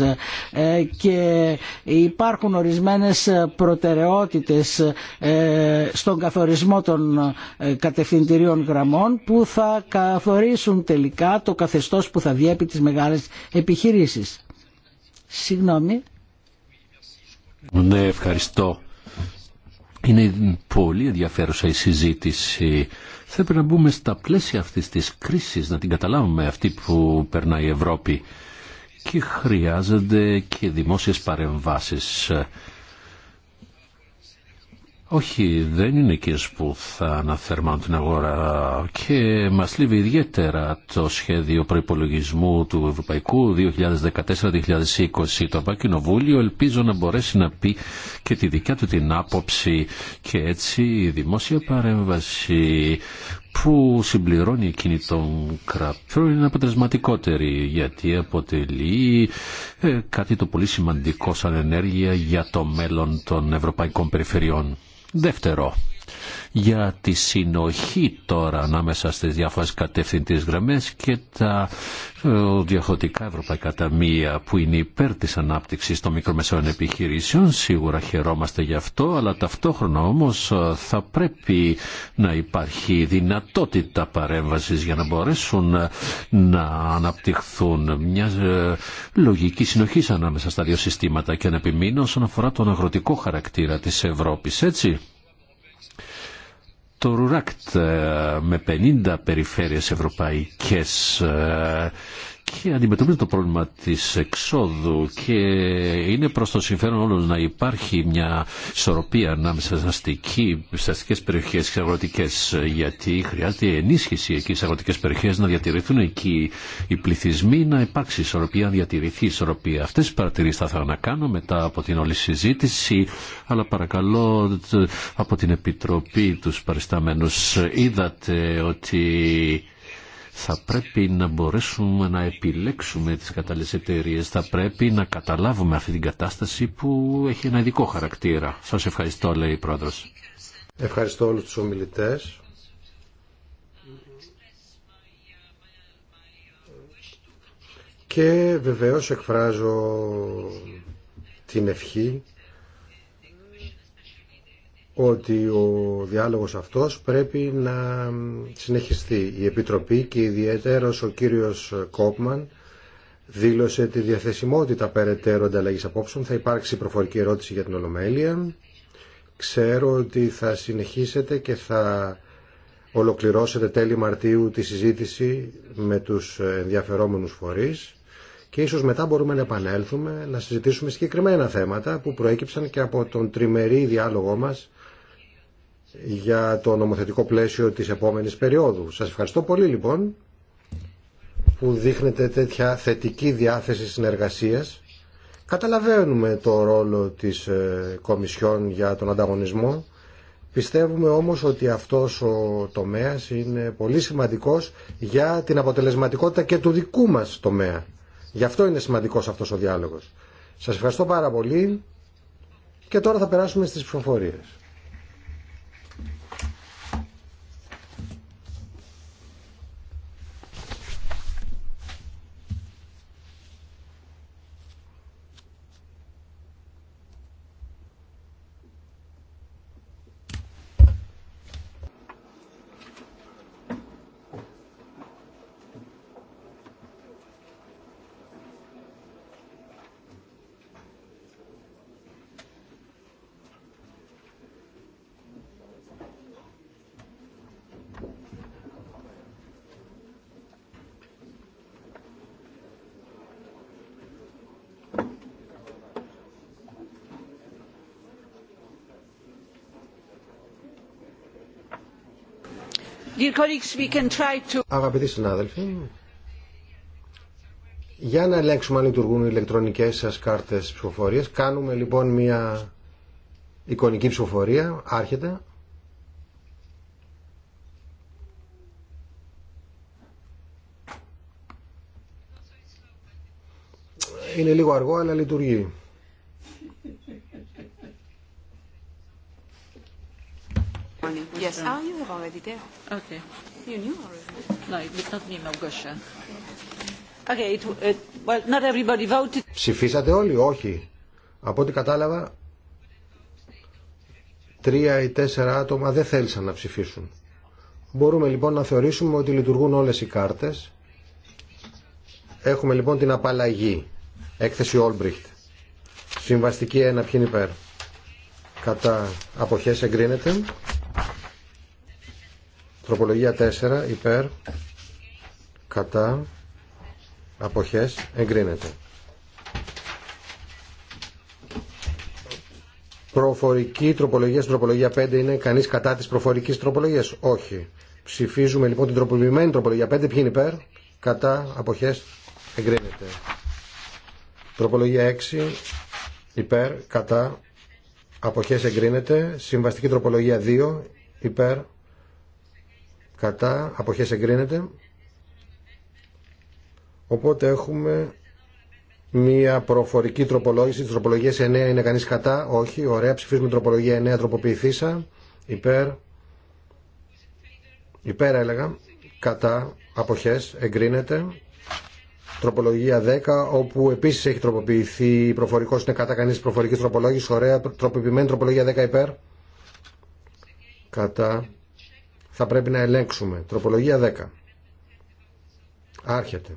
Ε, και υπάρχουν ορισμένες προτεραιότητες ε, στον καθορισμό των ε, κατευθυντηρίων γραμμών που θα καθορίσουν τελικά το καθεστώς που θα διέπει τις μεγάλες επιχειρήσεις. Συγγνώμη. Ναι, ευχαριστώ. Είναι πολύ ενδιαφέρουσα η συζήτηση. Θα έπρεπε να μπούμε στα πλαίσια αυτής της κρίσης, να την καταλάβουμε αυτή που περνάει η Ευρώπη. Και χρειάζονται και δημόσιες παρεμβάσεις. Όχι, δεν είναι εκείνες που θα αναθερμάνουν την αγορά και μας λείβει ιδιαίτερα το σχέδιο προϋπολογισμού του Ευρωπαϊκού 2014-2020. Το Πακίνοβούλιο ελπίζω να μπορέσει να πει και τη δικιά του την άποψη και έτσι η δημόσια παρέμβαση που συμπληρώνει εκείνη των κρατών είναι αποτελεσματικότερη γιατί αποτελεί ε, κάτι το πολύ σημαντικό σαν ενέργεια για το μέλλον των ευρωπαϊκών περιφερειών. Δεύτερο, για τη συνοχή τώρα ανάμεσα στις διάφορες κατευθυντές γραμμές και τα ε, διαχωτικά ευρωπαϊκά ταμεία που είναι υπέρ της ανάπτυξης των μικρομεσαίων επιχειρήσεων. Σίγουρα χαιρόμαστε γι' αυτό, αλλά ταυτόχρονα όμως ε, θα πρέπει να υπάρχει δυνατότητα παρέμβασης για να μπορέσουν ε, να αναπτυχθούν μια λογική συνοχή ανάμεσα στα δύο συστήματα και να επιμείνω όσον αφορά τον αγροτικό χαρακτήρα της Ευρώπης, έτσι το Ρουράκτ ε, με 50 περιφέρειες ευρωπαϊκές ε, και αντιμετωπίζει το πρόβλημα της εξόδου και είναι προς το συμφέρον όλων να υπάρχει μια ισορροπία ανάμεσα στις αστική, αστικές περιοχές και αγροτικές γιατί χρειάζεται ενίσχυση εκεί στις αγροτικές περιοχές να διατηρηθούν εκεί οι πληθυσμοί να υπάρξει ισορροπία, να διατηρηθεί ισορροπία. Αυτές τις παρατηρήσεις θα ήθελα να κάνω μετά από την όλη συζήτηση αλλά παρακαλώ από την Επιτροπή τους παρισταμένους είδατε ότι θα πρέπει να μπορέσουμε να επιλέξουμε τις κατάλληλες εταιρείε. Θα πρέπει να καταλάβουμε αυτή την κατάσταση που έχει ένα ειδικό χαρακτήρα. Σας ευχαριστώ, λέει η Πρόεδρος. Ευχαριστώ όλους τους ομιλητές. Και βεβαίως εκφράζω την ευχή ότι ο διάλογος αυτός πρέπει να συνεχιστεί. Η Επιτροπή και ιδιαίτερα ο κύριος Κόπμαν δήλωσε τη διαθεσιμότητα περαιτέρω ανταλλαγής απόψεων. Θα υπάρξει προφορική ερώτηση για την Ολομέλεια. Ξέρω ότι θα συνεχίσετε και θα ολοκληρώσετε τέλη Μαρτίου τη συζήτηση με τους ενδιαφερόμενους φορείς και ίσως μετά μπορούμε να επανέλθουμε να συζητήσουμε συγκεκριμένα θέματα που προέκυψαν και από τον τριμερή διάλογό μας για το νομοθετικό πλαίσιο της επόμενης περίοδου. Σας ευχαριστώ πολύ λοιπόν που δείχνετε τέτοια θετική διάθεση συνεργασίας. Καταλαβαίνουμε το ρόλο της ε, Κομισιόν για τον ανταγωνισμό. Πιστεύουμε όμως ότι αυτός ο τομέας είναι πολύ σημαντικός για την αποτελεσματικότητα και του δικού μας τομέα. Γι' αυτό είναι σημαντικός αυτός ο διάλογος. Σας ευχαριστώ πάρα πολύ και τώρα θα περάσουμε στις ψηφοφορίες. Αγαπητοί συνάδελφοι, για να ελέγξουμε αν λειτουργούν οι ηλεκτρονικές σας κάρτες ψηφοφορίας, κάνουμε λοιπόν μια εικονική ψηφοφορία, άρχεται. Είναι λίγο αργό αλλά λειτουργεί. Oh, you have already there. Okay. You knew already. Okay, it, not everybody voted. Ψηφίσατε όλοι, όχι. Από ό,τι κατάλαβα, τρία ή τέσσερα άτομα δεν θέλησαν να ψηφίσουν. Μπορούμε λοιπόν να θεωρήσουμε ότι λειτουργούν όλες οι κάρτες. Έχουμε λοιπόν την απαλλαγή. Έκθεση Όλμπριχτ. Συμβαστική ένα ποιήν υπέρ. Κατά αποχές εγκρίνεται. Τροπολογία 4 υπέρ κατά αποχές εγκρίνεται. Προφορική τροπολογία στην τροπολογία 5 είναι κανείς κατά της προφορικής τροπολογίας. Όχι. Ψηφίζουμε λοιπόν την τροποποιημένη τροπολογία 5. Ποιοι είναι υπέρ, κατά, αποχές, εγκρίνεται. Τροπολογία 6, υπέρ, κατά, αποχές, εγκρίνεται. Συμβαστική τροπολογία 2, υπέρ, κατά αποχές εγκρίνεται οπότε έχουμε μια προφορική τροπολόγηση Τη τροπολογία 9 είναι κανείς κατά όχι ωραία ψηφίζουμε τροπολογία 9 τροποποιηθήσα υπέρ υπέρ έλεγα κατά αποχές εγκρίνεται τροπολογία 10 όπου επίσης έχει τροποποιηθεί προφορικός είναι κατά κανείς προφορική τροπολόγηση, ωραία τροποποιημένη τροπολογία 10 υπέρ κατά θα πρέπει να ελέγξουμε. Τροπολογία 10. Άρχεται.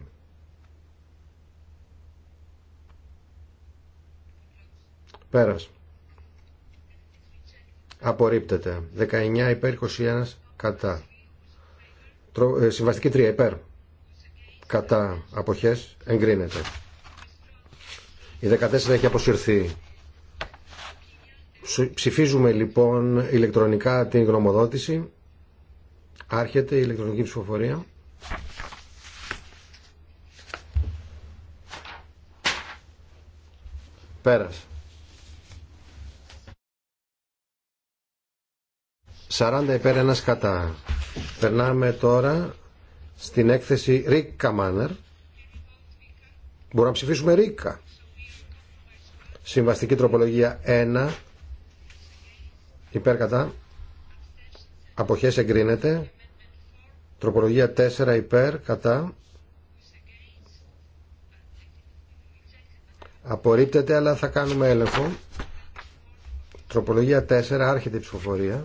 Πέρας. Απορρίπτεται. 19 υπέρ 21 κατά. Ε, συμβαστική 3 υπέρ. Κατά αποχές εγκρίνεται. Η 14 έχει αποσυρθεί. Ψηφίζουμε λοιπόν ηλεκτρονικά την γνωμοδότηση. Άρχεται η ηλεκτρονική ψηφοφορία. πέρασε 40 υπέρ ένας κατά. Περνάμε τώρα στην έκθεση Ρίκα Μάνερ. Μπορούμε να ψηφίσουμε Ρίκα. Συμβαστική τροπολογία 1. Υπέρ κατά. Αποχές εγκρίνεται. Τροπολογία 4 υπέρ κατά. Απορρίπτεται αλλά θα κάνουμε έλεγχο. Τροπολογία 4 άρχεται η ψηφοφορία.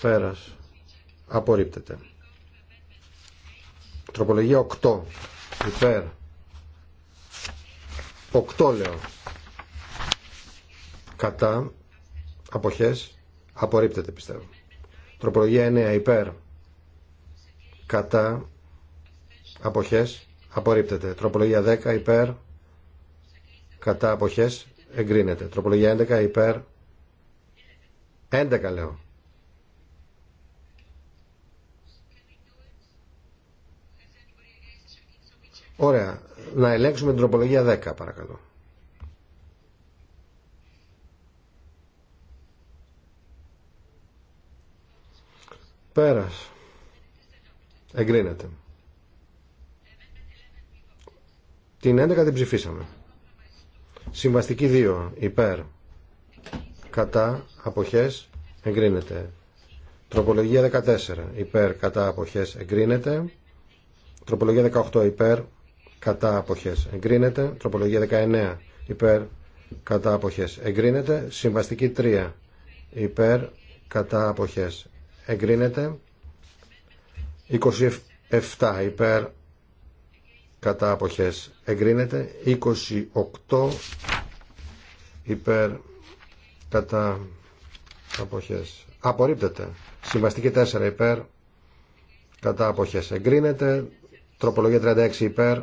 Πέρας. Απορρίπτεται. Τροπολογία 8 υπέρ. 8 λέω. Κατά. Αποχές Απορρίπτεται πιστεύω. Τροπολογία 9 υπέρ. Κατά. Αποχές. Απορρίπτεται. Τροπολογία 10 υπέρ. Κατά αποχές. Εγκρίνεται. Τροπολογία 11 υπέρ. 11 λέω. Ωραία. Να ελέγξουμε την τροπολογία 10 παρακαλώ. Πέρας. Εγκρίνεται. Την 11 την ψηφίσαμε. Συμβαστική 2. Υπέρ. Κατά. Αποχές. Εγκρίνεται. Τροπολογία 14. Υπέρ. Κατά. Αποχές. Εγκρίνεται. Τροπολογία 18. Υπέρ. Κατά. Αποχές. Εγκρίνεται. Τροπολογία 19. Υπέρ. Κατά. Αποχές. Εγκρίνεται. Συμβαστική 3. Υπέρ. Κατά. Αποχές εγκρίνεται 27 υπέρ κατά αποχές εγκρίνεται 28 υπέρ κατά αποχές απορρίπτεται συμβαστική 4 υπέρ κατά αποχές εγκρίνεται τροπολογία 36 υπέρ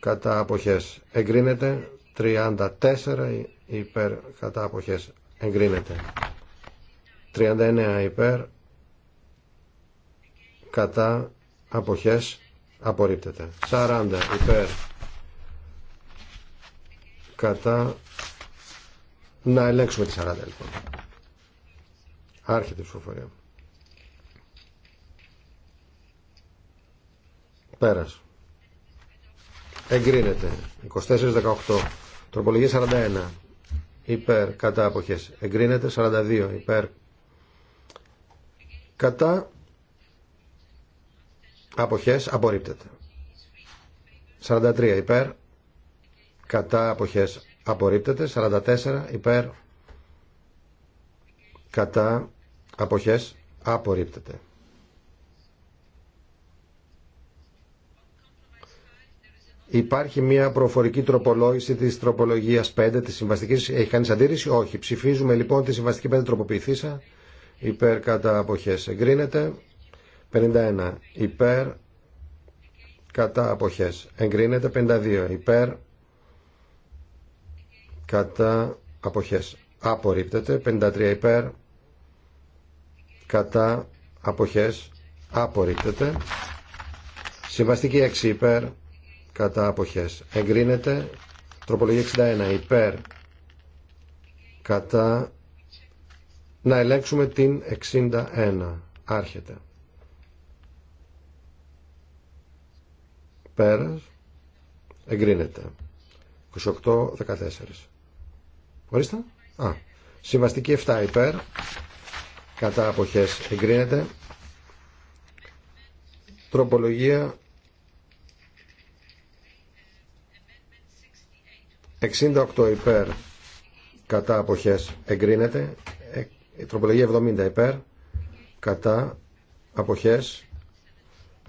κατά αποχές εγκρίνεται 34 υπέρ κατά αποχές εγκρίνεται 39 υπέρ κατά αποχές απορρίπτεται 40 υπέρ κατά να ελέγξουμε τη 40 λοιπόν άρχεται η ψηφοφορία πέρας εγκρίνεται 24-18 τροπολογία 41 υπέρ κατά αποχές εγκρίνεται 42 υπέρ κατά αποχές απορρίπτεται 43 υπέρ κατά αποχές απορρίπτεται 44 υπέρ κατά αποχές απορρίπτεται Υπάρχει μια προφορική τροπολόγηση της τροπολογία 5 της συμβαστική. Έχει κανεί αντίρρηση? Όχι. Ψηφίζουμε λοιπόν τη συμβαστική 5 τροποποιηθήσα υπέρ κατά αποχές εγκρίνεται 51 υπέρ κατά αποχές εγκρίνεται 52 υπέρ κατά αποχές απορρίπτεται 53 υπέρ κατά αποχές απορρίπτεται συμβαστική 6 υπέρ κατά αποχές εγκρίνεται τροπολογία 61 υπέρ κατά να ελέγξουμε την 61. Άρχεται. Πέρας. Εγκρίνεται. 28-14. Ορίστε. Α. Συμβαστική 7 υπέρ. Κατά αποχές εγκρίνεται. Τροπολογία 68 υπέρ κατά αποχές εγκρίνεται ε, τροπολογία 70 υπέρ. Κατά. Αποχές.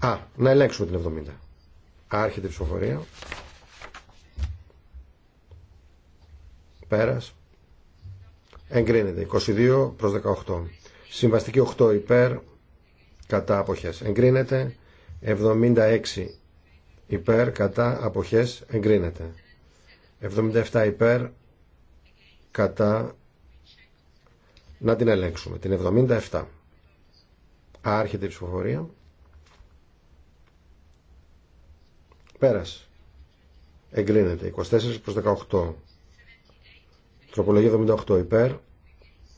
Α, να ελέγξουμε την 70. Άρχεται η ψηφοφορία. Πέρας. Εγκρίνεται. 22 προς 18. Συμβαστική 8 υπέρ. Κατά αποχές. Εγκρίνεται. 76 υπέρ. Κατά αποχές. Εγκρίνεται. 77 υπέρ. Κατά να την ελέγξουμε. Την 77. Άρχεται η ψηφοφορία. Πέρασε. Εγκρίνεται. 24 προς 18. Τροπολογία 78 υπέρ.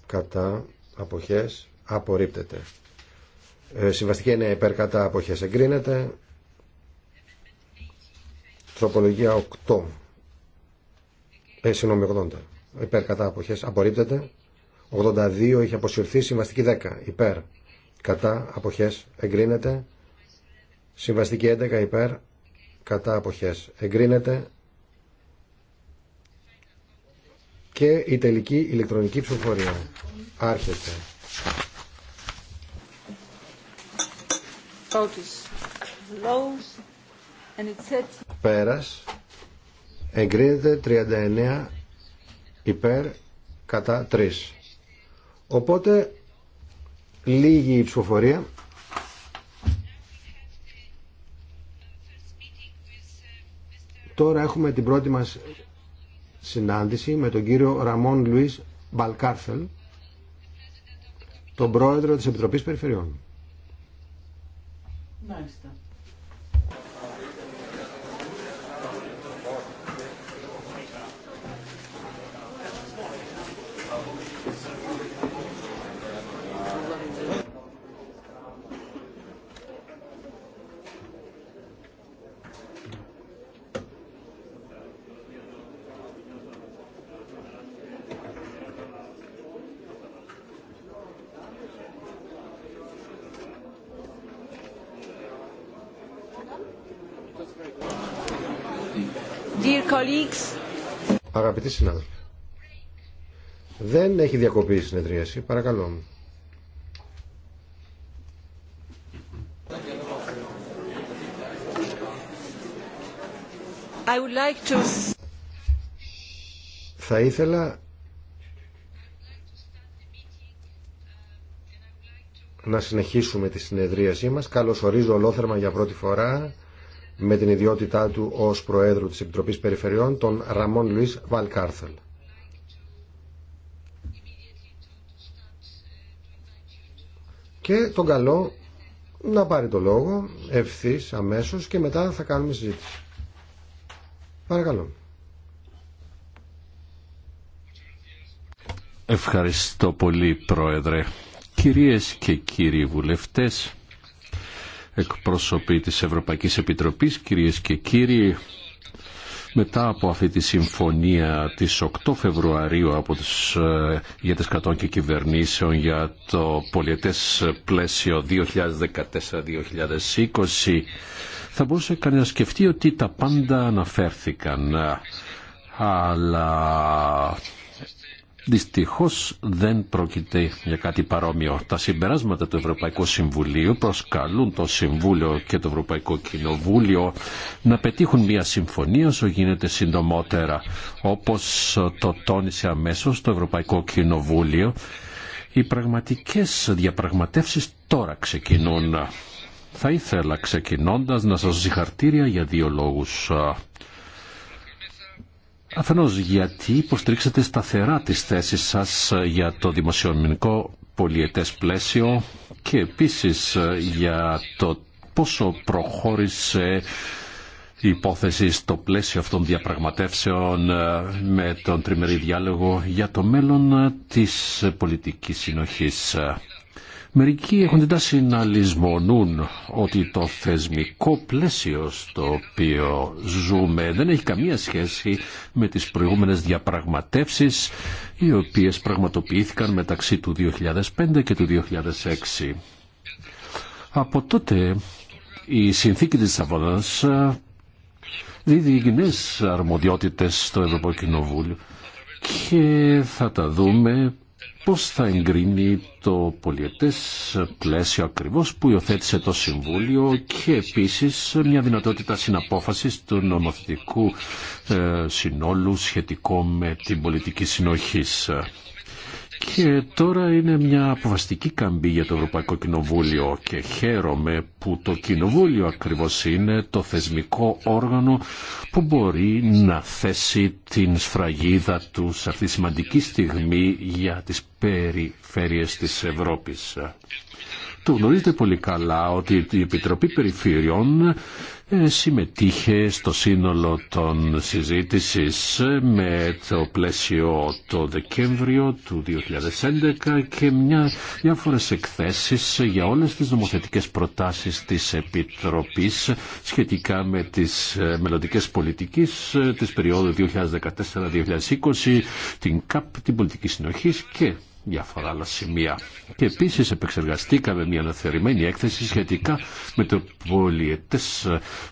Κατά. Αποχές. Απορρίπτεται. Ε, συμβαστική είναι υπέρ. Κατά. Αποχές. Εγκρίνεται. Τροπολογία 8. Ε, συγγνώμη 80. Υπέρ. Κατά. Αποχές. Απορρίπτεται. 82 έχει αποσυρθεί. Συμβαστική 10 υπέρ. Κατά αποχές εγκρίνεται. Συμβαστική 11 υπέρ. Κατά αποχές εγκρίνεται. Και η τελική ηλεκτρονική ψηφοφορία. Άρχεται. Πέρας εγκρίνεται 39 υπέρ κατά 3. Οπότε λίγη η ψηφοφορία. Τώρα έχουμε την πρώτη μας συνάντηση με τον κύριο Ραμόν Λουίς Μπαλκάρθελ, τον πρόεδρο της Επιτροπής Περιφερειών. Δεν έχει διακοπεί η συνεδρίαση. Παρακαλώ. I like Θα ήθελα να συνεχίσουμε τη συνεδρίασή μας. Καλωσορίζω ολόθερμα για πρώτη φορά με την ιδιότητά του ως Προέδρου της Επιτροπής Περιφερειών, τον Ραμόν Λουίς Βαλκάρθελ. Και τον καλό να πάρει το λόγο ευθύς αμέσως και μετά θα κάνουμε συζήτηση. Παρακαλώ. Ευχαριστώ πολύ Πρόεδρε. Κυρίες και κύριοι βουλευτές, εκπρόσωποι της Ευρωπαϊκής Επιτροπής, κυρίες και κύριοι, μετά από αυτή τη συμφωνία της 8 Φεβρουαρίου από τους ηγέτες ε, Κατών και κυβερνήσεων για το πολιετές πλαίσιο 2014-2020 θα μπορούσε κανένα να σκεφτεί ότι τα πάντα αναφέρθηκαν αλλά Δυστυχώς δεν πρόκειται για κάτι παρόμοιο. Τα συμπεράσματα του Ευρωπαϊκού Συμβουλίου προσκαλούν το Συμβούλιο και το Ευρωπαϊκό Κοινοβούλιο να πετύχουν μια συμφωνία όσο γίνεται συντομότερα, όπως το τόνισε αμέσως το Ευρωπαϊκό Κοινοβούλιο. Οι πραγματικές διαπραγματεύσεις τώρα ξεκινούν. Θα ήθελα ξεκινώντας να σας συγχαρτήρια για δύο λόγους. Αφενός γιατί υποστηρίξατε σταθερά τις θέσεις σας για το δημοσιονομικό πολιετές πλαίσιο και επίσης για το πόσο προχώρησε η υπόθεση στο πλαίσιο αυτών διαπραγματεύσεων με τον τριμερή διάλογο για το μέλλον της πολιτικής συνοχής. Μερικοί έχουν την τάση να λησμονούν ότι το θεσμικό πλαίσιο στο οποίο ζούμε δεν έχει καμία σχέση με τις προηγούμενες διαπραγματεύσεις οι οποίες πραγματοποιήθηκαν μεταξύ του 2005 και του 2006. Από τότε η συνθήκη της Σαββόνας δίδει κοινές αρμοδιότητες στο Ευρωπαϊκό Κοινοβούλιο και θα τα δούμε πώς θα εγκρίνει το πολιετές πλαίσιο ακριβώς που υιοθέτησε το Συμβούλιο και επίσης μια δυνατότητα συναπόφασης του νομοθετικού ε, συνόλου σχετικό με την πολιτική συνοχής. Και τώρα είναι μια αποφαστική καμπή για το Ευρωπαϊκό Κοινοβούλιο και χαίρομαι που το Κοινοβούλιο ακριβώς είναι το θεσμικό όργανο που μπορεί να θέσει την σφραγίδα του σε αυτή τη σημαντική στιγμή για τις περιφέρειες της Ευρώπης. Το γνωρίζετε πολύ καλά ότι η Επιτροπή Περιφύριων ε, συμμετείχε στο σύνολο των συζήτησης με το πλαίσιο το Δεκέμβριο του 2011 και μια, διάφορες εκθέσεις για όλες τις νομοθετικές προτάσεις της Επιτροπής σχετικά με τις ε, μελλοντικέ πολιτικές ε, της περίοδου 2014-2020, την ΚΑΠ, την πολιτική Συνοχής και διάφορα άλλα σημεία. Και επίσης επεξεργαστήκαμε μια αναθεωρημένη έκθεση σχετικά με το πολιετές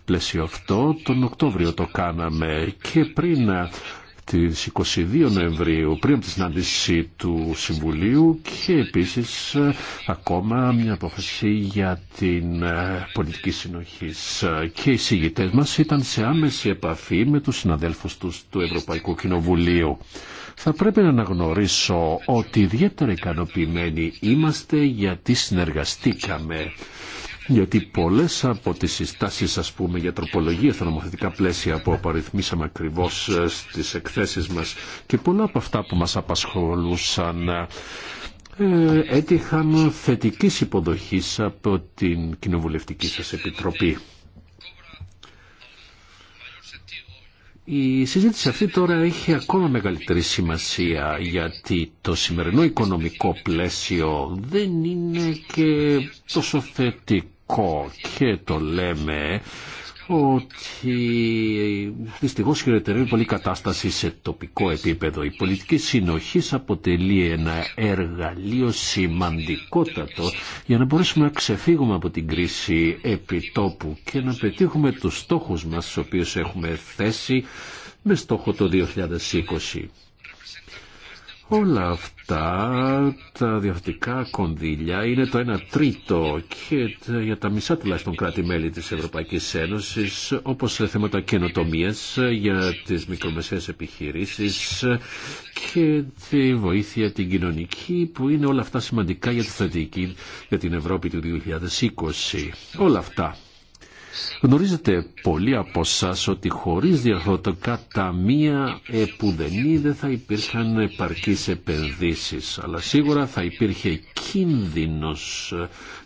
πλαίσιο αυτό. Τον Οκτώβριο το κάναμε και πριν τις 22 Νοεμβρίου πριν από τη συνάντηση του Συμβουλίου και επίσης ακόμα μια απόφαση για την πολιτική συνοχή. Και οι συγητές μας ήταν σε άμεση επαφή με τους συναδέλφους τους του Ευρωπαϊκού Κοινοβουλίου. Θα πρέπει να αναγνωρίσω ότι ιδιαίτερα ικανοποιημένοι είμαστε γιατί συνεργαστήκαμε γιατί πολλές από τις συστάσεις ας πούμε για τροπολογία στα νομοθετικά πλαίσια που απαριθμίσαμε ακριβώ ε, στις εκθέσεις μας και πολλά από αυτά που μας απασχολούσαν ε, έτυχαν θετικής υποδοχής από την Κοινοβουλευτική σας Επιτροπή. Η συζήτηση αυτή τώρα έχει ακόμα μεγαλύτερη σημασία γιατί το σημερινό οικονομικό πλαίσιο δεν είναι και τόσο θετικό και το λέμε ότι δυστυχώ χειροτερεύει πολύ κατάσταση σε τοπικό επίπεδο. Η πολιτική συνοχή αποτελεί ένα εργαλείο σημαντικότατο για να μπορέσουμε να ξεφύγουμε από την κρίση επιτόπου και να πετύχουμε του στόχου μας, του οποίου έχουμε θέσει με στόχο το 2020. Όλα αυτά αυτά τα διαφορετικά κονδύλια είναι το 1 τρίτο και για τα μισά τουλάχιστον κράτη-μέλη της Ευρωπαϊκής Ένωσης όπως θέματα καινοτομίας για τις μικρομεσαίες επιχειρήσεις και τη βοήθεια την κοινωνική που είναι όλα αυτά σημαντικά για τη στρατηγική για την Ευρώπη του 2020. Όλα αυτά. Γνωρίζετε πολύ από εσά ότι χωρίς διαδοτικά ταμεία επουδενή δεν θα υπήρχαν επαρκεί επενδύσει. αλλά σίγουρα θα υπήρχε κίνδυνος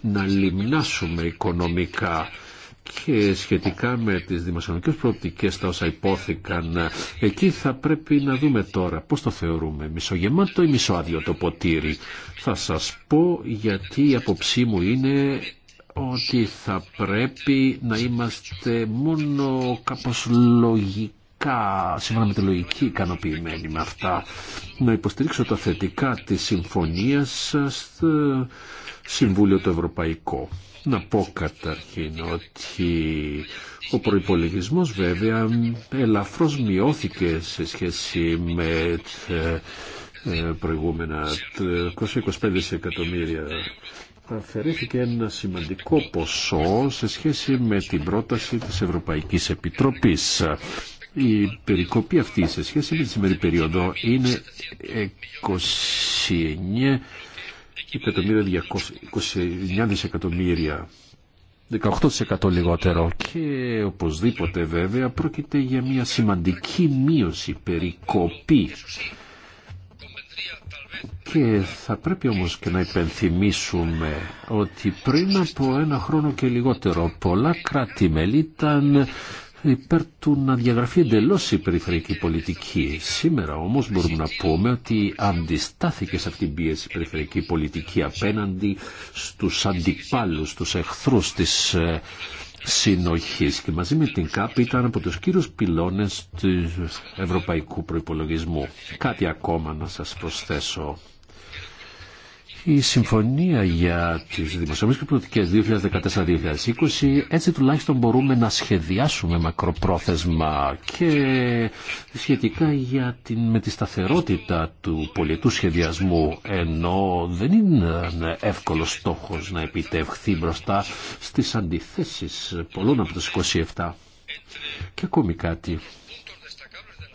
να λιμνάσουμε οικονομικά και σχετικά με τις δημοσιονομικές προοπτικές τα όσα υπόθηκαν εκεί θα πρέπει να δούμε τώρα πώς το θεωρούμε μισογεμάτο ή μισοάδιο το ποτήρι θα σας πω γιατί η απόψή μου είναι ότι θα πρέπει να είμαστε μόνο κάπως λογικά, σύμφωνα με τη λογική ικανοποιημένοι με αυτά να υποστηρίξω τα θετικά της συμφωνίας στο ε, Συμβούλιο το Ευρωπαϊκό. Να πω καταρχήν ότι ο προϋπολογισμός βέβαια ελαφρώς μειώθηκε σε σχέση με ε, ε, προηγούμενα 225 εκατομμύρια αφαιρέθηκε ένα σημαντικό ποσό σε σχέση με την πρόταση της Ευρωπαϊκής Επιτροπής. Η περικοπή αυτή σε σχέση με τη σημερινή περίοδο είναι 29 δισεκατομμύρια. 18% λιγότερο και οπωσδήποτε βέβαια πρόκειται για μια σημαντική μείωση, περικοπή και θα πρέπει όμως και να υπενθυμίσουμε ότι πριν από ένα χρόνο και λιγότερο πολλά κράτη-μέλη ήταν υπέρ του να διαγραφεί εντελώ η περιφερειακή πολιτική. Σήμερα όμως μπορούμε να πούμε ότι αντιστάθηκε σε αυτήν την πίεση η περιφερειακή πολιτική απέναντι στους αντιπάλους, στους εχθρούς της ε, συνοχής και μαζί με την ΚΑΠ ήταν από τους κύριους πυλώνες του ευρωπαϊκού προϋπολογισμού. Κάτι ακόμα να σας προσθέσω η συμφωνία για τις και προοπτικες προοπτικές 2014-2020 έτσι τουλάχιστον μπορούμε να σχεδιάσουμε μακροπρόθεσμα και σχετικά για την, με τη σταθερότητα του πολιτού σχεδιασμού ενώ δεν είναι εύκολος στόχος να επιτευχθεί μπροστά στις αντιθέσεις πολλών από τους 27. Και ακόμη κάτι.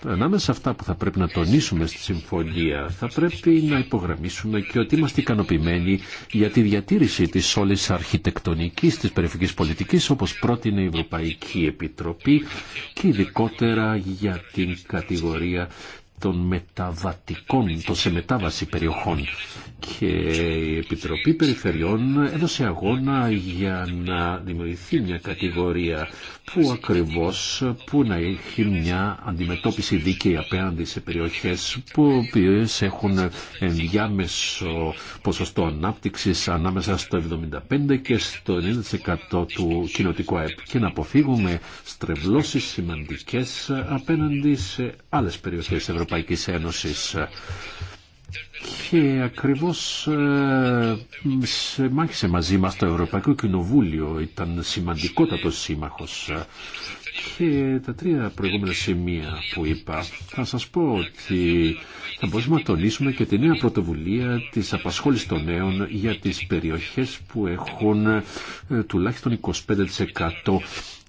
Ανάμεσα αυτά που θα πρέπει να τονίσουμε στη συμφωνία, θα πρέπει να υπογραμμίσουμε και ότι είμαστε ικανοποιημένοι για τη διατήρηση της όλης αρχιτεκτονικής της περιφερειακής πολιτικής, όπως πρότεινε η Ευρωπαϊκή Επιτροπή και ειδικότερα για την κατηγορία των μεταβατικών, των σε μετάβαση περιοχών. Και η Επιτροπή Περιφερειών έδωσε αγώνα για να δημιουργηθεί μια κατηγορία που ακριβώς που να έχει μια αντιμετώπιση δίκαιη απέναντι σε περιοχές που οποίες έχουν ενδιάμεσο ποσοστό ανάπτυξης ανάμεσα στο 75% και στο 90% του κοινοτικού ΑΕΠ και να αποφύγουμε στρεβλώσεις σημαντικές απέναντι σε άλλες περιοχές της Ευρωπαϊκής Ένωσης και ακριβώς ε, σε μάχησε μαζί μας το Ευρωπαϊκό Κοινοβούλιο. Ήταν σημαντικότατο σύμμαχος. Και τα τρία προηγούμενα σημεία που είπα, θα σας πω ότι θα μπορούσαμε να τονίσουμε και τη νέα πρωτοβουλία της απασχόλησης των νέων για τις περιοχές που έχουν ε, τουλάχιστον 25%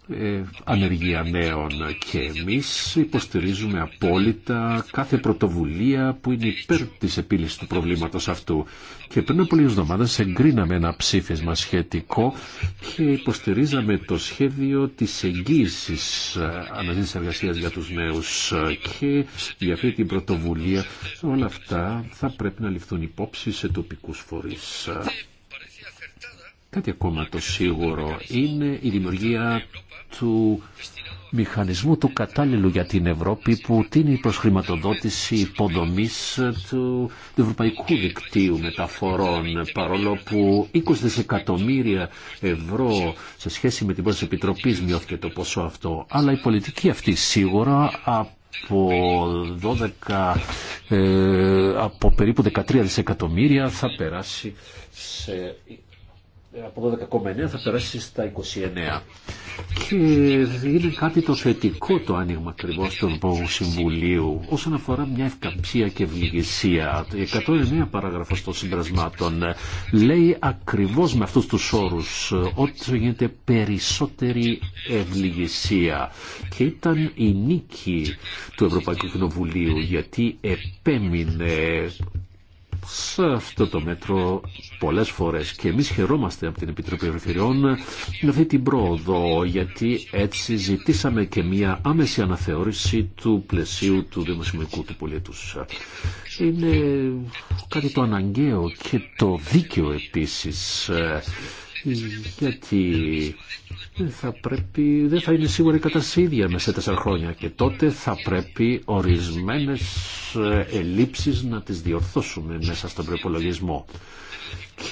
ε, ανεργία νέων και εμείς υποστηρίζουμε απόλυτα κάθε πρωτοβουλία που είναι υπέρ της επίλυσης του προβλήματος αυτού. Και πριν από λίγες εβδομάδες εγκρίναμε ένα ψήφισμα σχετικό και υποστηρίζαμε το σχέδιο της εγγύησης ε, αναζήτησης εργασίας για τους νέους και για αυτή την πρωτοβουλία. Όλα αυτά θα πρέπει να ληφθούν υπόψη σε τοπικούς φορείς. Ε, κάτι ακόμα το σίγουρο είναι η δημιουργία του μηχανισμού του κατάλληλου για την Ευρώπη που τίνει προς χρηματοδότηση υποδομής του, του Ευρωπαϊκού Δικτύου Μεταφορών παρόλο που 20 δισεκατομμύρια ευρώ σε σχέση με την πρώτη επιτροπή μειώθηκε το ποσό αυτό αλλά η πολιτική αυτή σίγουρα από 12 ε, από περίπου 13 δισεκατομμύρια θα περάσει σε από 12,9 θα περάσει στα 29. Και είναι κάτι το θετικό το άνοιγμα ακριβώ του Ευρωπαϊκού Συμβουλίου όσον αφορά μια ευκαμψία και ευληγησία. Η 109 παράγραφος των συμπρασμάτων λέει ακριβώς με αυτούς τους όρους ότι γίνεται περισσότερη ευληγησία. Και ήταν η νίκη του Ευρωπαϊκού Κοινοβουλίου γιατί επέμεινε σε αυτό το μέτρο πολλές φορές και εμείς χαιρόμαστε από την Επιτροπή Ελευθεριών με αυτή την πρόοδο γιατί έτσι ζητήσαμε και μία άμεση αναθεώρηση του πλαισίου του δημοσιομικού του πολίτους. Είναι κάτι το αναγκαίο και το δίκαιο επίσης γιατί θα πρέπει, δεν θα είναι σίγουρα η κατάσταση ίδια μέσα σε τέσσερα χρόνια και τότε θα πρέπει ορισμένες ε, ελλείψεις να τις διορθώσουμε μέσα στον προπολογισμό.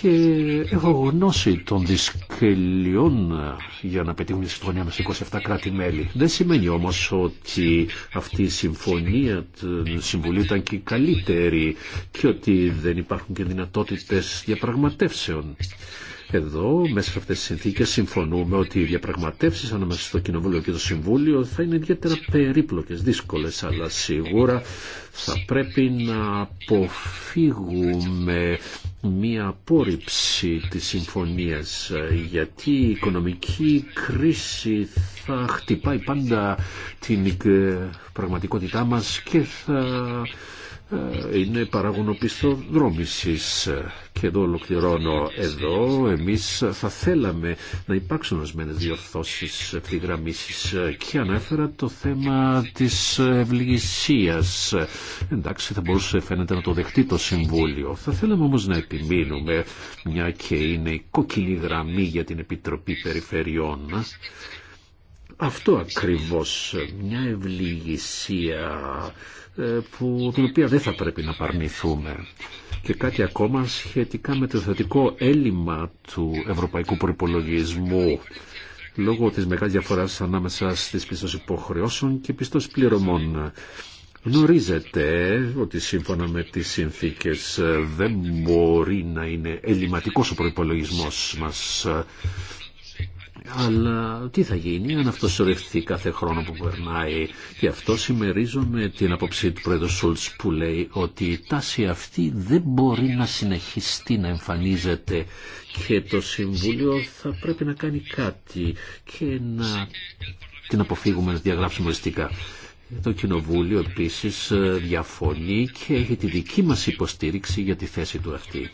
Και έχω γνώση των δυσκελιών για να πετύχουμε τη συμφωνία με 27 κράτη-μέλη. Δεν σημαίνει όμως ότι αυτή η συμφωνία του Συμβουλίου ήταν και καλύτερη και ότι δεν υπάρχουν και δυνατότητες διαπραγματεύσεων. Εδώ, μέσα σε αυτές τις συνθήκες, συμφωνούμε ότι οι διαπραγματεύσεις ανάμεσα στο Κοινοβούλιο και το Συμβούλιο θα είναι ιδιαίτερα περίπλοκες, δύσκολες, αλλά σίγουρα θα πρέπει να αποφύγουμε μία απόρριψη της συμφωνίας, γιατί η οικονομική κρίση θα χτυπάει πάντα την πραγματικότητά μας και θα ε, είναι παραγωνοπιστό δρόμησης. και εδώ ολοκληρώνω εδώ εμείς θα θέλαμε να υπάρξουν ορισμένε διορθώσεις επιγραμμίσεις και ανέφερα το θέμα της ευληγησίας εντάξει θα μπορούσε φαίνεται να το δεχτεί το Συμβούλιο θα θέλαμε όμως να επιμείνουμε μια και είναι η κόκκινη γραμμή για την Επιτροπή Περιφερειών αυτό ακριβώς, μια ευληγησία ε, που, την οποία δεν θα πρέπει να παρνηθούμε. Και κάτι ακόμα σχετικά με το θετικό έλλειμμα του ευρωπαϊκού προπολογισμού λόγω της μεγάλης διαφοράς ανάμεσα στις πιστώσεις υποχρεώσεων και πιστώσεις πληρωμών. Γνωρίζετε ότι σύμφωνα με τις συνθήκες ε, δεν μπορεί να είναι ελληματικός ο προϋπολογισμός μας αλλά τι θα γίνει αν αυτό σωρευτεί κάθε χρόνο που περνάει. Γι' αυτό συμμερίζομαι την απόψη του πρόεδρου Σούλτς που λέει ότι η τάση αυτή δεν μπορεί να συνεχιστεί να εμφανίζεται και το Συμβούλιο θα πρέπει να κάνει κάτι και να την αποφύγουμε να διαγράψουμε οριστικά. Το Κοινοβούλιο επίσης διαφωνεί και έχει τη δική μας υποστήριξη για τη θέση του αυτή.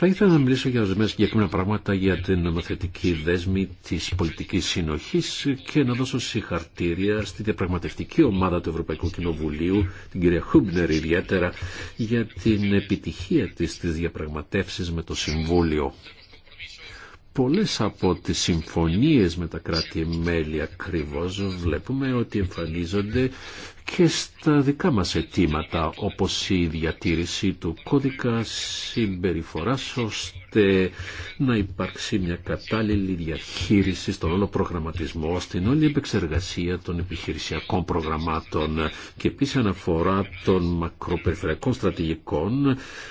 Θα ήθελα να μιλήσω για ορισμένα συγκεκριμένα πράγματα για την νομοθετική δέσμη τη πολιτική συνοχή και να δώσω συγχαρτήρια στη διαπραγματευτική ομάδα του Ευρωπαϊκού Κοινοβουλίου, την κυρία Χούμπνερ ιδιαίτερα, για την επιτυχία της στις διαπραγματεύσεις με το Συμβούλιο. Πολλέ από τις συμφωνίες με τα κράτη-μέλη ακριβώ, βλέπουμε ότι εμφανίζονται και στα δικά μας αιτήματα όπως η διατήρηση του κώδικα συμπεριφοράς ώστε να υπάρξει μια κατάλληλη διαχείριση στον όλο προγραμματισμό, στην όλη επεξεργασία των επιχειρησιακών προγραμμάτων και επίση αναφορά των μακροπεριφερειακών στρατηγικών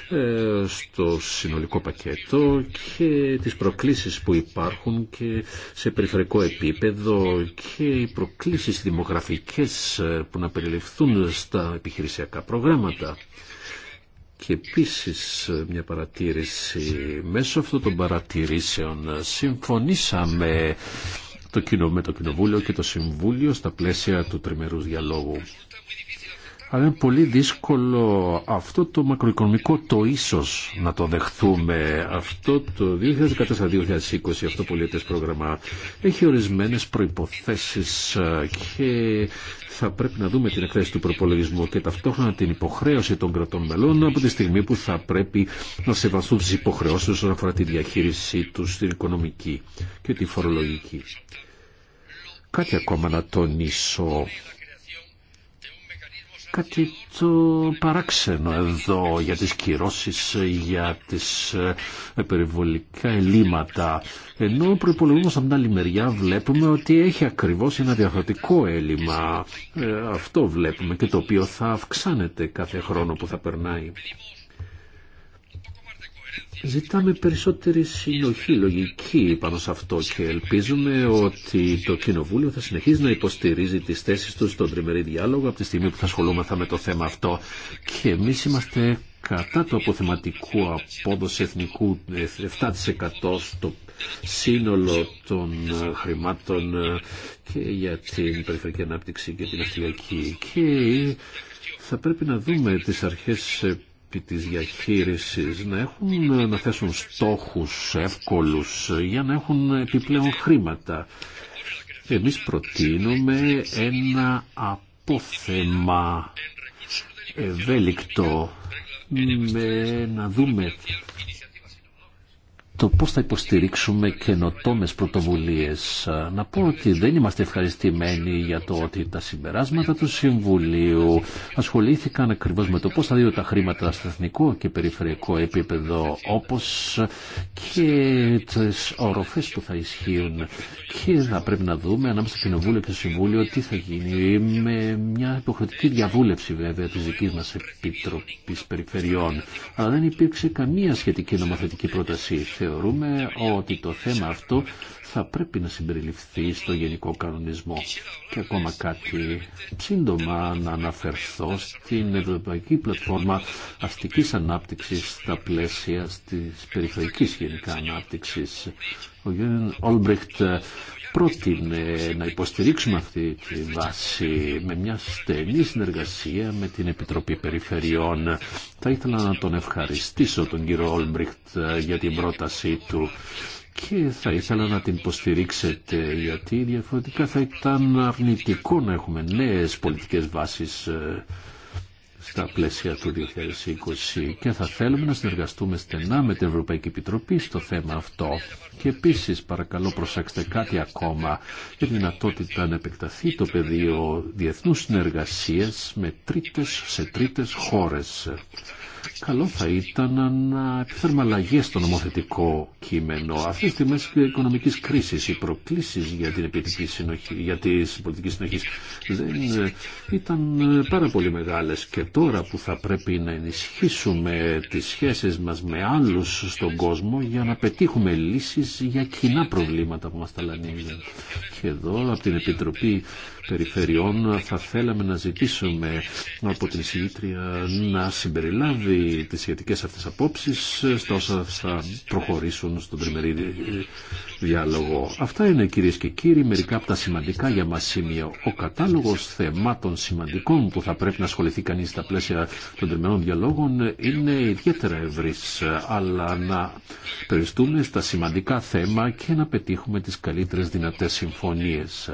ε, στο συνολικό πακέτο και τις προκλήσεις που υπάρχουν και σε περιφερειακό επίπεδο και οι προκλήσεις δημογραφικές ε, που να στα επιχειρησιακά προγράμματα. Και επίσης μια παρατήρηση. Μέσω αυτών των παρατηρήσεων συμφωνήσαμε το κοινό, με το Κοινοβούλιο και το Συμβούλιο στα πλαίσια του τριμερούς διαλόγου. Αλλά είναι πολύ δύσκολο αυτό το μακροοικονομικό το ίσως να το δεχθούμε. Αυτό το 2014-2020 αυτό πολίτες πρόγραμμα έχει ορισμένες προϋποθέσεις ε, και θα πρέπει να δούμε την εκθέση του προπολογισμού και ταυτόχρονα την υποχρέωση των κρατών μελών από τη στιγμή που θα πρέπει να σεβαστούν τις υποχρεώσεις όσον αφορά τη διαχείρισή τους στην οικονομική και τη φορολογική. Κάτι ακόμα να τονίσω κάτι το παράξενο εδώ για τις κυρώσεις, για τις ε, περιβολικά ελλείμματα. Ενώ προπολογούμε από την άλλη μεριά βλέπουμε ότι έχει ακριβώς ένα διαφορετικό έλλειμμα. Ε, αυτό βλέπουμε και το οποίο θα αυξάνεται κάθε χρόνο που θα περνάει. Ζητάμε περισσότερη συνοχή λογική πάνω σε αυτό και ελπίζουμε ότι το Κοινοβούλιο θα συνεχίζει να υποστηρίζει τις θέσεις του στον τριμερή διάλογο από τη στιγμή που θα ασχολούμαστε με το θέμα αυτό. Και εμείς είμαστε κατά το αποθεματικό απόδοση εθνικού 7% στο σύνολο των χρημάτων και για την περιφερειακή ανάπτυξη και την αυτοδίακή. Και θα πρέπει να δούμε τις αρχές επί της διαχείρισης να, έχουν, να θέσουν στόχους εύκολους για να έχουν επιπλέον χρήματα. Εμείς προτείνουμε ένα απόθεμα ευέλικτο με να δούμε το πώς θα υποστηρίξουμε καινοτόμες πρωτοβουλίες. Να πω ότι δεν είμαστε ευχαριστημένοι για το ότι τα συμπεράσματα του Συμβουλίου ασχολήθηκαν ακριβώς με το πώς θα δίνουν τα χρήματα στο εθνικό και περιφερειακό επίπεδο, όπως και τις οροφές που θα ισχύουν. Και θα πρέπει να δούμε ανάμεσα στο Κοινοβούλιο και στο Συμβούλιο τι θα γίνει με μια υποχρεωτική διαβούλευση βέβαια της δικής μας Επιτροπής Περιφερειών. Αλλά δεν υπήρξε καμία σχετική νομοθετική πρόταση θεωρούμε ότι το θέμα αυτό θα πρέπει να συμπεριληφθεί στο γενικό κανονισμό. Και ακόμα κάτι σύντομα να αναφερθώ στην Ευρωπαϊκή Πλατφόρμα Αστικής Ανάπτυξης στα πλαίσια της περιφερειακής γενικά ανάπτυξης. Ο Γιώργος Όλμπριχτ πρότεινε να υποστηρίξουμε αυτή τη βάση με μια στενή συνεργασία με την Επιτροπή Περιφερειών. Θα ήθελα να τον ευχαριστήσω τον κύριο Όλμπριχτ για την πρότασή του και θα ήθελα να την υποστηρίξετε γιατί διαφορετικά θα ήταν αρνητικό να έχουμε νέες πολιτικές βάσεις ε, στα πλαίσια του 2020 και θα θέλουμε να συνεργαστούμε στενά με την Ευρωπαϊκή Επιτροπή στο θέμα αυτό. Και επίση παρακαλώ προσέξτε κάτι ακόμα για τη δυνατότητα να επεκταθεί το πεδίο διεθνού συνεργασία με τρίτες, σε τρίτες χώρες καλό θα ήταν να επιφέρουμε αλλαγέ στο νομοθετικό κείμενο. Αυτή τη μέση τη οικονομική κρίση, οι προκλήσει για την πολιτική συνοχή, για τις πολιτική συνοχή δεν ε, ήταν ε, πάρα πολύ μεγάλε. Και τώρα που θα πρέπει να ενισχύσουμε τι σχέσει μα με άλλου στον κόσμο για να πετύχουμε λύσει για κοινά προβλήματα που μα ταλανίζουν. Και εδώ από την Επιτροπή περιφερειών θα θέλαμε να ζητήσουμε από την εισηγήτρια να συμπεριλάβει τις σχετικές αυτές απόψεις στα όσα θα προχωρήσουν στον τριμερή διάλογο. Αυτά είναι κυρίε και κύριοι μερικά από τα σημαντικά για μας σημεία. Ο κατάλογος θεμάτων σημαντικών που θα πρέπει να ασχοληθεί κανείς στα πλαίσια των τριμερών διαλόγων είναι ιδιαίτερα ευρύ, αλλά να περιστούμε στα σημαντικά θέματα και να πετύχουμε τις καλύτερες δυνατές συμφωνίες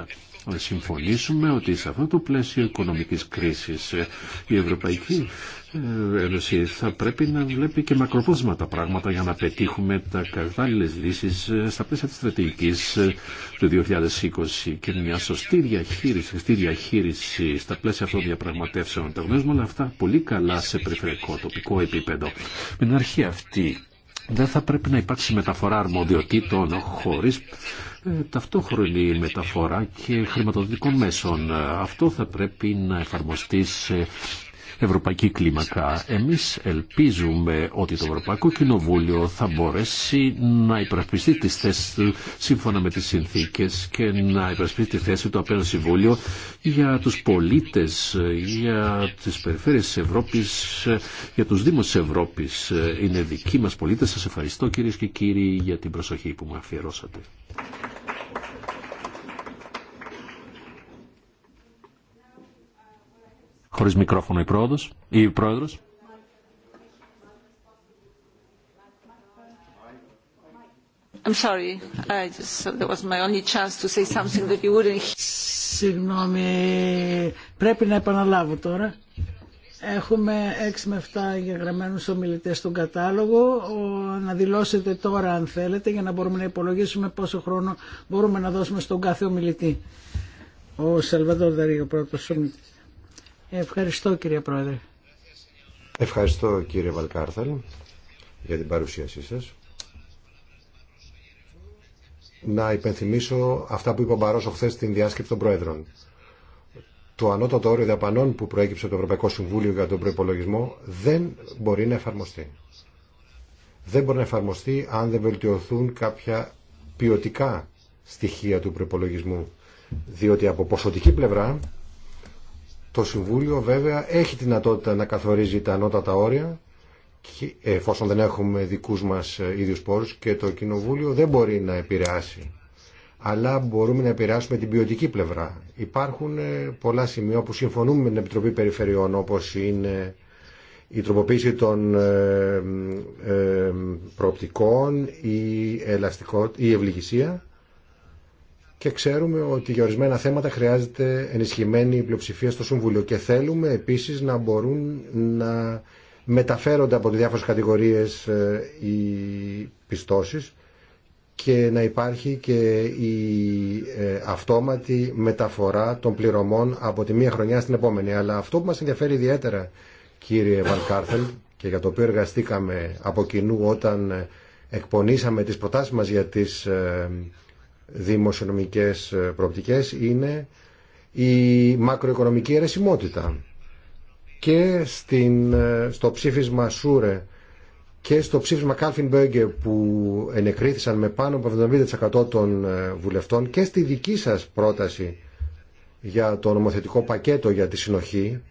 συμφωνήσουμε ότι σε αυτό το πλαίσιο οικονομικής κρίσης ε, η Ευρωπαϊκή ε, Ένωση θα πρέπει να βλέπει και μακροπρόθεσμα τα πράγματα για να πετύχουμε τα κατάλληλε λύσεις ε, στα πλαίσια τη στρατηγική του 2020 και μια σωστή διαχείριση, διαχείριση στα πλαίσια αυτών των διαπραγματεύσεων. Τα γνωρίζουμε όλα αυτά πολύ καλά σε περιφερειακό τοπικό επίπεδο. Με την αρχή αυτή δεν θα πρέπει να υπάρξει μεταφορά αρμοδιοτήτων χωρίς ε, ταυτόχρονη μεταφορά και χρηματοδοτικών μέσων. Αυτό θα πρέπει να εφαρμοστεί σε ευρωπαϊκή κλίμακα. Εμείς ελπίζουμε ότι το Ευρωπαϊκό Κοινοβούλιο θα μπορέσει να υπερασπιστεί τις θέσεις του σύμφωνα με τις συνθήκες και να υπερασπιστεί τη θέση του απέναντι Συμβούλιο για τους πολίτες, για τις περιφέρειες της Ευρώπης, για τους Δήμους της Ευρώπης. Είναι δικοί μας πολίτες. Σας ευχαριστώ κυρίες και κύριοι για την προσοχή που μου αφιερώσατε. Χωρίς μικρόφωνο η πρόεδρος. Η πρόεδρος. Συγγνώμη, πρέπει να επαναλάβω τώρα. Έχουμε 6 με 7 εγγεγραμμένου ομιλητές στον κατάλογο. Να δηλώσετε τώρα αν θέλετε για να μπορούμε να υπολογίσουμε πόσο χρόνο μπορούμε να δώσουμε στον κάθε ομιλητή. Ο Δαρή, ο πρώτος ομιλητή. Ευχαριστώ κύριε Πρόεδρε. Ευχαριστώ κύριε Βαλκάρθαλ για την παρουσίασή σας. Να υπενθυμίσω αυτά που είπε ο χθε στην διάσκεψη των Προέδρων. Το ανώτατο όριο δαπανών που προέκυψε το Ευρωπαϊκό Συμβούλιο για τον προπολογισμό δεν μπορεί να εφαρμοστεί. Δεν μπορεί να εφαρμοστεί αν δεν βελτιωθούν κάποια ποιοτικά στοιχεία του προπολογισμού. Διότι από ποσοτική πλευρά το Συμβούλιο βέβαια έχει τη δυνατότητα να καθορίζει τα ανώτατα όρια ε, εφόσον δεν έχουμε δικούς μας ε, ίδιους πόρους και το Κοινοβούλιο δεν μπορεί να επηρεάσει. Αλλά μπορούμε να επηρεάσουμε την ποιοτική πλευρά. Υπάρχουν ε, πολλά σημεία που συμφωνούμε με την Επιτροπή Περιφερειών όπως είναι η τροποποίηση των προοπτικών, η, η ευληγησία και ξέρουμε ότι για ορισμένα θέματα χρειάζεται ενισχυμένη πλειοψηφία στο Συμβούλιο και θέλουμε επίσης να μπορούν να μεταφέρονται από τις διάφορες κατηγορίες ε, οι πιστώσεις και να υπάρχει και η ε, αυτόματη μεταφορά των πληρωμών από τη μία χρονιά στην επόμενη. Αλλά αυτό που μας ενδιαφέρει ιδιαίτερα κύριε Βαλκάρθελ και για το οποίο εργαστήκαμε από κοινού όταν εκπονήσαμε τις προτάσεις μας για τις ε, δημοσιονομικές ε, προοπτικές είναι η μακροοικονομική αιρεσιμότητα. Και στην, ε, στο ψήφισμα Σούρε και στο ψήφισμα Κάλφιν Μπέγκε που ενεκρίθησαν με πάνω από 70% των ε, βουλευτών και στη δική σας πρόταση για το νομοθετικό πακέτο για τη συνοχή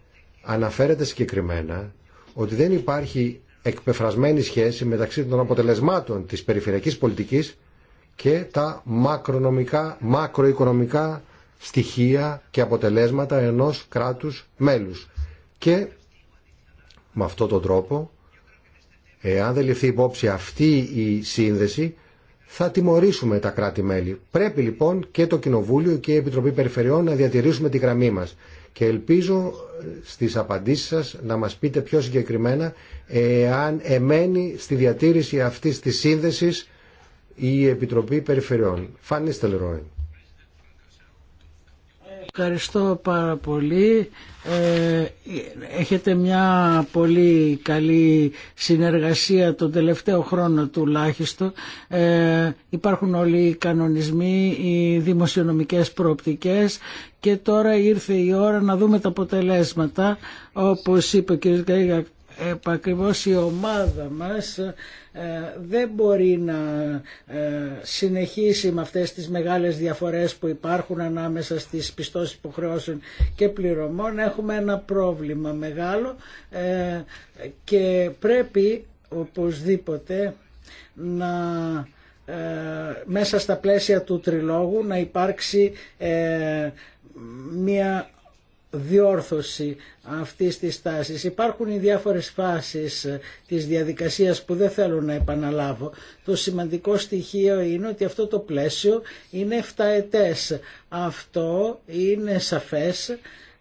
αναφέρεται συγκεκριμένα ότι δεν υπάρχει εκπεφρασμένη σχέση μεταξύ των αποτελεσμάτων της περιφερειακής πολιτικής και τα μακρονομικά, μακροοικονομικά στοιχεία και αποτελέσματα ενός κράτους μέλους. Και με αυτόν τον τρόπο, εάν δεν ληφθεί υπόψη αυτή η σύνδεση, θα τιμωρήσουμε τα κράτη-μέλη. Πρέπει λοιπόν και το Κοινοβούλιο και η Επιτροπή Περιφερειών να διατηρήσουμε τη γραμμή μας. Και ελπίζω ε, στις απαντήσεις σας να μας πείτε πιο συγκεκριμένα εάν εμένει στη διατήρηση αυτής της σύνδεσης η Επιτροπή Περιφερειών. Φάνη Στελρόιν. Ευχαριστώ πάρα πολύ. Ε, έχετε μια πολύ καλή συνεργασία τον τελευταίο χρόνο τουλάχιστον. Ε, υπάρχουν όλοι οι κανονισμοί, οι δημοσιονομικές προοπτικές και τώρα ήρθε η ώρα να δούμε τα αποτελέσματα. Όπως είπε ο κ. Γκαρίγα, η ομάδα μας ε, δεν μπορεί να ε, συνεχίσει με αυτές τις μεγάλες διαφορές που υπάρχουν ανάμεσα στις πιστώσεις υποχρεώσεων και πληρωμών. Έχουμε ένα πρόβλημα μεγάλο ε, και πρέπει οπωσδήποτε να μέσα στα πλαίσια του τριλόγου να υπάρξει μια διόρθωση αυτής της τάσης. Υπάρχουν οι διάφορες φάσεις ε, της διαδικασίας που δεν θέλω να επαναλάβω. Το σημαντικό στοιχείο είναι ότι αυτό το πλαίσιο είναι 7 ετές. Αυτό είναι σαφές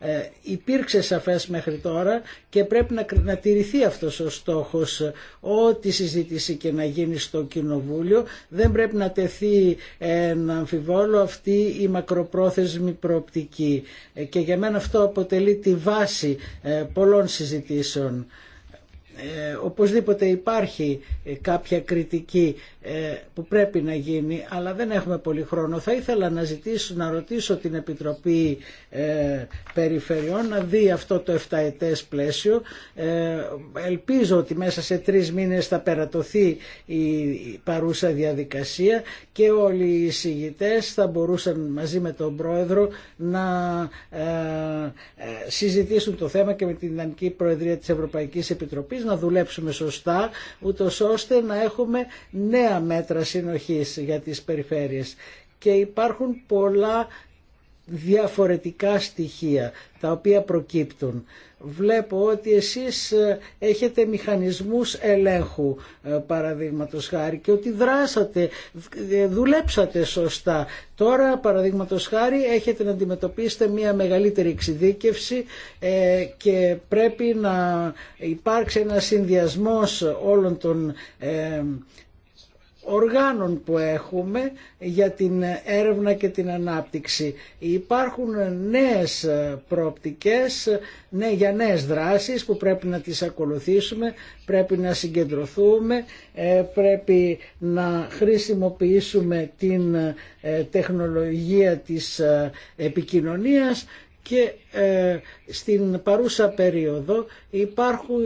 ε, υπήρξε σαφές μέχρι τώρα και πρέπει να, τηρηθεί αυτός ο στόχος ό,τι συζήτηση και να γίνει στο Κοινοβούλιο δεν πρέπει να τεθεί να αμφιβόλω αυτή η μακροπρόθεσμη προοπτική ε, και για μένα αυτό αποτελεί τη βάση ε, πολλών συζητήσεων. Ε, οπωσδήποτε υπάρχει ε, κάποια κριτική ε, που πρέπει να γίνει αλλά δεν έχουμε πολύ χρόνο. Θα ήθελα να, ζητήσω, να ρωτήσω την Επιτροπή Περιφερειών να δει αυτό το 7 ετές πλαίσιο. Ελπίζω ότι μέσα σε τρεις μήνες θα περατωθεί η παρούσα διαδικασία και όλοι οι συγητές θα μπορούσαν μαζί με τον Πρόεδρο να συζητήσουν το θέμα και με την Ιδανική Προεδρία της Ευρωπαϊκής Επιτροπής να δουλέψουμε σωστά, ούτω ώστε να έχουμε νέα μέτρα συνοχής για τις περιφέρειες. Και υπάρχουν πολλά διαφορετικά στοιχεία τα οποία προκύπτουν. Βλέπω ότι εσείς ε, έχετε μηχανισμούς ελέγχου ε, παραδείγματος χάρη και ότι δράσατε, ε, δουλέψατε σωστά. Τώρα παραδείγματος χάρη έχετε να αντιμετωπίσετε μια μεγαλύτερη εξειδίκευση και πρέπει να υπάρξει ένα συνδυασμός όλων των οργάνων που έχουμε για την έρευνα και την ανάπτυξη. Υπάρχουν νέες προοπτικές για νέες δράσεις που πρέπει να τις ακολουθήσουμε, πρέπει να συγκεντρωθούμε, ε, πρέπει να χρησιμοποιήσουμε την ε, τεχνολογία της ε, επικοινωνίας και ε, στην παρούσα περίοδο υπάρχουν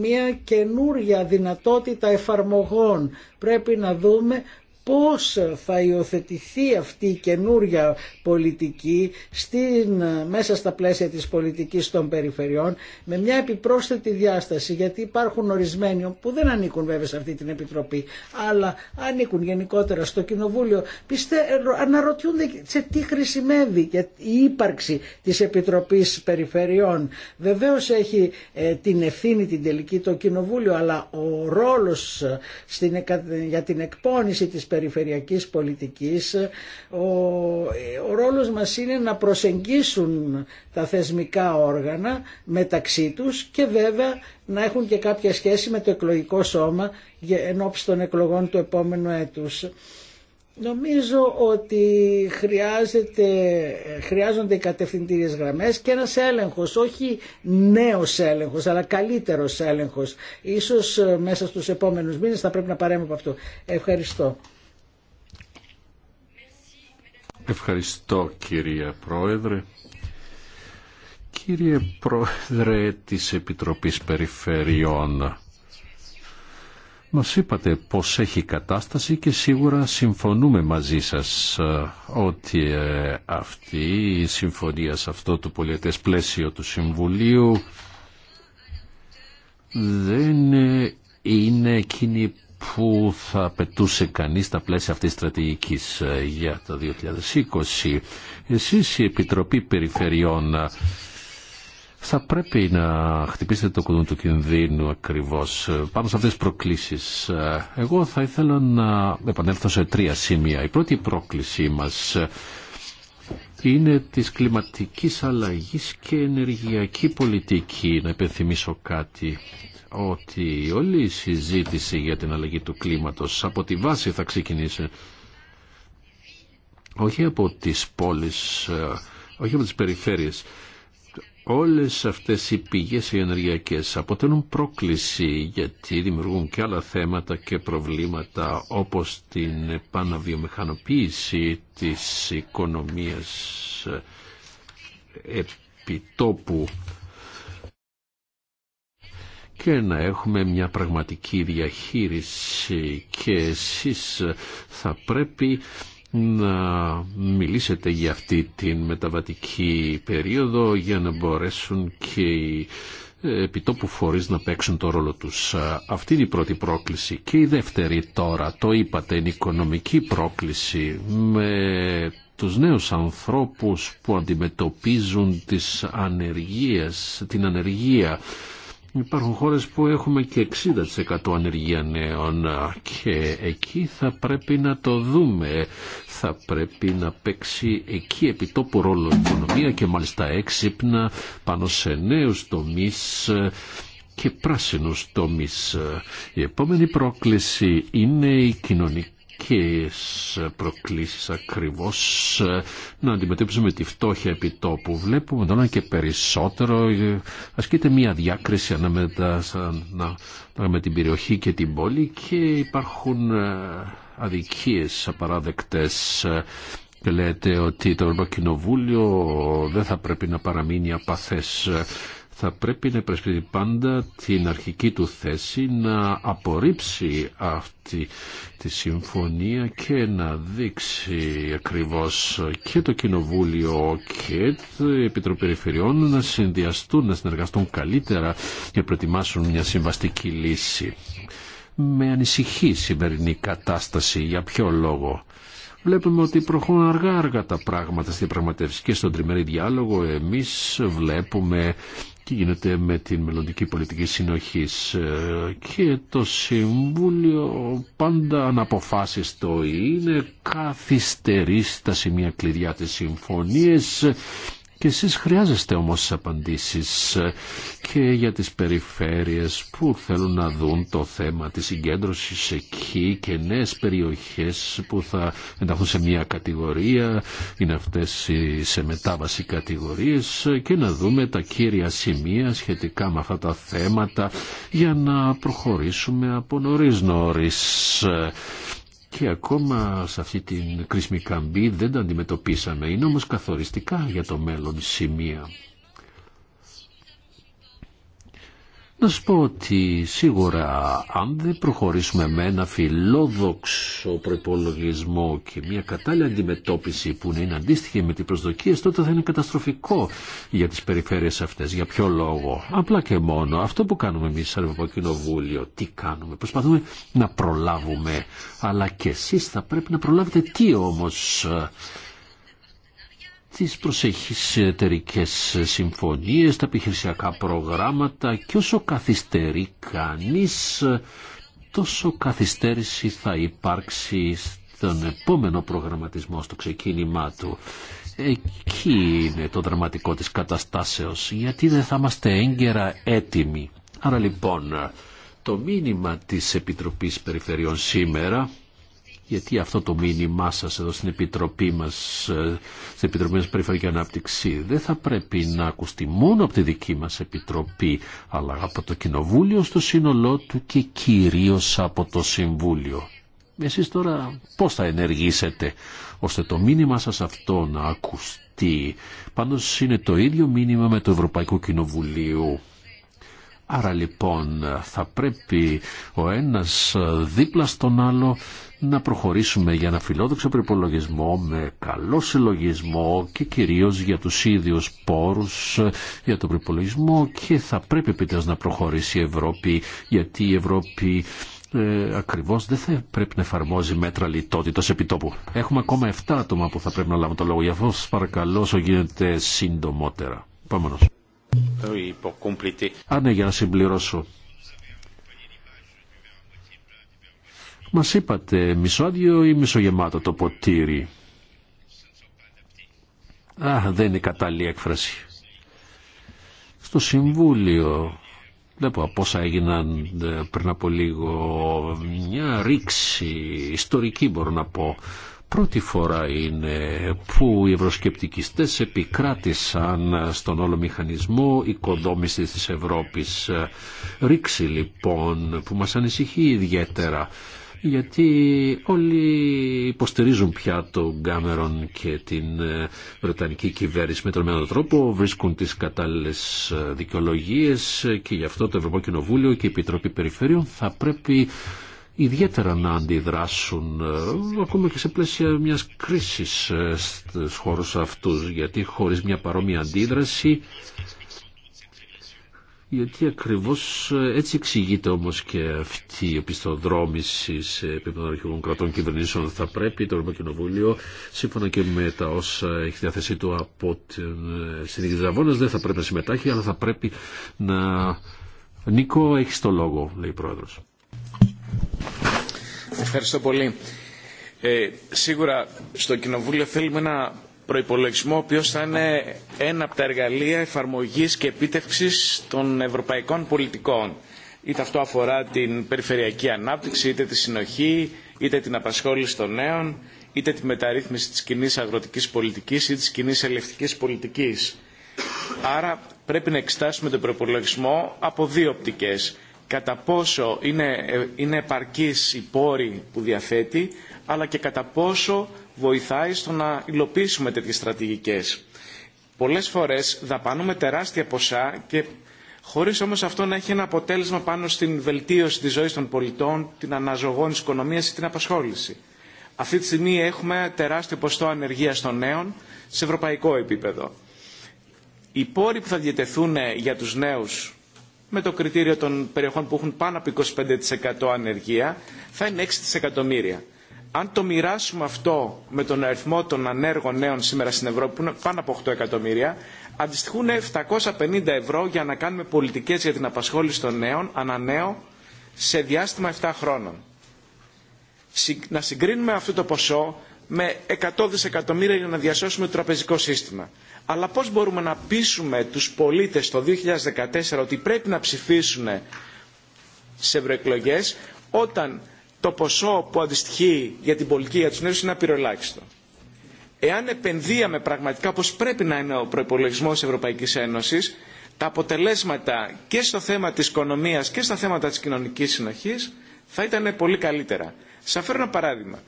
μια καινούρια δυνατότητα εφαρμογών. Πρέπει να δούμε πώς θα υιοθετηθεί αυτή η καινούρια πολιτική στην, μέσα στα πλαίσια της πολιτικής των περιφερειών με μια επιπρόσθετη διάσταση γιατί υπάρχουν ορισμένοι που δεν ανήκουν βέβαια σε αυτή την Επιτροπή αλλά ανήκουν γενικότερα στο Κοινοβούλιο πιστε, ε, αναρωτιούνται σε τι χρησιμεύει η ύπαρξη της Επιτροπής Περιφερειών βεβαίως έχει ε, την ευθύνη την τελική το Κοινοβούλιο αλλά ο ρόλος ε, στην, για την εκπόνηση της περιφερειακής πολιτικής. Ο, ο ρόλος μας είναι να προσεγγίσουν τα θεσμικά όργανα μεταξύ τους και βέβαια να έχουν και κάποια σχέση με το εκλογικό σώμα εν ώψη των εκλογών του επόμενου έτους. Νομίζω ότι χρειάζεται, χρειάζονται οι κατευθυντήριες γραμμές και ένας έλεγχος, όχι νέος έλεγχος, αλλά καλύτερος έλεγχος. Ίσως ε, μέσα στους επόμενους μήνες θα πρέπει να παρέμβω από αυτό. Ευχαριστώ. Ευχαριστώ κυρία Πρόεδρε. Κύριε Πρόεδρε της Επιτροπής Περιφερειών, μας είπατε πως έχει κατάσταση και σίγουρα συμφωνούμε μαζί σας ε, ότι ε, αυτή η συμφωνία σε αυτό το πολιετές πλαίσιο του Συμβουλίου δεν ε, είναι εκείνη που θα απαιτούσε κανείς τα πλαίσια αυτής της στρατηγικής ε, για το 2020. Εσείς η Επιτροπή Περιφερειών ε, θα πρέπει να χτυπήσετε το κουδούν του κινδύνου ακριβώς ε, πάνω σε αυτές τις προκλήσεις. Εγώ θα ήθελα να επανέλθω σε τρία σημεία. Η πρώτη πρόκλησή μας είναι της κλιματικής αλλαγής και ενεργειακή πολιτική. Να υπενθυμίσω κάτι ότι όλη η συζήτηση για την αλλαγή του κλίματος από τη βάση θα ξεκινήσει όχι από τις πόλεις, ε, όχι από τις περιφέρειες. Όλες αυτές οι πηγές οι ενεργειακές αποτελούν πρόκληση γιατί δημιουργούν και άλλα θέματα και προβλήματα όπως την επαναβιομηχανοποίηση της οικονομίας ε, επιτόπου και να έχουμε μια πραγματική διαχείριση και εσείς θα πρέπει να μιλήσετε για αυτή την μεταβατική περίοδο για να μπορέσουν και οι επιτόπου φορείς να παίξουν το ρόλο τους. Αυτή είναι η πρώτη πρόκληση. Και η δεύτερη τώρα, το είπατε, είναι η οικονομική πρόκληση με τους νέους ανθρώπους που αντιμετωπίζουν τις ανεργίες, την ανεργία Υπάρχουν χώρες που έχουμε και 60% ανεργία νέων και εκεί θα πρέπει να το δούμε. Θα πρέπει να παίξει εκεί επιτόπου ρόλο η οικονομία και μάλιστα έξυπνα πάνω σε νέους τομείς και πράσινους τομείς. Η επόμενη πρόκληση είναι η κοινωνική οικονομικές προκλήσεις ακριβώς ε, να αντιμετωπίζουμε τη φτώχεια τόπου Βλέπουμε τώρα και περισσότερο ε, ασκείται μια διάκριση να με την περιοχή και την πόλη και υπάρχουν ε, αδικίες απαράδεκτες και λέτε ότι το Ευρωπαϊκό Κοινοβούλιο δεν θα πρέπει να παραμείνει απαθές θα πρέπει να υπερασπίζει πάντα την αρχική του θέση να απορρίψει αυτή τη συμφωνία και να δείξει ακριβώς και το Κοινοβούλιο και το Επιτροπή να συνδυαστούν, να συνεργαστούν καλύτερα για να προετοιμάσουν μια συμβαστική λύση. Με ανησυχεί η σημερινή κατάσταση. Για ποιο λόγο βλέπουμε ότι προχωρούν αργά-αργά τα πράγματα στη πραγματεύση και στον τριμερή διάλογο εμείς βλέπουμε τι γίνεται με την μελλοντική πολιτική συνοχής ε, και το Συμβούλιο πάντα αναποφάσιστο είναι καθυστερεί στα σημεία κλειδιά της συμφωνίε. Και εσείς χρειάζεστε όμως απαντήσεις ε, και για τις περιφέρειες που θέλουν να δουν το θέμα της συγκέντρωσης εκεί και νέες περιοχές που θα ενταχθούν σε μια κατηγορία, είναι αυτές οι σε μετάβαση κατηγορίες ε, και να δούμε τα κύρια σημεία σχετικά με αυτά τα θέματα για να προχωρήσουμε από νωρίς νωρίς ε, και ακόμα σε αυτή την κρίσιμη καμπή δεν τα αντιμετωπίσαμε. Είναι όμως καθοριστικά για το μέλλον σημεία Να σας πω ότι σίγουρα αν δεν προχωρήσουμε με ένα φιλόδοξο προπολογισμό και μια κατάλληλη αντιμετώπιση που είναι αντίστοιχη με τις προσδοκίες, τότε θα είναι καταστροφικό για τις περιφέρειες αυτές. Για ποιο λόγο. Απλά και μόνο αυτό που κάνουμε εμείς σαν Ευρωπαϊκό Κοινοβούλιο. Τι κάνουμε. Προσπαθούμε να προλάβουμε. Αλλά και εσείς θα πρέπει να προλάβετε τι όμως τις προσεχείς εταιρικέ συμφωνίες, τα επιχειρησιακά προγράμματα και όσο καθυστερεί κανείς, τόσο καθυστέρηση θα υπάρξει στον επόμενο προγραμματισμό, στο ξεκίνημά του. Εκεί είναι το δραματικό της καταστάσεως, γιατί δεν θα είμαστε έγκαιρα έτοιμοι. Άρα λοιπόν, το μήνυμα της Επιτροπής Περιφερειών σήμερα γιατί αυτό το μήνυμά σα εδώ στην Επιτροπή μας, ε, στην Επιτροπή μας Περιφερειακή Ανάπτυξη δεν θα πρέπει να ακουστεί μόνο από τη δική μα Επιτροπή, αλλά από το Κοινοβούλιο στο σύνολό του και κυρίως από το Συμβούλιο. Εσείς τώρα πώς θα ενεργήσετε ώστε το μήνυμα σας αυτό να ακουστεί. Πάντως είναι το ίδιο μήνυμα με το Ευρωπαϊκό Κοινοβουλίο. Άρα λοιπόν θα πρέπει ο ένας δίπλα στον άλλο να προχωρήσουμε για ένα φιλόδοξο προπολογισμό με καλό συλλογισμό και κυρίως για τους ίδιους πόρους για τον προπολογισμό και θα πρέπει επιτέλους να προχωρήσει η Ευρώπη γιατί η Ευρώπη ε, ακριβώς δεν θα πρέπει να εφαρμόζει μέτρα λιτότητας επιτόπου. Έχουμε ακόμα 7 άτομα που θα πρέπει να λάβουν το λόγο. Γι' αυτό σας παρακαλώ όσο γίνεται συντομότερα. Πάμε Α, ναι, για να συμπληρώσω. Μας είπατε μισόδιο ή μισογεμάτο το ποτήρι. Α, δεν είναι κατάλληλη έκφραση. Στο Συμβούλιο, βλέπω από όσα έγιναν ε, πριν από λίγο, μια ρήξη ιστορική μπορώ να πω. Πρώτη φορά είναι που οι ευρωσκεπτικιστές επικράτησαν στον όλο μηχανισμό οικοδόμησης της Ευρώπης. Ρήξη λοιπόν που μας ανησυχεί ιδιαίτερα γιατί όλοι υποστηρίζουν πια τον Κάμερον και την ε, Βρετανική κυβέρνηση με τον τρόπο, βρίσκουν τις κατάλληλες ε, δικαιολογίες και γι' αυτό το Ευρωπαϊκό Κοινοβούλιο και η Επιτροπή Περιφερειών θα πρέπει ιδιαίτερα να αντιδράσουν ε, ακόμα και σε πλαίσια μιας κρίσης στους χώρους αυτούς γιατί χωρίς μια παρόμοια αντίδραση γιατί ακριβώ ε, έτσι εξηγείται όμω και αυτή η επιστοδρόμηση σε επίπεδο αρχηγών κρατών κυβερνήσεων. Θα πρέπει το Ευρωπαϊκό Κοινοβούλιο, σύμφωνα και με τα όσα έχει διάθεσή του από την ε, συνήθεια δεν θα πρέπει να συμμετάχει, αλλά θα πρέπει να... Νίκο, έχει το λόγο, λέει ο Πρόεδρος. Ευχαριστώ πολύ. Ε, σίγουρα στο Κοινοβούλιο θέλουμε να προϋπολογισμό ο οποίος θα είναι ένα από τα εργαλεία εφαρμογής και επίτευξης των ευρωπαϊκών πολιτικών. Είτε αυτό αφορά την περιφερειακή ανάπτυξη, είτε τη συνοχή, είτε την απασχόληση των νέων, είτε τη μεταρρύθμιση της κοινή αγροτικής πολιτικής ή της κοινή ελευτικής πολιτικής. Άρα πρέπει να εξετάσουμε τον προπολογισμό από δύο οπτικές. Κατά πόσο είναι, ε, είναι επαρκής η της κοινη ελευτικη πολιτικης αρα πρεπει να εξετασουμε τον προπολογισμο απο δυο οπτικες κατα ποσο ειναι ειναι επαρκης η πορη που διαθέτει, αλλά και κατά πόσο βοηθάει στο να υλοποιήσουμε τέτοιες στρατηγικές. Πολλές φορές δαπανούμε τεράστια ποσά και χωρίς όμως αυτό να έχει ένα αποτέλεσμα πάνω στην βελτίωση της ζωής των πολιτών, την αναζωγόνηση της οικονομίας ή την απασχόληση. Αυτή τη στιγμή έχουμε τεράστιο ποστό ανεργίας των νέων σε ευρωπαϊκό επίπεδο. Οι πόροι που θα διατεθούν για τους νέους με το κριτήριο των περιοχών που έχουν πάνω από 25% ανεργία θα είναι 6 δισεκατομμύρια αν το μοιράσουμε αυτό με τον αριθμό των ανέργων νέων σήμερα στην Ευρώπη, που είναι πάνω από 8 εκατομμύρια, αντιστοιχούν 750 ευρώ για να κάνουμε πολιτικές για την απασχόληση των νέων ανά νέο σε διάστημα 7 χρόνων. Να συγκρίνουμε αυτό το ποσό με 100 δισεκατομμύρια για να διασώσουμε το τραπεζικό σύστημα. Αλλά πώς μπορούμε να πείσουμε τους πολίτες το 2014 ότι πρέπει να ψηφίσουν σε ευρωεκλογέ όταν το ποσό που αντιστοιχεί για την πολιτική για του νέου είναι απειροελάχιστο. Εάν επενδύαμε πραγματικά όπω πρέπει να είναι ο προπολογισμό τη Ευρωπαϊκής Ένωσης, τα αποτελέσματα και στο θέμα τη οικονομία και στα θέματα τη κοινωνική συνοχή θα ήταν πολύ καλύτερα. Σα φέρω ένα παράδειγμα.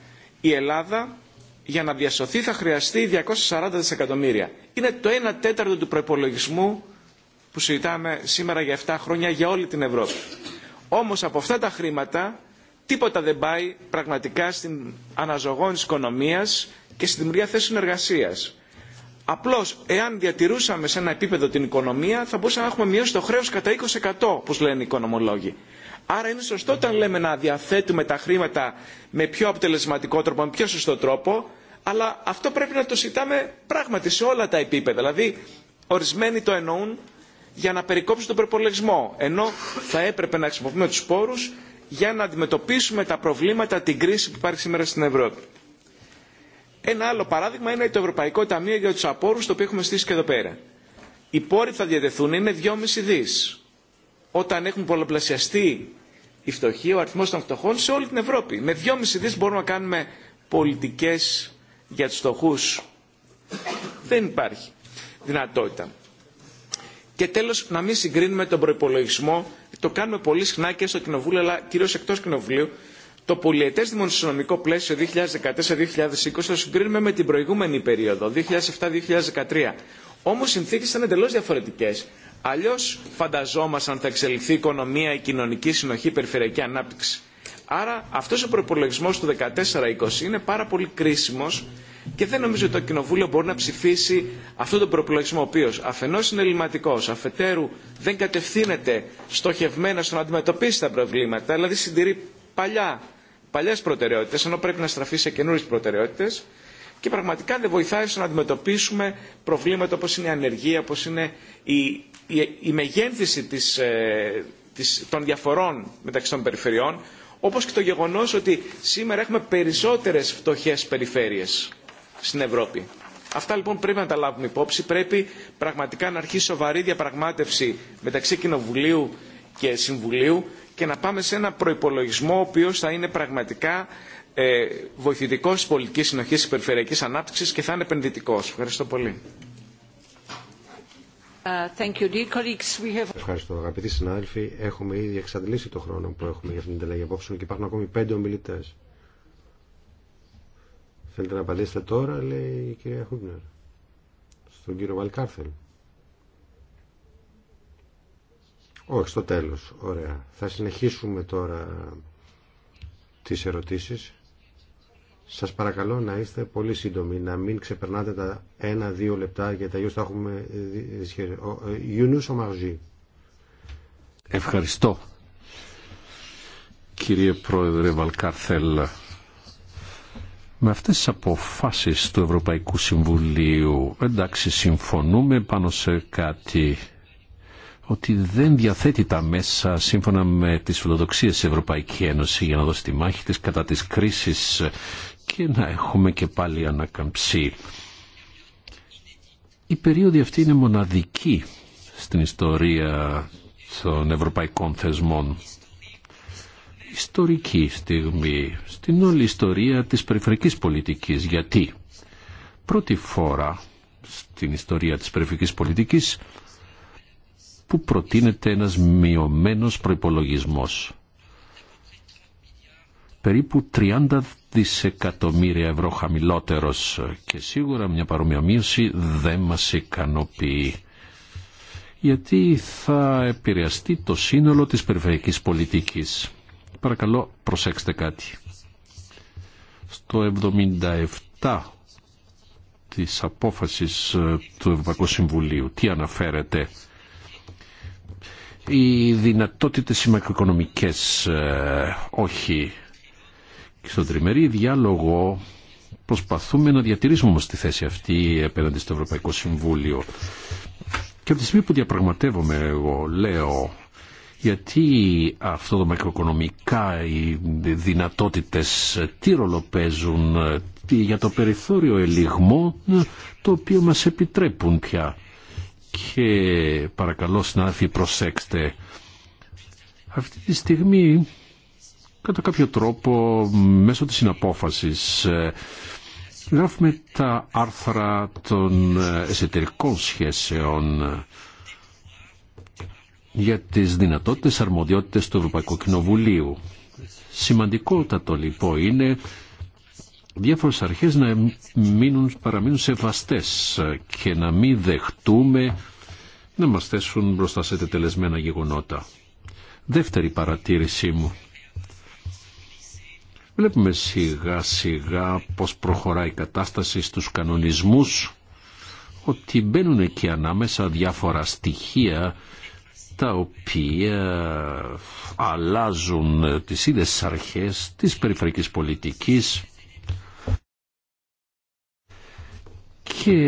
Η Ελλάδα για να διασωθεί θα χρειαστεί 240 δισεκατομμύρια. Είναι το 1 τέταρτο του προπολογισμού που συζητάμε σήμερα για 7 χρόνια για όλη την Ευρώπη. Όμως από αυτά τα χρήματα τίποτα δεν πάει πραγματικά στην αναζωογόνηση οικονομίας και στην δημιουργία θέσεων εργασίας. Απλώς, εάν διατηρούσαμε σε ένα επίπεδο την οικονομία, θα μπορούσαμε να έχουμε μειώσει το χρέος κατά 20%, όπως λένε οι οικονομολόγοι. Άρα είναι σωστό όταν λέμε να διαθέτουμε τα χρήματα με πιο αποτελεσματικό τρόπο, με πιο σωστό τρόπο, αλλά αυτό πρέπει να το συζητάμε πράγματι σε όλα τα επίπεδα. Δηλαδή, ορισμένοι το εννοούν για να περικόψουν τον προπολογισμό, ενώ θα έπρεπε να χρησιμοποιούμε τους πόρους για να αντιμετωπίσουμε τα προβλήματα, την κρίση που υπάρχει σήμερα στην Ευρώπη. Ένα άλλο παράδειγμα είναι το Ευρωπαϊκό Ταμείο για του Απόρου, το οποίο έχουμε στήσει και εδώ πέρα. Οι πόροι θα διατεθούν είναι 2,5 δι. Όταν έχουν πολλαπλασιαστεί οι φτωχοί, ο αριθμό των φτωχών σε όλη την Ευρώπη. Με 2,5 δι μπορούμε να κάνουμε πολιτικέ για του φτωχού. Δεν υπάρχει δυνατότητα. Και τέλος να μην συγκρίνουμε τον προπολογισμό το κάνουμε πολύ συχνά και στο Κοινοβούλιο αλλά κυρίω εκτό Κοινοβουλίου, το πολιετε δημοσιονομικο δημοσιονομικό πλαίσιο 2014-2020 το συγκρίνουμε με την προηγούμενη περίοδο, 2007-2013. Όμω Όμως συνθήκες ήταν εντελώς διαφορετικές. Αλλιώ φανταζόμασταν θα εξελιχθεί η οικονομία, η κοινωνική συνοχή, η περιφερειακή ανάπτυξη. Άρα αυτό ο προπολογισμό του 2014-2020 είναι πάρα πολύ κρίσιμο. Και δεν νομίζω ότι το Κοινοβούλιο μπορεί να ψηφίσει αυτόν τον προπολογισμό, ο οποίο αφενό είναι ελληματικό, αφετέρου δεν κατευθύνεται στοχευμένα στο να αντιμετωπίσει τα προβλήματα, δηλαδή συντηρεί παλιά, παλιές προτεραιότητες, ενώ πρέπει να στραφεί σε καινούριε προτεραιότητες και πραγματικά δεν βοηθάει στο να αντιμετωπίσουμε προβλήματα όπως είναι η ανεργία, όπως είναι η, η, η μεγένθηση της, ε, των διαφορών μεταξύ των περιφερειών, όπως και το γεγονός ότι σήμερα έχουμε περισσότερες φτωχές περιφέρειες στην Ευρώπη. Αυτά λοιπόν πρέπει να τα λάβουμε υπόψη. Πρέπει πραγματικά να αρχίσει σοβαρή διαπραγμάτευση μεταξύ Κοινοβουλίου και Συμβουλίου και να πάμε σε ένα προπολογισμό ο οποίο θα είναι πραγματικά ε, βοηθητικό τη πολιτική συνοχή τη περιφερειακή ανάπτυξη και θα είναι επενδυτικό. Ευχαριστώ πολύ. Ε, thank you, dear colleagues. We have... Ευχαριστώ αγαπητοί συνάδελφοι. Έχουμε ήδη εξαντλήσει το χρόνο που έχουμε για αυτήν την απόψεων και υπάρχουν ακόμη πέντε ομιλητέ. Θέλετε να απαντήσετε τώρα, λέει η κυρία Χούμπνερ. Στον κύριο Βαλκάρθελ. Όχι, στο τέλος. Ωραία. Θα συνεχίσουμε τώρα τις ερωτήσεις. Σας παρακαλώ να είστε πολύ σύντομοι, να μην ξεπερνάτε τα ένα-δύο λεπτά, γιατί αλλιώς θα έχουμε δυσχέρεια. Ε, Ευχαριστώ. Κύριε Πρόεδρε Βαλκάρθελ, με αυτές τις αποφάσεις του Ευρωπαϊκού Συμβουλίου, εντάξει, συμφωνούμε πάνω σε κάτι ότι δεν διαθέτει τα μέσα σύμφωνα με τις φιλοδοξίες της Ευρωπαϊκή Ένωση για να δώσει τη μάχη της κατά της κρίσης και να έχουμε και πάλι ανακαμψή. Η περίοδη αυτή είναι μοναδική στην ιστορία των ευρωπαϊκών θεσμών ιστορική στιγμή στην όλη ιστορία της περιφερικής πολιτικής. Γιατί πρώτη φορά στην ιστορία της περιφερικής πολιτικής που προτείνεται ένας μειωμένος προϋπολογισμός. Περίπου 30 δισεκατομμύρια ευρώ χαμηλότερος και σίγουρα μια μείωση δεν μας ικανοποιεί γιατί θα επηρεαστεί το σύνολο της περιφερειακής πολιτικής παρακαλώ προσέξτε κάτι. Στο 77 της απόφασης ε, του Ευρωπαϊκού Συμβουλίου, τι αναφέρεται οι δυνατότητες οι μακροοικονομικές ε, όχι. Και στον τριμερή διάλογο προσπαθούμε να διατηρήσουμε όμως τη θέση αυτή απέναντι στο Ευρωπαϊκό Συμβούλιο. Και από τη στιγμή που διαπραγματεύομαι εγώ λέω γιατί αυτό το μακροοικονομικά οι δυνατότητες τι ρόλο για το περιθώριο ελιγμό το οποίο μας επιτρέπουν πια. Και παρακαλώ συνάδελφοι προσέξτε αυτή τη στιγμή κατά κάποιο τρόπο μέσω της συναπόφασης ε, γράφουμε τα άρθρα των ε, εσωτερικών σχέσεων για τις δυνατότητες αρμοδιότητες του Ευρωπαϊκού Κοινοβουλίου. Σημαντικότατο λοιπόν είναι διάφορες αρχές να μείνουν, παραμείνουν σεβαστές και να μην δεχτούμε να μας θέσουν μπροστά σε τετελεσμένα γεγονότα. Δεύτερη παρατήρησή μου. Βλέπουμε σιγά σιγά πώς προχωράει η κατάσταση στους κανονισμούς ότι μπαίνουν εκεί ανάμεσα διάφορα στοιχεία τα οποία αλλάζουν τις ίδιες αρχές της περιφερικής πολιτικής και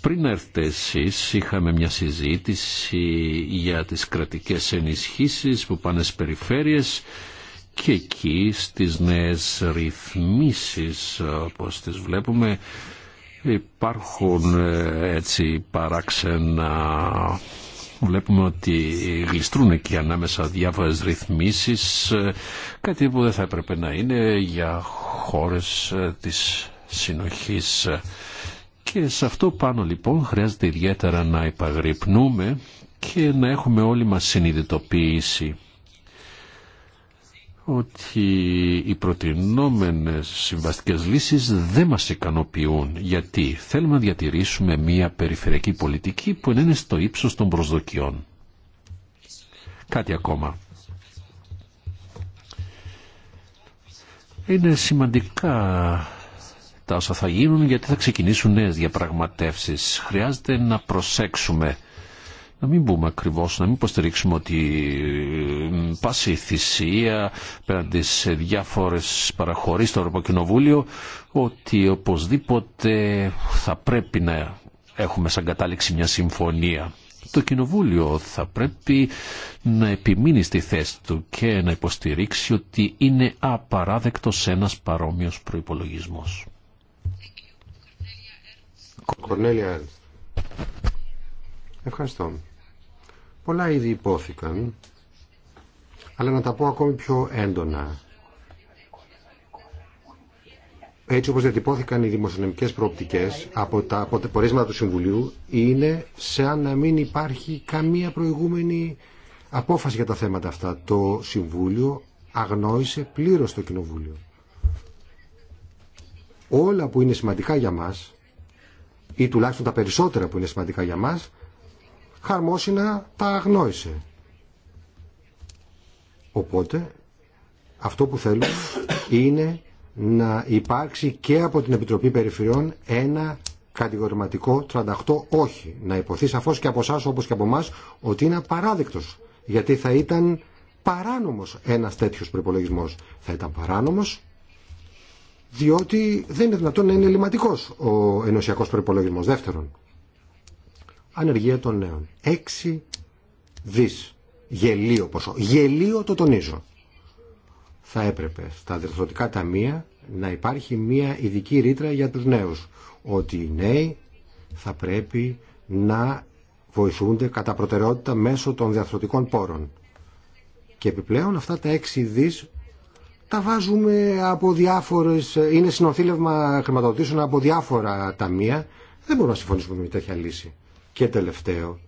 πριν έρθετε εσείς είχαμε μια συζήτηση για τις κρατικές ενισχύσεις που πάνε στις περιφέρειες και εκεί στις νέες ρυθμίσεις όπως τις βλέπουμε Υπάρχουν ε, έτσι παράξενα βλέπουμε ότι γλιστρούν εκεί ανάμεσα διάφορες ρυθμίσεις, ε, κάτι που δεν θα έπρεπε να είναι για χώρες ε, της συνοχής. Και σε αυτό πάνω λοιπόν χρειάζεται ιδιαίτερα να υπαγρυπνούμε και να έχουμε όλοι μας συνειδητοποίηση ότι οι προτινόμενες συμβαστικές λύσεις δεν μας ικανοποιούν. Γιατί θέλουμε να διατηρήσουμε μια περιφερειακή πολιτική που είναι στο ύψος των προσδοκιών. Κάτι ακόμα. Είναι σημαντικά τα όσα θα γίνουν γιατί θα ξεκινήσουν νέες διαπραγματεύσεις. Χρειάζεται να προσέξουμε να μην πούμε ακριβώς, να μην υποστηρίξουμε ότι ε, πάση θυσία πέραν τη διάφορες παραχωρήσεις στο Ευρωκοινοβούλιο ότι οπωσδήποτε θα πρέπει να έχουμε σαν κατάληξη μια συμφωνία. Το Κοινοβούλιο θα πρέπει να επιμείνει στη θέση του και να υποστηρίξει ότι είναι απαράδεκτος ένας παρόμοιος προϋπολογισμός. Κορνέλια Ευχαριστώ. Πολλά ήδη υπόθηκαν, αλλά να τα πω ακόμη πιο έντονα. Έτσι όπως διατυπώθηκαν οι δημοσιονομικές προοπτικές από τα πορίσματα του Συμβουλίου είναι αν να μην υπάρχει καμία προηγούμενη απόφαση για τα θέματα αυτά. Το Συμβούλιο αγνόησε πλήρως το Κοινοβούλιο. Όλα που είναι σημαντικά για μας ή τουλάχιστον τα περισσότερα που είναι σημαντικά για μας χαρμόσυνα τα αγνόησε. Οπότε αυτό που θέλουμε είναι να υπάρξει και από την Επιτροπή Περιφερειών ένα κατηγορηματικό 38 όχι. Να υποθεί σαφώς και από εσά όπως και από εμά ότι είναι απαράδεκτος. Γιατί θα ήταν παράνομος ένας τέτοιος προπολογισμό. Θα ήταν παράνομος διότι δεν είναι δυνατόν να είναι ελληματικός ο ενωσιακός προπολογισμό. Δεύτερον, ανεργία των νέων. Έξι δις. Γελίο ποσό. Γελίο το τονίζω. Θα έπρεπε στα διευθυντικά ταμεία να υπάρχει μια ειδική ρήτρα για τους νέους. Ότι οι νέοι θα πρέπει να βοηθούνται κατά προτεραιότητα μέσω των διαθροτικών πόρων. Και επιπλέον αυτά τα έξι δις τα βάζουμε από διάφορες, είναι συνοθήλευμα χρηματοδοτήσεων από διάφορα ταμεία. Δεν μπορούμε να συμφωνήσουμε με τέτοια λύση. Και τελευταίο,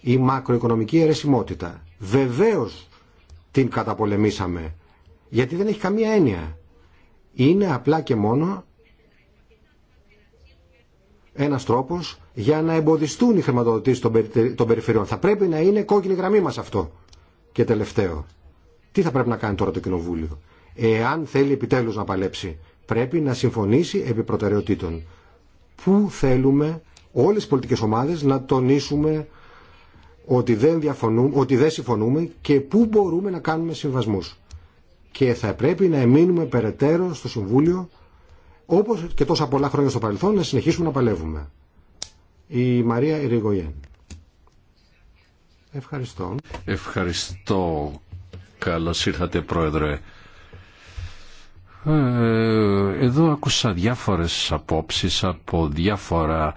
η μακροοικονομική αιρεσιμότητα. Βεβαίως την καταπολεμήσαμε, γιατί δεν έχει καμία έννοια. Είναι απλά και μόνο ένας τρόπος για να εμποδιστούν οι χρηματοδοτήσεις των περιφερειών. Θα πρέπει να είναι κόκκινη γραμμή μας αυτό. Και τελευταίο, τι θα πρέπει να κάνει τώρα το Κοινοβούλιο. Εάν θέλει επιτέλους να παλέψει, πρέπει να συμφωνήσει επί προτεραιοτήτων. Πού θέλουμε όλες τις πολιτικές ομάδες να τονίσουμε ότι δεν, διαφωνούμε, ότι δεν συμφωνούμε και πού μπορούμε να κάνουμε συμβασμούς. Και θα πρέπει να εμείνουμε περαιτέρω στο Συμβούλιο, όπως και τόσα πολλά χρόνια στο παρελθόν, να συνεχίσουμε να παλεύουμε. Η Μαρία Ιρηγογέν. Ευχαριστώ. Ευχαριστώ. Καλώς ήρθατε, Πρόεδρε. Ε, εδώ άκουσα διάφορες απόψεις από διάφορα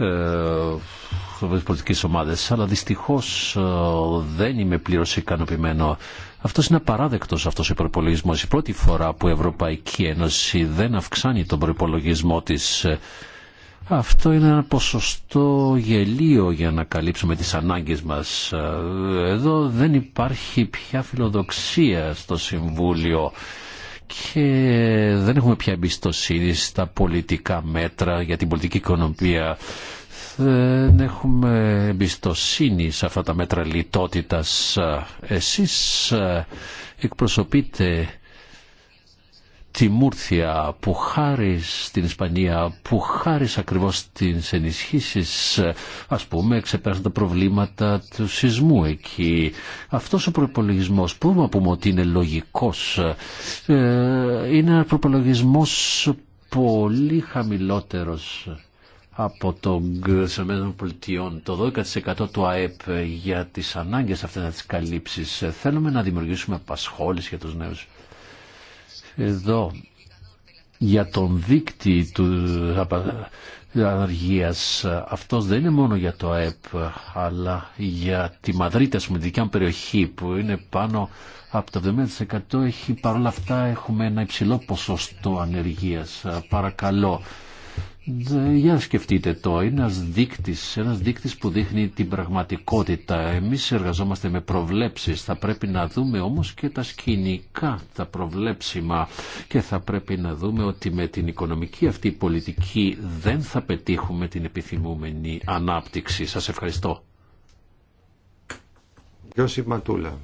ε, Πολιτική ομάδε, αλλά δυστυχώ ε, δεν είμαι πλήρω ικανοποιημένο. Αυτό είναι απαράδεκτο αυτό ο προπολογισμό. Η πρώτη φορά που η Ευρωπαϊκή Ένωση δεν αυξάνει τον προπολογισμό τη. Ε, αυτό είναι ένα ποσοστό γελίο για να καλύψουμε τις ανάγκες μας. Ε, εδώ δεν υπάρχει πια φιλοδοξία στο Συμβούλιο και δεν έχουμε πια εμπιστοσύνη στα πολιτικά μέτρα για την πολιτική οικονομία. Δεν έχουμε εμπιστοσύνη σε αυτά τα μέτρα λιτότητας. Εσείς ε, εκπροσωπείτε τη Μούρθια που χάρη στην Ισπανία, που χάρη ακριβώς στις ενισχύσεις ας πούμε ξεπέρασαν τα προβλήματα του σεισμού εκεί. Αυτός ο προπολογισμό που να πούμε ότι είναι λογικός ε, είναι ένα προπολογισμό πολύ χαμηλότερος από το πολιτιών. το 12% του ΑΕΠ για τις ανάγκες αυτές να τις καλύψεις. Θέλουμε να δημιουργήσουμε απασχόληση για τους νέους. Εδώ για τον δείκτη του αναργίας αυτός δεν είναι μόνο για το ΑΕΠ αλλά για τη Μαδρίτα ας πούμε περιοχή που είναι πάνω από το 70% έχει παρόλα αυτά έχουμε ένα υψηλό ποσοστό ανεργίας παρακαλώ για σκεφτείτε το, ένας δείκτης, ένας δείκτης που δείχνει την πραγματικότητα. Εμείς εργαζόμαστε με προβλέψεις, θα πρέπει να δούμε όμως και τα σκηνικά, τα προβλέψιμα και θα πρέπει να δούμε ότι με την οικονομική αυτή πολιτική δεν θα πετύχουμε την επιθυμούμενη ανάπτυξη. Σας ευχαριστώ. Γιώση Ματούλα.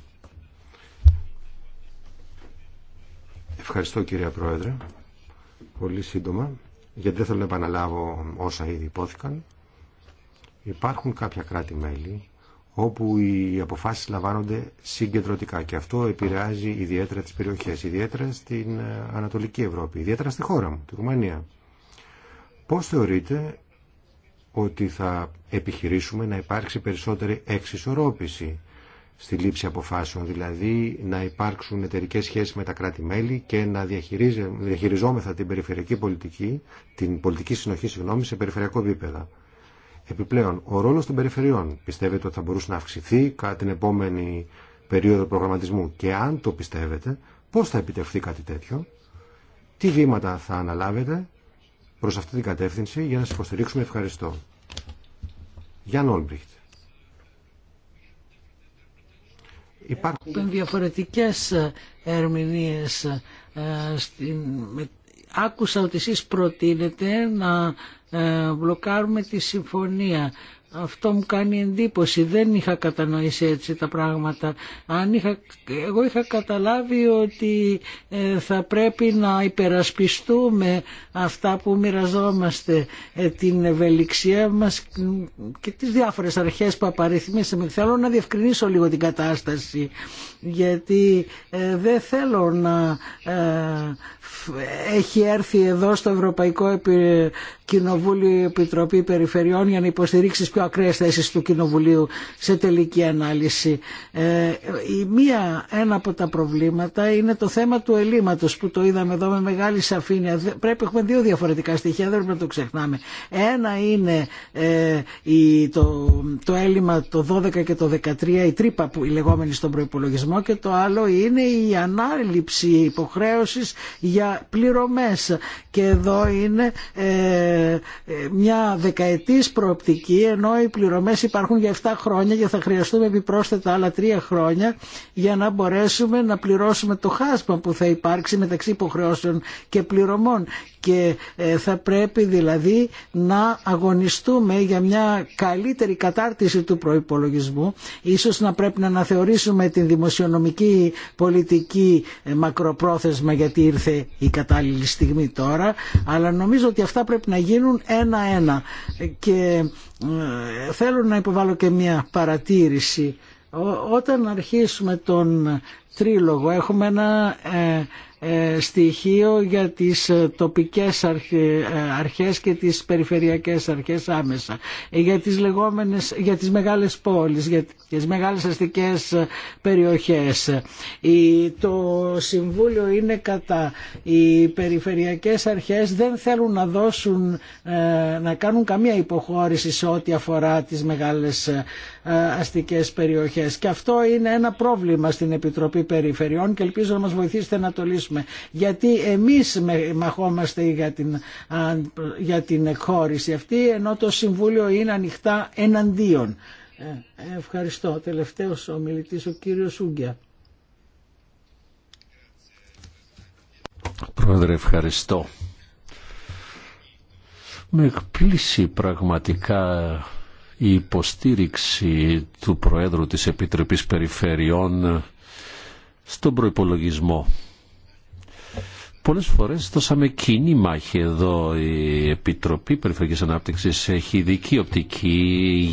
Ευχαριστώ κύριε Πρόεδρε. Πολύ σύντομα γιατί δεν θέλω να επαναλάβω όσα ήδη υπόθηκαν. Υπάρχουν κάποια κράτη-μέλη όπου οι αποφάσεις λαμβάνονται συγκεντρωτικά και αυτό επηρεάζει ιδιαίτερα τις περιοχές, ιδιαίτερα στην ε, Ανατολική Ευρώπη, ιδιαίτερα στη χώρα μου, τη Ρουμανία. Πώς θεωρείτε ότι θα επιχειρήσουμε να υπάρξει περισσότερη εξισορρόπηση στη λήψη αποφάσεων, δηλαδή να υπάρξουν εταιρικέ σχέσει με τα κράτη-μέλη και να διαχειριζόμεθα την περιφερειακή πολιτική, την πολιτική συνοχή συγγνώμη, σε περιφερειακό επίπεδο. Επιπλέον, ο ρόλο των περιφερειών πιστεύετε ότι θα μπορούσε να αυξηθεί κατά την επόμενη περίοδο προγραμματισμού και αν το πιστεύετε, πώ θα επιτευχθεί κάτι τέτοιο, τι βήματα θα αναλάβετε προ αυτή την κατεύθυνση για να σα υποστηρίξουμε ευχαριστώ. Γιάννη Όλμπριχτ. Υπάρχουν διαφορετικές ε, ερμηνείες. Ε, άκουσα ότι εσείς προτείνετε να ε, μπλοκάρουμε τη συμφωνία αυτό μου κάνει εντύπωση. Δεν είχα κατανοήσει έτσι τα πράγματα. Αν είχα, εγώ είχα καταλάβει ότι ε, θα πρέπει να υπερασπιστούμε αυτά που μοιραζόμαστε, ε, την ευελιξία μας και τις διάφορες αρχές που απαριθμίσαμε. Θέλω να διευκρινίσω λίγο την κατάσταση, γιατί ε, δεν θέλω να έχει έρθει εδώ στο Ευρωπαϊκό Κοινοβούλιο η Επιτροπή Περιφερειών για να υποστηρίξει πιο ακραίες θέσει του Κοινοβουλίου σε τελική ανάλυση. Ε, η μία, ένα από τα προβλήματα είναι το θέμα του ελλείμματο που το είδαμε εδώ με μεγάλη σαφήνεια. Πρέπει να έχουμε δύο διαφορετικά στοιχεία, δεν πρέπει να το ξεχνάμε. Ένα είναι ε, η, το, το έλλειμμα το 12 και το 13, η τρύπα που η λεγόμενη στον προπολογισμό. και το άλλο είναι η ανάληψη υποχρέωση για πληρωμέ. Και εδώ είναι ε, μια δεκαετή προοπτική ενώ οι πληρωμές υπάρχουν για 7 χρόνια και θα χρειαστούμε επιπρόσθετα άλλα 3 χρόνια για να μπορέσουμε να πληρώσουμε το χάσμα που θα υπάρξει μεταξύ υποχρεώσεων και πληρωμών και ε, θα πρέπει δηλαδή να αγωνιστούμε για μια καλύτερη κατάρτιση του προϋπολογισμού ίσως να πρέπει να αναθεωρήσουμε την δημοσιονομική πολιτική ε, μακροπρόθεσμα γιατί ήρθε η κατάλληλη στιγμή τώρα αλλά νομίζω ότι αυτά πρέπει να γίνουν ένα-ένα ε, και θέλω να υποβάλω και μια παρατήρηση. όταν αρχίσουμε τον τρίλογο έχουμε ένα ε, ε, στοιχείο για τις ε, τοπικές ε, αρχές και τις περιφερειακές αρχές άμεσα για τις λεγόμενες για τις μεγάλες πόλεις για τις μεγάλες αστικές περιοχές το Συμβούλιο είναι κατά οι περιφερειακές αρχές δεν θέλουν να δώσουν να κάνουν καμία υποχώρηση σε ό,τι αφορά τις μεγάλες ε, αστικές περιοχές και αυτό είναι ένα πρόβλημα στην Επιτροπή Περιφερειών και ελπίζω να μας βοηθήσετε να το λύσουμε γιατί εμείς μαχόμαστε για την, για την εκχώρηση αυτή ενώ το Συμβούλιο είναι ανοιχτά εναντίον. Ε, ευχαριστώ. Τελευταίος ο μιλητής ο κύριος Ούγκια. Πρόεδρε ευχαριστώ. Με εκπλήσει πραγματικά η υποστήριξη του Προέδρου της Επιτροπής Περιφερειών στον προϋπολογισμό. Πολλές φορές δώσαμε κοινή μάχη εδώ. Η Επιτροπή Περιφερειακής Ανάπτυξης έχει ειδική οπτική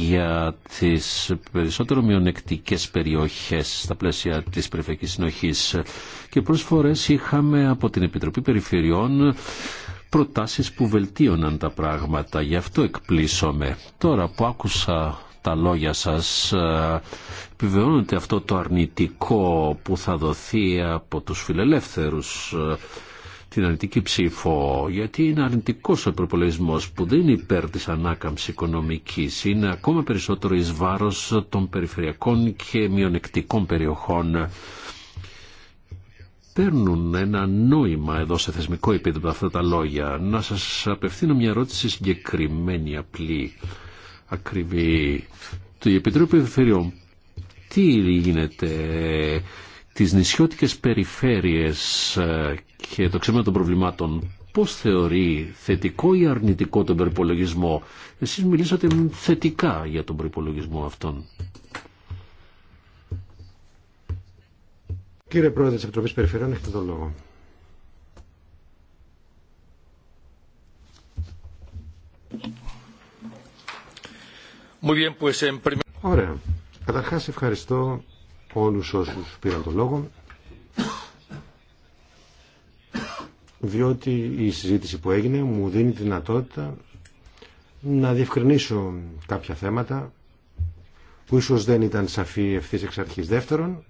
για τις περισσότερο μειονεκτικές περιοχές στα πλαίσια της Περιφερειακής Συνοχής. Και πολλές φορές είχαμε από την Επιτροπή Περιφερειών προτάσεις που βελτίωναν τα πράγματα. Γι' αυτό εκπλήσωμαι. Τώρα που άκουσα τα λόγια σας ε, επιβεβαιώνεται αυτό το αρνητικό που θα δοθεί από τους φιλελεύθερους ε, την αρνητική ψήφο, γιατί είναι αρνητικός ο προπολογισμός που δεν είναι υπέρ της ανάκαμψης οικονομικής, είναι ακόμα περισσότερο εις βάρος των περιφερειακών και μειονεκτικών περιοχών παίρνουν ένα νόημα εδώ σε θεσμικό επίπεδο αυτά τα λόγια. Να σας απευθύνω μια ερώτηση συγκεκριμένη, απλή, ακριβή. Το Επιτροπή Ελευθεριών, τι γίνεται τις νησιώτικες περιφέρειες ε, και το ξέμα των προβλημάτων, πώς θεωρεί θετικό ή αρνητικό τον προπολογισμό. Εσείς μιλήσατε θετικά για τον προπολογισμό αυτόν. Κύριε Πρόεδρε της Επιτροπής Περιφερειών, έχετε τον λόγο. Ωραία. Καταρχάς ευχαριστώ όλους όσους πήραν τον λόγο διότι η συζήτηση που έγινε μου δίνει τη δυνατότητα να διευκρινίσω κάποια θέματα που ίσως δεν ήταν σαφή ευθύς εξ αρχής δεύτερον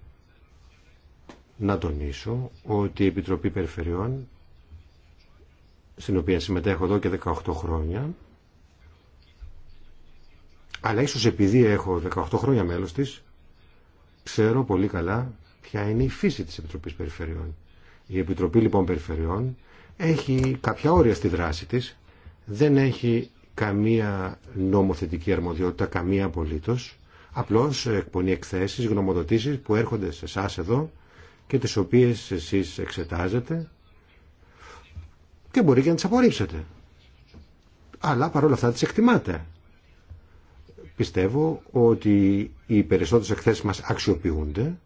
να τονίσω ότι η Επιτροπή Περιφερειών στην οποία συμμετέχω εδώ και 18 χρόνια αλλά ίσως επειδή έχω 18 χρόνια μέλος της ξέρω πολύ καλά ποια είναι η φύση της Επιτροπής Περιφερειών. Η Επιτροπή λοιπόν Περιφερειών έχει κάποια όρια στη δράση της, δεν έχει καμία νομοθετική αρμοδιότητα, καμία απολύτως, απλώς εκπονεί εκθέσεις, γνωμοδοτήσεις που έρχονται σε εσά εδώ και τις οποίες εσείς εξετάζετε και μπορεί και να τις απορρίψετε. Αλλά παρόλα αυτά τις εκτιμάτε. Πιστεύω ότι οι περισσότερες εκθέσεις μας αξιοποιούνται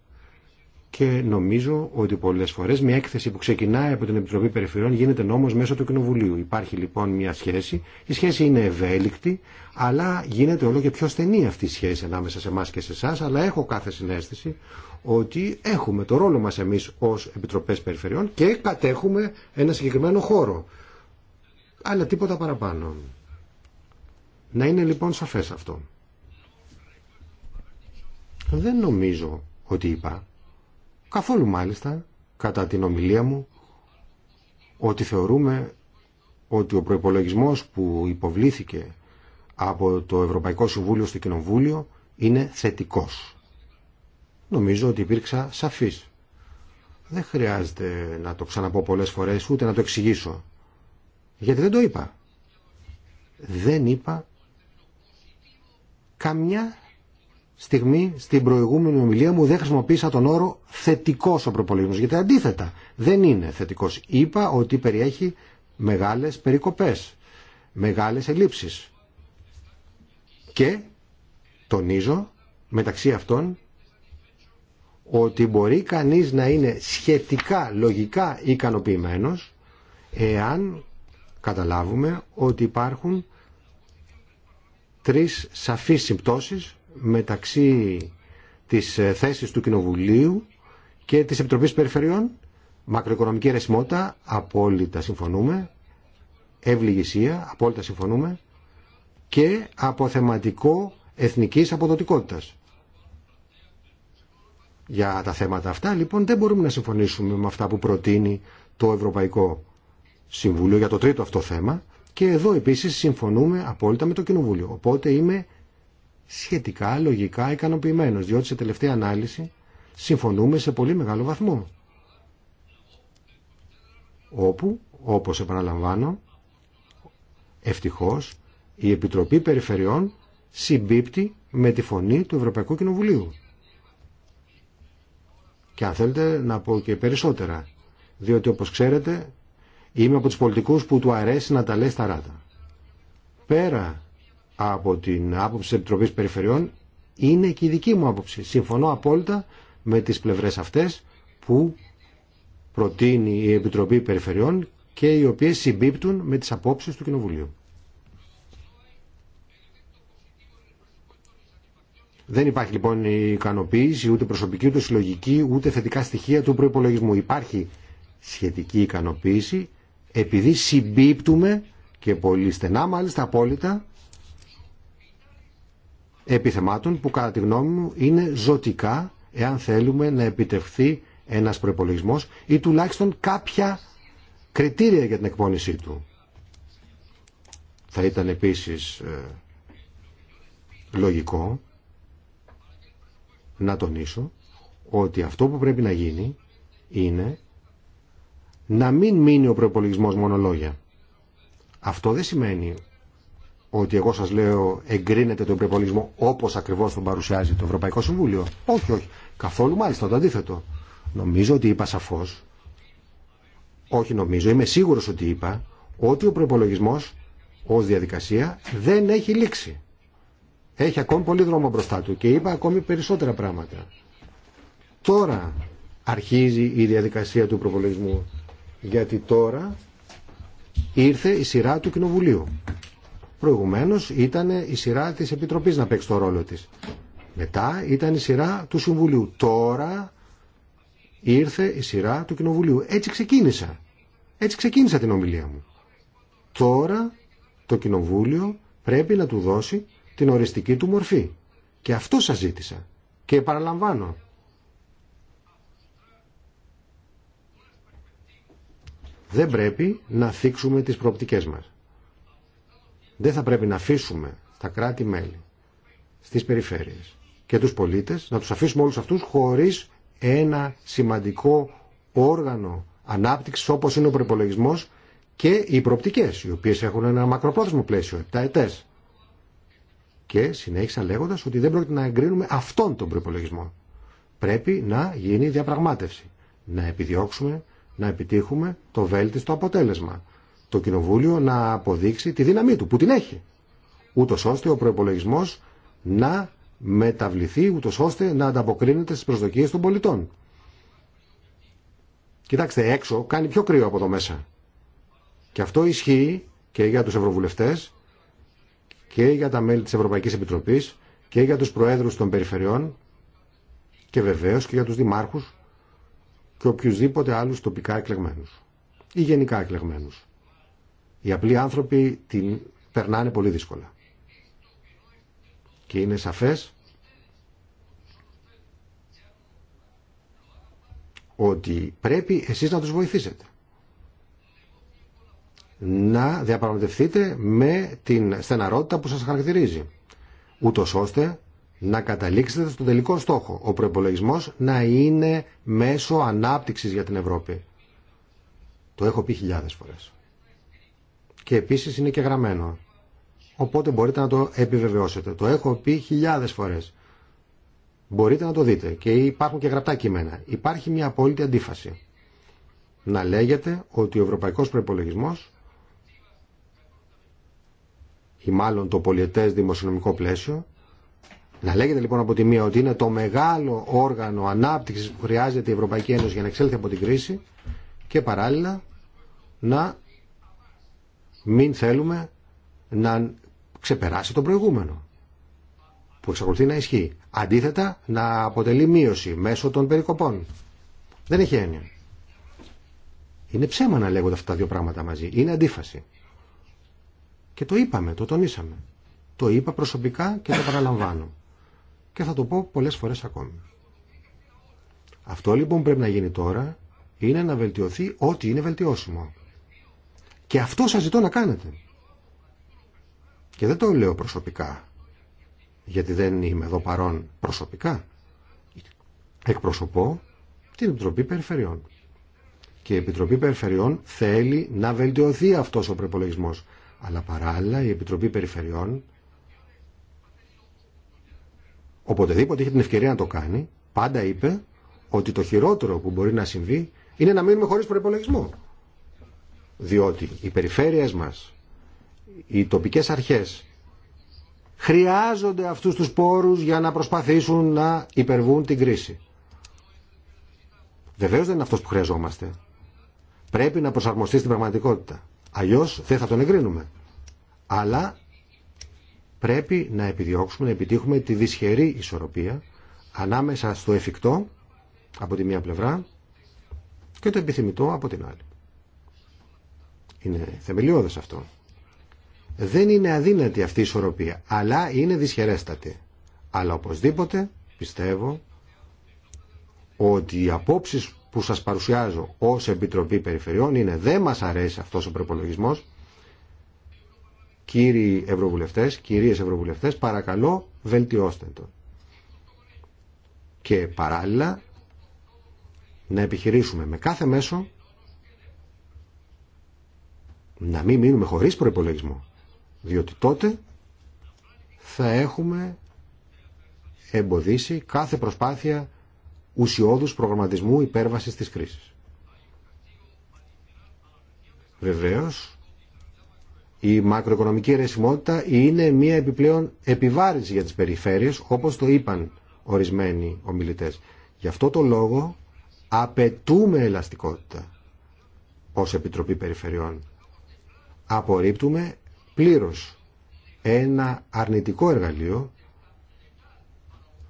και νομίζω ότι πολλές φορές μια έκθεση που ξεκινάει από την Επιτροπή Περιφερειών γίνεται νόμος μέσω του Κοινοβουλίου. Υπάρχει λοιπόν μια σχέση. Η σχέση είναι ευέλικτη, αλλά γίνεται όλο και πιο στενή αυτή η σχέση ανάμεσα σε εμά και σε εσά. Αλλά έχω κάθε συνέστηση ότι έχουμε το ρόλο μας εμείς ως Επιτροπές Περιφερειών και κατέχουμε ένα συγκεκριμένο χώρο. Αλλά τίποτα παραπάνω. Να είναι λοιπόν σαφές αυτό. Δεν νομίζω ότι είπα, καθόλου μάλιστα, κατά την ομιλία μου, ότι θεωρούμε ότι ο προϋπολογισμός που υποβλήθηκε από το Ευρωπαϊκό Συμβούλιο στο Κοινοβούλιο είναι θετικός. Νομίζω ότι υπήρξα σαφής. Δεν χρειάζεται να το ξαναπώ πολλές φορές, ούτε να το εξηγήσω. Γιατί δεν το είπα. Δεν είπα καμιά στιγμή στην προηγούμενη ομιλία μου δεν χρησιμοποίησα τον όρο θετικός ο προπολογισμός. Γιατί αντίθετα δεν είναι θετικός. Είπα ότι περιέχει μεγάλες περικοπές, μεγάλες ελλείψεις. Και τονίζω μεταξύ αυτών ότι μπορεί κανείς να είναι σχετικά λογικά ικανοποιημένος εάν καταλάβουμε ότι υπάρχουν τρεις σαφείς συμπτώσεις μεταξύ της ε, θέσης του Κοινοβουλίου και της Επιτροπής Περιφερειών μακροοικονομική ρεσιμότητα απόλυτα συμφωνούμε ευληγησία απόλυτα συμφωνούμε και αποθεματικό εθνικής αποδοτικότητας για τα θέματα αυτά. Λοιπόν, δεν μπορούμε να συμφωνήσουμε με αυτά που προτείνει το Ευρωπαϊκό Συμβούλιο για το τρίτο αυτό θέμα. Και εδώ επίσης συμφωνούμε απόλυτα με το Κοινοβούλιο. Οπότε είμαι σχετικά λογικά ικανοποιημένος, διότι σε τελευταία ανάλυση συμφωνούμε σε πολύ μεγάλο βαθμό. Όπου, όπως επαναλαμβάνω, ευτυχώς η Επιτροπή Περιφερειών συμπίπτει με τη φωνή του Ευρωπαϊκού Κοινοβουλίου. Και αν θέλετε να πω και περισσότερα. Διότι όπως ξέρετε είμαι από τους πολιτικούς που του αρέσει να τα λέει στα ράτα. Πέρα από την άποψη της Επιτροπής Περιφερειών είναι και η δική μου άποψη. Συμφωνώ απόλυτα με τις πλευρές αυτές που προτείνει η Επιτροπή Περιφερειών και οι οποίες συμπίπτουν με τις απόψεις του Κοινοβουλίου. Δεν υπάρχει λοιπόν η ικανοποίηση ούτε προσωπική ούτε συλλογική ούτε θετικά στοιχεία του προπολογισμού. Υπάρχει σχετική ικανοποίηση επειδή συμπίπτουμε και πολύ στενά μάλιστα απόλυτα επιθεμάτων που κατά τη γνώμη μου είναι ζωτικά εάν θέλουμε να επιτευχθεί ένας προπολογισμό ή τουλάχιστον κάποια κριτήρια για την εκπόνησή του. Θα ήταν επίσης ε, λογικό να τονίσω ότι αυτό που πρέπει να γίνει είναι να μην μείνει ο προπολογισμό μόνο λόγια. Αυτό δεν σημαίνει ότι εγώ σας λέω εγκρίνεται τον προπολογισμό όπως ακριβώς τον παρουσιάζει το Ευρωπαϊκό Συμβούλιο. Όχι, όχι. Καθόλου μάλιστα το αντίθετο. Νομίζω ότι είπα σαφώ. όχι νομίζω, είμαι σίγουρος ότι είπα, ότι ο προπολογισμό ως διαδικασία δεν έχει λήξει. Έχει ακόμη πολύ δρόμο μπροστά του και είπα ακόμη περισσότερα πράγματα. Τώρα αρχίζει η διαδικασία του προπολογισμού γιατί τώρα ήρθε η σειρά του Κοινοβουλίου. Προηγουμένως ήταν η σειρά της Επιτροπής να παίξει το ρόλο της. Μετά ήταν η σειρά του Συμβουλίου. Τώρα ήρθε η σειρά του Κοινοβουλίου. Έτσι ξεκίνησα. Έτσι ξεκίνησα την ομιλία μου. Τώρα το Κοινοβούλιο πρέπει να του δώσει την οριστική του μορφή. Και αυτό σας ζήτησα. Και παραλαμβάνω. Δεν πρέπει να θίξουμε τις προοπτικές μας. Δεν θα πρέπει να αφήσουμε τα κράτη-μέλη στις περιφέρειες και τους πολίτες, να τους αφήσουμε όλους αυτούς χωρίς ένα σημαντικό όργανο ανάπτυξης όπως είναι ο προπολογισμό και οι προοπτικές, οι οποίες έχουν ένα μακροπρόθεσμο πλαίσιο, 7 ετές και συνέχισα λέγοντα ότι δεν πρόκειται να εγκρίνουμε αυτόν τον προπολογισμό. Πρέπει να γίνει διαπραγμάτευση. Να επιδιώξουμε, να επιτύχουμε το βέλτιστο αποτέλεσμα. Το Κοινοβούλιο να αποδείξει τη δύναμή του που την έχει. Ούτω ώστε ο προπολογισμό να μεταβληθεί, ούτω ώστε να ανταποκρίνεται στι προσδοκίε των πολιτών. Κοιτάξτε, έξω κάνει πιο κρύο από εδώ μέσα. Και αυτό ισχύει και για του ευρωβουλευτές και για τα μέλη της Ευρωπαϊκής Επιτροπής και για τους προέδρους των περιφερειών και βεβαίως και για τους δημάρχους και οποιουσδήποτε άλλους τοπικά εκλεγμένους ή γενικά εκλεγμένους. Οι απλοί άνθρωποι την περνάνε πολύ δύσκολα. Και είναι σαφές ότι πρέπει εσείς να τους βοηθήσετε να διαπραγματευτείτε με την στεναρότητα που σας χαρακτηρίζει, ούτω ώστε να καταλήξετε στο τελικό στόχο, ο προπολογισμό να είναι μέσο ανάπτυξης για την Ευρώπη. Το έχω πει χιλιάδες φορές. Και επίσης είναι και γραμμένο. Οπότε μπορείτε να το επιβεβαιώσετε. Το έχω πει χιλιάδες φορές. Μπορείτε να το δείτε. Και υπάρχουν και γραπτά κείμενα. Υπάρχει μια απόλυτη αντίφαση. Να λέγεται ότι ο ευρωπαϊκός προπολογισμό ή μάλλον το πολιετές δημοσιονομικό πλαίσιο. Να λέγεται λοιπόν από τη μία ότι είναι το μεγάλο όργανο ανάπτυξης που χρειάζεται η Ευρωπαϊκή Ένωση για να εξέλθει από την κρίση και παράλληλα να μην θέλουμε να ξεπεράσει το προηγούμενο που εξακολουθεί να ισχύει. Αντίθετα να αποτελεί μείωση μέσω των περικοπών. Δεν έχει έννοια. Είναι ψέμα να λέγονται αυτά τα δύο πράγματα μαζί. Είναι αντίφαση. Και το είπαμε, το τονίσαμε. Το είπα προσωπικά και το παραλαμβάνω. Και θα το πω πολλές φορές ακόμη. Αυτό λοιπόν που πρέπει να γίνει τώρα είναι να βελτιωθεί ό,τι είναι βελτιώσιμο. Και αυτό σας ζητώ να κάνετε. Και δεν το λέω προσωπικά, γιατί δεν είμαι εδώ παρόν προσωπικά. Εκπροσωπώ την Επιτροπή Περιφερειών. Και η Επιτροπή Περιφερειών θέλει να βελτιωθεί αυτός ο προπολογισμό. Αλλά παράλληλα η Επιτροπή Περιφερειών οποτεδήποτε είχε την ευκαιρία να το κάνει, πάντα είπε ότι το χειρότερο που μπορεί να συμβεί είναι να μείνουμε χωρίς προϋπολογισμό. Διότι οι περιφέρειες μας, οι τοπικές αρχές χρειάζονται αυτούς τους πόρους για να προσπαθήσουν να υπερβούν την κρίση. Βεβαίως δεν είναι αυτός που χρειαζόμαστε. Πρέπει να προσαρμοστεί στην πραγματικότητα. Αλλιώ δεν θα τον εγκρίνουμε. Αλλά πρέπει να επιδιώξουμε, να επιτύχουμε τη δυσχερή ισορροπία ανάμεσα στο εφικτό από τη μία πλευρά και το επιθυμητό από την άλλη. Είναι θεμελιώδες αυτό. Δεν είναι αδύνατη αυτή η ισορροπία, αλλά είναι δυσχερέστατη. Αλλά οπωσδήποτε πιστεύω ότι οι απόψεις που σας παρουσιάζω ως Επιτροπή Περιφερειών είναι δεν μας αρέσει αυτός ο προπολογισμό. Κύριοι Ευρωβουλευτές, κυρίες Ευρωβουλευτές, παρακαλώ βελτιώστε το. Και παράλληλα να επιχειρήσουμε με κάθε μέσο να μην μείνουμε χωρίς προπολογισμό. Διότι τότε θα έχουμε εμποδίσει κάθε προσπάθεια ουσιώδους προγραμματισμού υπέρβασης της κρίσης. Βεβαίως, η μακροοικονομική ρεσιμότητα είναι μια επιπλέον επιβάρηση για τις περιφέρειες, όπως το είπαν ορισμένοι ομιλητές. Γι' αυτό το λόγο απαιτούμε ελαστικότητα ως Επιτροπή Περιφερειών. Απορρίπτουμε πλήρως ένα αρνητικό εργαλείο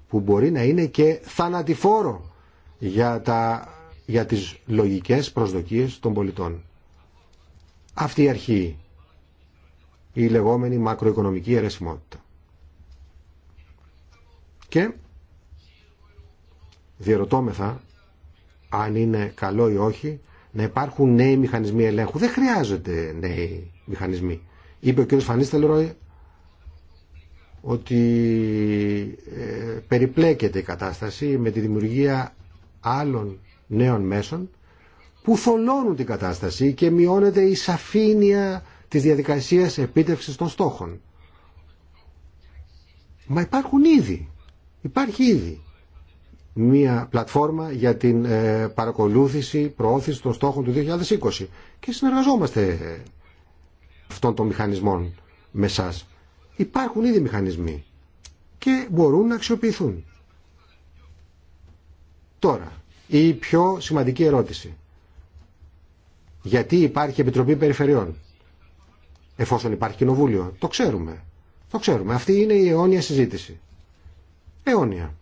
που μπορεί να είναι και θανατηφόρο για, τα, για τις λογικές προσδοκίες των πολιτών. Αυτή η αρχή, η λεγόμενη μακροοικονομική αιρεσιμότητα. Και διερωτώμεθα αν είναι καλό ή όχι να υπάρχουν νέοι μηχανισμοί ελέγχου. Δεν χρειάζονται νέοι μηχανισμοί. Είπε ο κ. Φανίσταλροι ότι ε, περιπλέκεται η κατάσταση με τη δημιουργία άλλων νέων μέσων που θολώνουν την κατάσταση και μειώνεται η σαφήνεια της διαδικασίας επίτευξης των στόχων. Μα υπάρχουν ήδη, υπάρχει ήδη μία πλατφόρμα για την ε, παρακολούθηση, προώθηση των στόχων του 2020 και συνεργαζόμαστε αυτών των μηχανισμών με σας. Υπάρχουν ήδη μηχανισμοί και μπορούν να αξιοποιηθούν. Τώρα, η πιο σημαντική ερώτηση. Γιατί υπάρχει Επιτροπή Περιφερειών, εφόσον υπάρχει Κοινοβούλιο. Το ξέρουμε. Το ξέρουμε. Αυτή είναι η αιώνια συζήτηση. Αιώνια.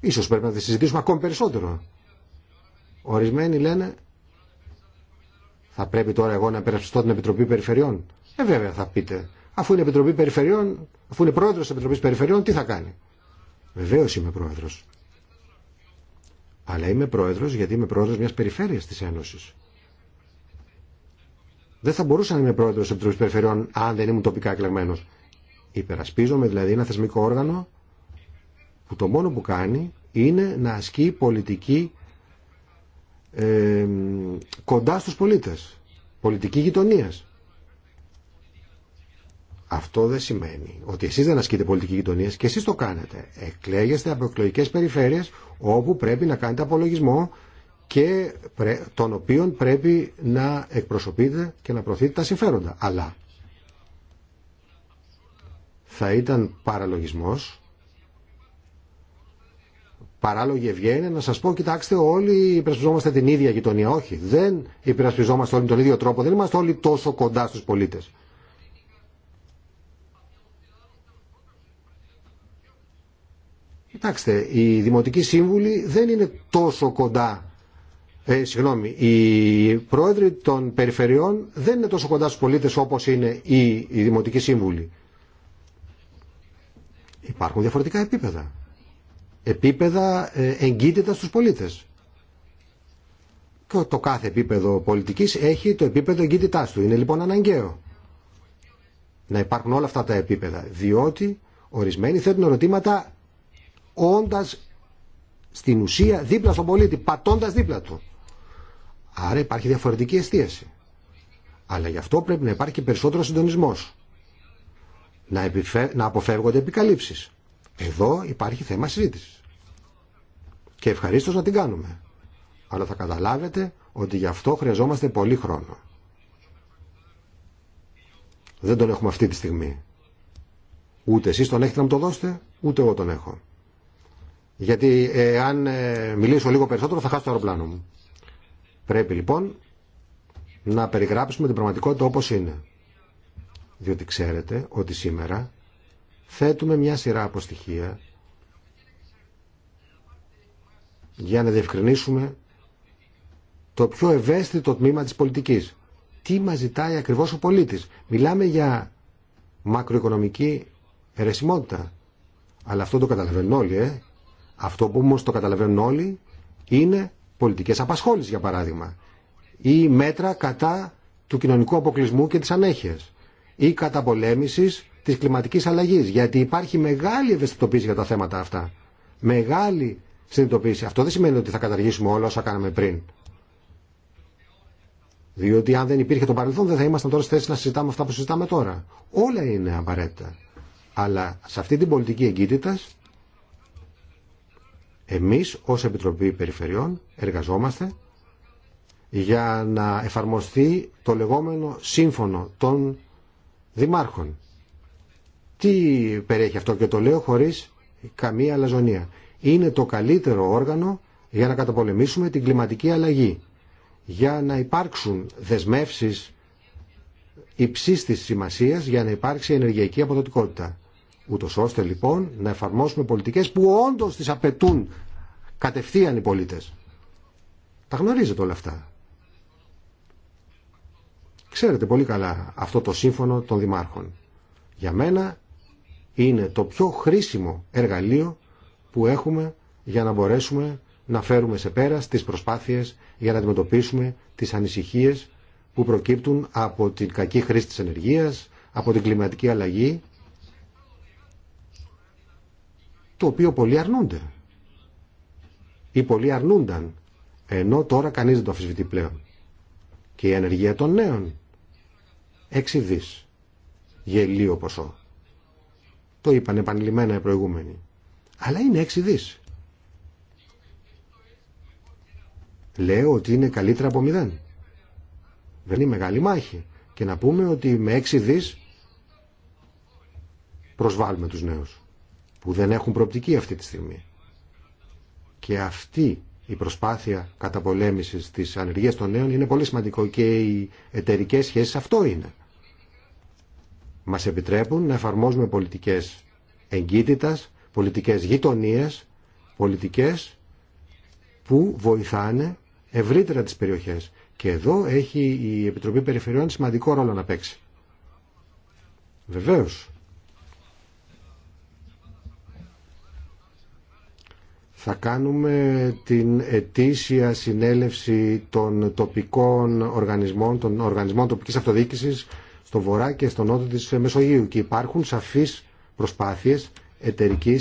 Ίσως πρέπει να τη συζητήσουμε ακόμη περισσότερο. Ορισμένοι λένε θα πρέπει τώρα εγώ να υπερασπιστώ την Επιτροπή Περιφερειών. Ε, βέβαια θα πείτε. Αφού είναι, Επιτροπή Περιφερειών, αφού είναι πρόεδρος της Επιτροπής Περιφερειών, τι θα κάνει. Βεβαίω είμαι πρόεδρος. Αλλά είμαι πρόεδρος γιατί είμαι πρόεδρος μιας περιφέρειας της Ένωσης. Δεν θα μπορούσα να είμαι πρόεδρος της Επιτροπής Περιφερειών αν δεν ήμουν τοπικά εκλεγμένος. Υπερασπίζομαι δηλαδή ένα θεσμικό όργανο που το μόνο που κάνει είναι να ασκεί πολιτική ε, κοντά στους πολίτες. Πολιτική γειτονίας. Αυτό δεν σημαίνει ότι εσεί δεν ασκείτε πολιτική γειτονία και εσεί το κάνετε. Εκλέγεστε από εκλογικέ περιφέρειες όπου πρέπει να κάνετε απολογισμό και των οποίων πρέπει να εκπροσωπείτε και να προωθείτε τα συμφέροντα. Αλλά θα ήταν παραλογισμός παράλογη ευγένεια να σα πω, κοιτάξτε, όλοι υπερασπιζόμαστε την ίδια γειτονία. Όχι, δεν υπερασπιζόμαστε όλοι τον ίδιο τρόπο, δεν είμαστε όλοι τόσο κοντά στου πολίτε. Κοιτάξτε, οι δημοτικοί σύμβουλοι δεν είναι τόσο κοντά. Ε, συγγνώμη, οι πρόεδροι των περιφερειών δεν είναι τόσο κοντά στους πολίτες όπως είναι οι, οι δημοτικοί σύμβουλοι. Υπάρχουν διαφορετικά επίπεδα. Επίπεδα ε, εγκύτητα στους πολίτες. Και το κάθε επίπεδο πολιτικής έχει το επίπεδο εγκύτητάς του. Είναι λοιπόν αναγκαίο να υπάρχουν όλα αυτά τα επίπεδα. Διότι ορισμένοι θέτουν ερωτήματα όντας στην ουσία δίπλα στον πολίτη, πατώντας δίπλα του. Άρα υπάρχει διαφορετική εστίαση. Αλλά γι' αυτό πρέπει να υπάρχει και περισσότερο συντονισμός. Να, αποφεύγονται επικαλύψεις. Εδώ υπάρχει θέμα συζήτηση. Και ευχαριστώ να την κάνουμε. Αλλά θα καταλάβετε ότι γι' αυτό χρειαζόμαστε πολύ χρόνο. Δεν τον έχουμε αυτή τη στιγμή. Ούτε εσείς τον έχετε να μου το δώσετε, ούτε εγώ τον έχω. Γιατί ε, αν ε, μιλήσω λίγο περισσότερο θα χάσω το αεροπλάνο μου. Πρέπει λοιπόν να περιγράψουμε την πραγματικότητα όπως είναι. Διότι ξέρετε ότι σήμερα θέτουμε μια σειρά από για να διευκρινίσουμε το πιο ευαίσθητο τμήμα της πολιτικής. Τι μας ζητάει ακριβώς ο πολίτης. Μιλάμε για μακροοικονομική ερεσιμότητα. Αλλά αυτό το καταλαβαίνουν όλοι, ε. Αυτό που όμω το καταλαβαίνουν όλοι είναι πολιτικές απασχόλησης για παράδειγμα ή μέτρα κατά του κοινωνικού αποκλεισμού και της ανέχειας ή κατά πολέμηση της κλιματικής αλλαγής γιατί υπάρχει μεγάλη ευαισθητοποίηση για τα θέματα αυτά μεγάλη συνειδητοποίηση αυτό δεν σημαίνει ότι θα καταργήσουμε όλα όσα κάναμε πριν διότι αν δεν υπήρχε το παρελθόν δεν θα ήμασταν τώρα στη θέση να συζητάμε αυτά που συζητάμε τώρα όλα είναι απαραίτητα αλλά σε αυτή την πολιτική εγκύτητας εμείς ως Επιτροπή Περιφερειών εργαζόμαστε για να εφαρμοστεί το λεγόμενο σύμφωνο των δημάρχων. Τι περιέχει αυτό και το λέω χωρίς καμία αλαζονία. Είναι το καλύτερο όργανο για να καταπολεμήσουμε την κλιματική αλλαγή. Για να υπάρξουν δεσμεύσεις υψίστης σημασίας για να υπάρξει ενεργειακή αποδοτικότητα. Ούτω ώστε λοιπόν να εφαρμόσουμε πολιτικές που όντω τις απαιτούν κατευθείαν οι πολίτες. Τα γνωρίζετε όλα αυτά. Ξέρετε πολύ καλά αυτό το σύμφωνο των δημάρχων. Για μένα είναι το πιο χρήσιμο εργαλείο που έχουμε για να μπορέσουμε να φέρουμε σε πέρα τις προσπάθειες για να αντιμετωπίσουμε τις ανησυχίες που προκύπτουν από την κακή χρήση της ενεργείας, από την κλιματική αλλαγή το οποίο πολλοί αρνούνται ή πολλοί αρνούνταν ενώ τώρα κανείς δεν το αφισβητεί πλέον και η ενεργεία των νέων 6 δις γελίο ποσό το είπαν επανειλημμένα οι προηγούμενοι αλλά είναι 6 δις λέω ότι είναι καλύτερα από 0 δεν είναι μεγάλη μάχη και να πούμε ότι με 6 δις προσβάλλουμε τους νέους που δεν έχουν προοπτική αυτή τη στιγμή. Και αυτή η προσπάθεια καταπολέμησης της ανεργίας των νέων είναι πολύ σημαντικό και οι εταιρικέ σχέσεις αυτό είναι. Μας επιτρέπουν να εφαρμόζουμε πολιτικές εγκύτητας, πολιτικές γειτονίες, πολιτικές που βοηθάνε ευρύτερα τις περιοχές. Και εδώ έχει η Επιτροπή Περιφερειών σημαντικό ρόλο να παίξει. Βεβαίως, θα κάνουμε την ετήσια συνέλευση των τοπικών οργανισμών, των οργανισμών τοπικής αυτοδιοίκησης στο βορρά και στο νότο της Μεσογείου και υπάρχουν σαφείς προσπάθειες εταιρική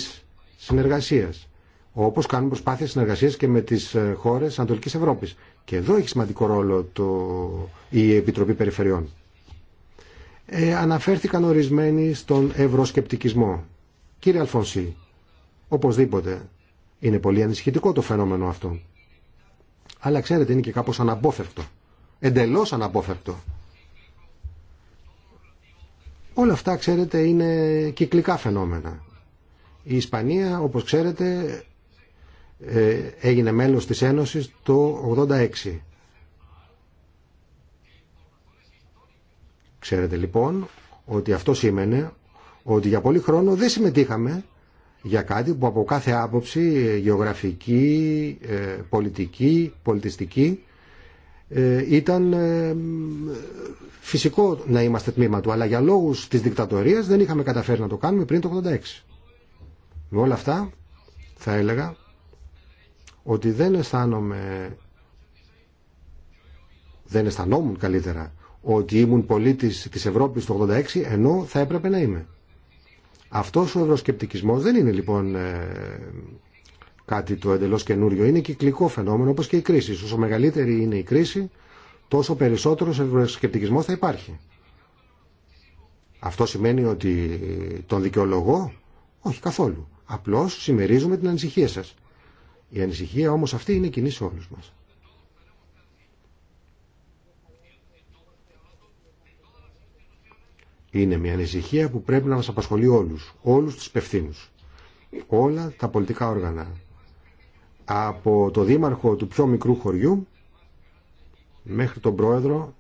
συνεργασίας όπως κάνουν προσπάθειες συνεργασίας και με τις ε, χώρες Ανατολικής Ευρώπης. Και εδώ έχει σημαντικό ρόλο το... η Επιτροπή Περιφερειών. Ε, αναφέρθηκαν ορισμένοι στον ευρωσκεπτικισμό. Κύριε Αλφονσί, οπωσδήποτε είναι πολύ ανησυχητικό το φαινόμενο αυτό. Αλλά ξέρετε είναι και κάπως αναπόφευκτο. Εντελώς αναπόφευκτο. Όλα αυτά ξέρετε είναι κυκλικά φαινόμενα. Η Ισπανία όπως ξέρετε ε, έγινε μέλος της Ένωσης το 86. Ξέρετε λοιπόν ότι αυτό σήμαινε ότι για πολύ χρόνο δεν συμμετείχαμε για κάτι που από κάθε άποψη γεωγραφική, ε, πολιτική, πολιτιστική ε, ήταν ε, φυσικό να είμαστε τμήμα του αλλά για λόγους της δικτατορίας δεν είχαμε καταφέρει να το κάνουμε πριν το 86. Με όλα αυτά θα έλεγα ότι δεν αισθάνομαι δεν αισθανόμουν καλύτερα ότι ήμουν πολίτης της Ευρώπης το 86 ενώ θα έπρεπε να είμαι. Αυτός ο ευρωσκεπτικισμός δεν είναι λοιπόν ε, κάτι το εντελώς καινούριο. Είναι κυκλικό φαινόμενο όπως και η κρίση. Όσο μεγαλύτερη είναι η κρίση, τόσο περισσότερος ευρωσκεπτικισμός θα υπάρχει. Αυτό σημαίνει ότι τον δικαιολογώ. Όχι καθόλου. Απλώς συμμερίζουμε την ανησυχία σας. Η ανησυχία όμως αυτή είναι κοινή σε όλους μας. Είναι μια ανησυχία που πρέπει να μας απασχολεί όλους, όλους τους υπευθύνου. Όλα τα πολιτικά όργανα. Από το δήμαρχο του πιο μικρού χωριού μέχρι τον πρόεδρο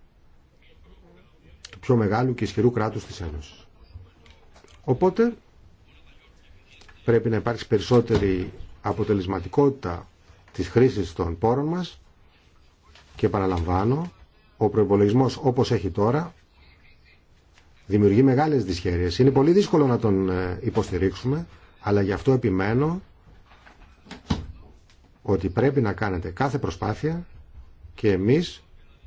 του πιο μεγάλου και ισχυρού κράτους της Ένωσης. Οπότε πρέπει να υπάρξει περισσότερη αποτελεσματικότητα της χρήσης των πόρων μας και παραλαμβάνω ο προϋπολογισμός όπως έχει τώρα δημιουργεί μεγάλες δυσχέρειες. Είναι πολύ δύσκολο να τον ε, υποστηρίξουμε, αλλά γι' αυτό επιμένω ότι πρέπει να κάνετε κάθε προσπάθεια και εμείς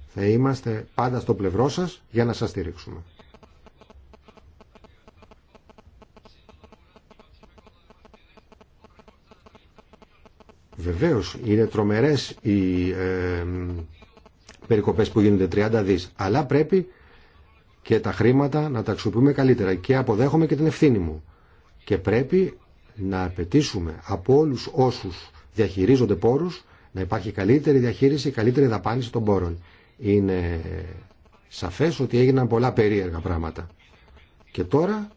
θα είμαστε πάντα στο πλευρό σας για να σας στηρίξουμε. Βεβαίως είναι τρομερές οι ε, περικοπές που γίνονται 30 δις, αλλά πρέπει και τα χρήματα να τα αξιοποιούμε καλύτερα και αποδέχομαι και την ευθύνη μου. Και πρέπει να απαιτήσουμε από όλους όσους διαχειρίζονται πόρους να υπάρχει καλύτερη διαχείριση, καλύτερη δαπάνηση των πόρων. Είναι σαφές ότι έγιναν πολλά περίεργα πράγματα. Και τώρα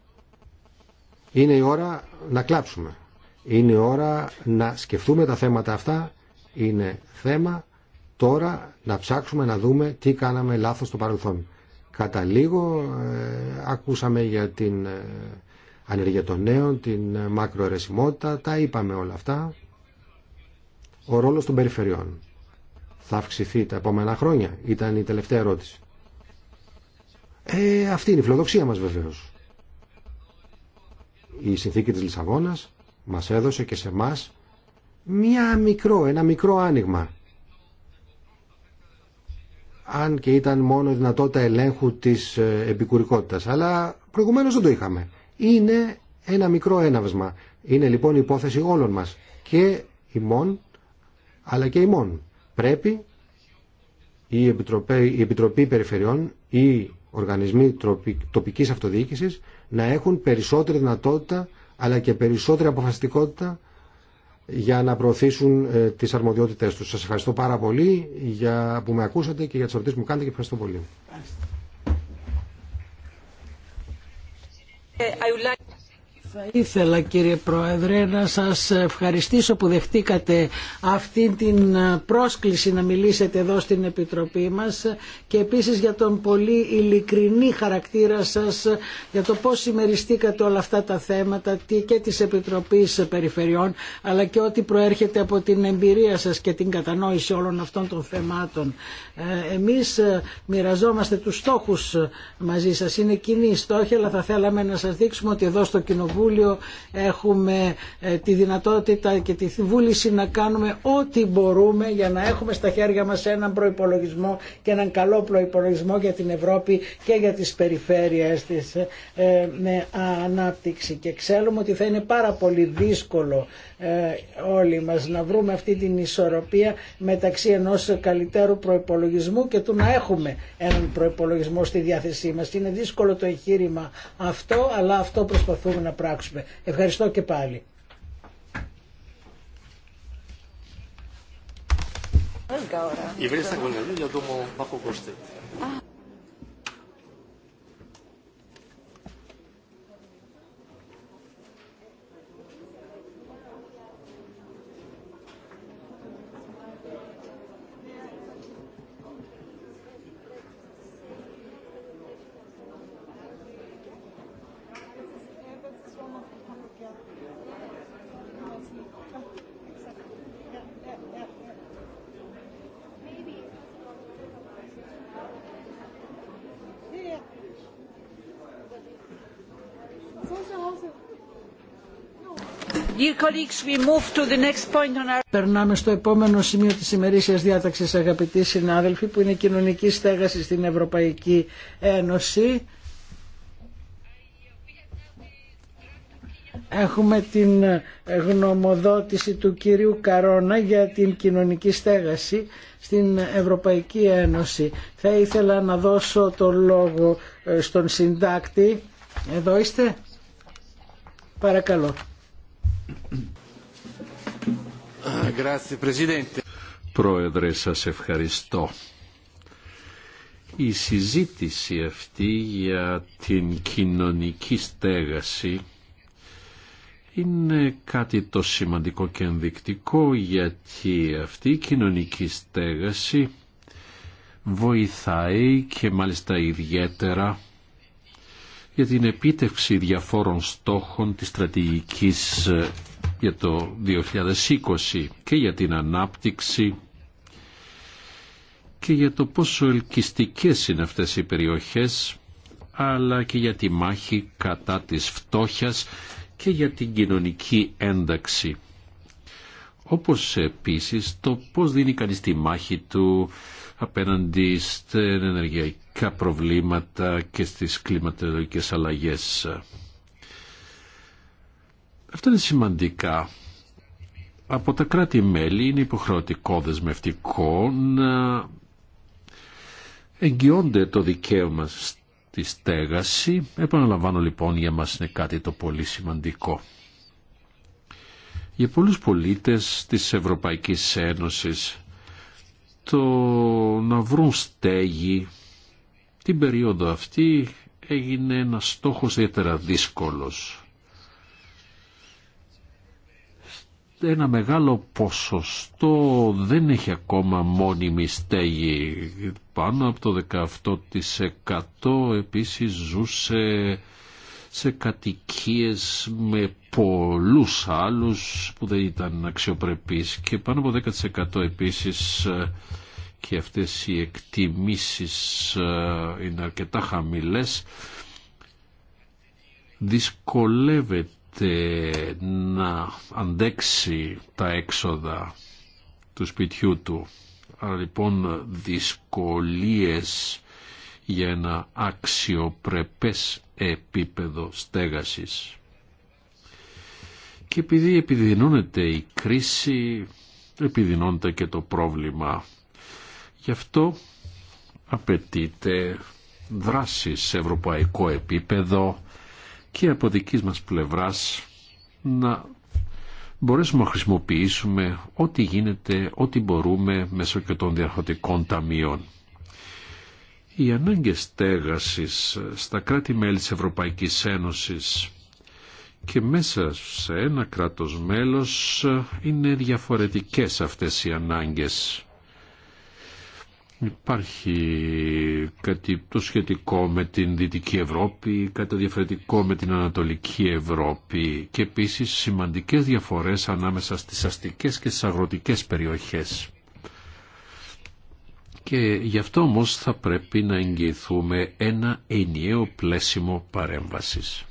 είναι η ώρα να κλάψουμε. Είναι η ώρα να σκεφτούμε τα θέματα αυτά. Είναι θέμα τώρα να ψάξουμε να δούμε τι κάναμε λάθος στο παρελθόν. Κατά λίγο ε, ακούσαμε για την ε, ανεργία των νέων, την ε, μακροαιρεσιμότητα, τα είπαμε όλα αυτά. Ο ρόλος των περιφερειών θα αυξηθεί τα επόμενα χρόνια, ήταν η τελευταία ερώτηση. Ε, αυτή είναι η φιλοδοξία μας βεβαίως. Η συνθήκη της Λισαβόνας μας έδωσε και σε μας μια μικρό, ένα μικρό άνοιγμα αν και ήταν μόνο η δυνατότητα ελέγχου της ε, επικουρικότητας. Αλλά προηγουμένως δεν το είχαμε. Είναι ένα μικρό έναυσμα. Είναι λοιπόν υπόθεση όλων μας. Και ημών, αλλά και ημών. Πρέπει η Επιτροπή, η Επιτροπή Περιφερειών ή οργανισμοί τοπικής αυτοδιοίκησης να έχουν περισσότερη δυνατότητα αλλά και περισσότερη αποφασιστικότητα για να προωθήσουν ε, τις αρμοδιότητές τους. Σας ευχαριστώ πάρα πολύ για που με ακούσατε και για τις ερωτήσεις που μου κάνετε και ευχαριστώ πολύ. Ε, θα ήθελα κύριε Πρόεδρε να σας ευχαριστήσω που δεχτήκατε αυτή την πρόσκληση να μιλήσετε εδώ στην Επιτροπή μας και επίσης για τον πολύ ειλικρινή χαρακτήρα σας για το πώς συμμεριστήκατε όλα αυτά τα θέματα και της Επιτροπής Περιφερειών αλλά και ό,τι προέρχεται από την εμπειρία σας και την κατανόηση όλων αυτών των θεμάτων. Ε, εμείς μοιραζόμαστε τους στόχους μαζί σας. Είναι κοινή στόχη αλλά θα θέλαμε να σας δείξουμε ότι εδώ στο Κοινοβούλιο έχουμε ε, τη δυνατότητα και τη βούληση να κάνουμε ό,τι μπορούμε για να έχουμε στα χέρια μας έναν προϋπολογισμό και έναν καλό προϋπολογισμό για την Ευρώπη και για τις περιφέρειες της ε, με ανάπτυξη. Και ξέρουμε ότι θα είναι πάρα πολύ δύσκολο ε, όλοι μας να βρούμε αυτή την ισορροπία μεταξύ ενός καλύτερου προϋπολογισμού και του να έχουμε έναν προϋπολογισμό στη διάθεσή μας. Είναι δύσκολο το εγχείρημα αυτό, αλλά αυτό προσπαθούμε να πράξουμε πράξουμε. Ευχαριστώ και πάλι. Είμαι Περνάμε στο επόμενο σημείο της ημερήσιας διάταξης αγαπητοί συνάδελφοι που είναι η κοινωνική στέγαση στην Ευρωπαϊκή Ένωση. Έχουμε την ε, γνωμοδότηση του κυρίου Καρόνα για την κοινωνική στέγαση στην Ευρωπαϊκή Ένωση. Θα ήθελα να δώσω το λόγο ε, στον συντάκτη. Εδώ είστε. Παρακαλώ. Πρόεδρε, σας ευχαριστώ. Η συζήτηση αυτή για την κοινωνική στέγαση είναι κάτι το σημαντικό και ενδεικτικό γιατί αυτή η κοινωνική στέγαση βοηθάει και μάλιστα ιδιαίτερα για την επίτευξη διαφόρων στόχων της στρατηγικής ε, για το 2020 και για την ανάπτυξη και για το πόσο ελκυστικές είναι αυτές οι περιοχές αλλά και για τη μάχη κατά της φτώχειας και για την κοινωνική ένταξη. Όπως επίσης το πώς δίνει κανείς τη μάχη του απέναντι στα ενεργειακά προβλήματα και στις κλιματολογικές αλλαγές. Αυτά είναι σημαντικά. Από τα κράτη-μέλη είναι υποχρεωτικό δεσμευτικό να εγγυώνται το δικαίωμα στη στέγαση. Επαναλαμβάνω λοιπόν για μας είναι κάτι το πολύ σημαντικό. Για πολλούς πολίτες της Ευρωπαϊκής Ένωσης το να βρουν στέγη. Την περίοδο αυτή έγινε ένα στόχος ιδιαίτερα δύσκολος. Ένα μεγάλο ποσοστό δεν έχει ακόμα μόνιμη στέγη. Πάνω από το 18% επίσης ζούσε σε κατοικίες με πολλούς άλλους που δεν ήταν αξιοπρεπείς και πάνω από 10% επίσης ε, και αυτές οι εκτιμήσεις ε, είναι αρκετά χαμηλές δυσκολεύεται να αντέξει τα έξοδα του σπιτιού του. Άρα λοιπόν δυσκολίες για ένα αξιοπρεπές επίπεδο στέγασης. Και επειδή επιδεινώνεται η κρίση, επιδεινώνεται και το πρόβλημα. Γι' αυτό απαιτείται δράση σε ευρωπαϊκό επίπεδο και από δικής μας πλευράς να μπορέσουμε να χρησιμοποιήσουμε ό,τι γίνεται, ό,τι μπορούμε μέσω και των διαρχοτικών ταμείων. Οι ανάγκες στέγασης στα κράτη-μέλη της Ευρωπαϊκής Ένωσης και μέσα σε ένα κράτος μέλος είναι διαφορετικές αυτές οι ανάγκες. Υπάρχει κάτι το σχετικό με την Δυτική Ευρώπη, κάτι διαφορετικό με την Ανατολική Ευρώπη και επίσης σημαντικές διαφορές ανάμεσα στις αστικές και στις αγροτικές περιοχές και γι' αυτό όμως θα πρέπει να εγγυηθούμε ένα ενιαίο πλαίσιμο παρέμβασης.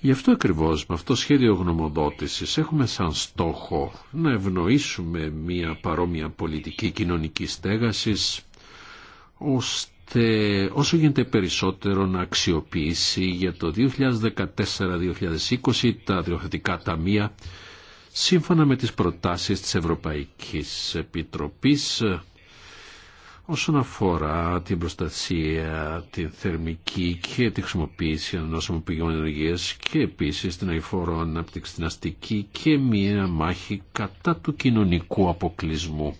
Γι' αυτό ακριβώς με αυτό το σχέδιο γνωμοδότησης έχουμε σαν στόχο να ευνοήσουμε μια παρόμοια πολιτική κοινωνική στέγασης ώστε όσο γίνεται περισσότερο να αξιοποιήσει για το 2014-2020 τα διοχετικά ταμεία σύμφωνα με τις προτάσεις της Ευρωπαϊκής Επιτροπής όσον αφορά την προστασία, την θερμική και τη χρησιμοποίηση ενός πηγών ενεργείας και επίσης την αηφόρο ανάπτυξη στην αστική και μία μάχη κατά του κοινωνικού αποκλεισμού.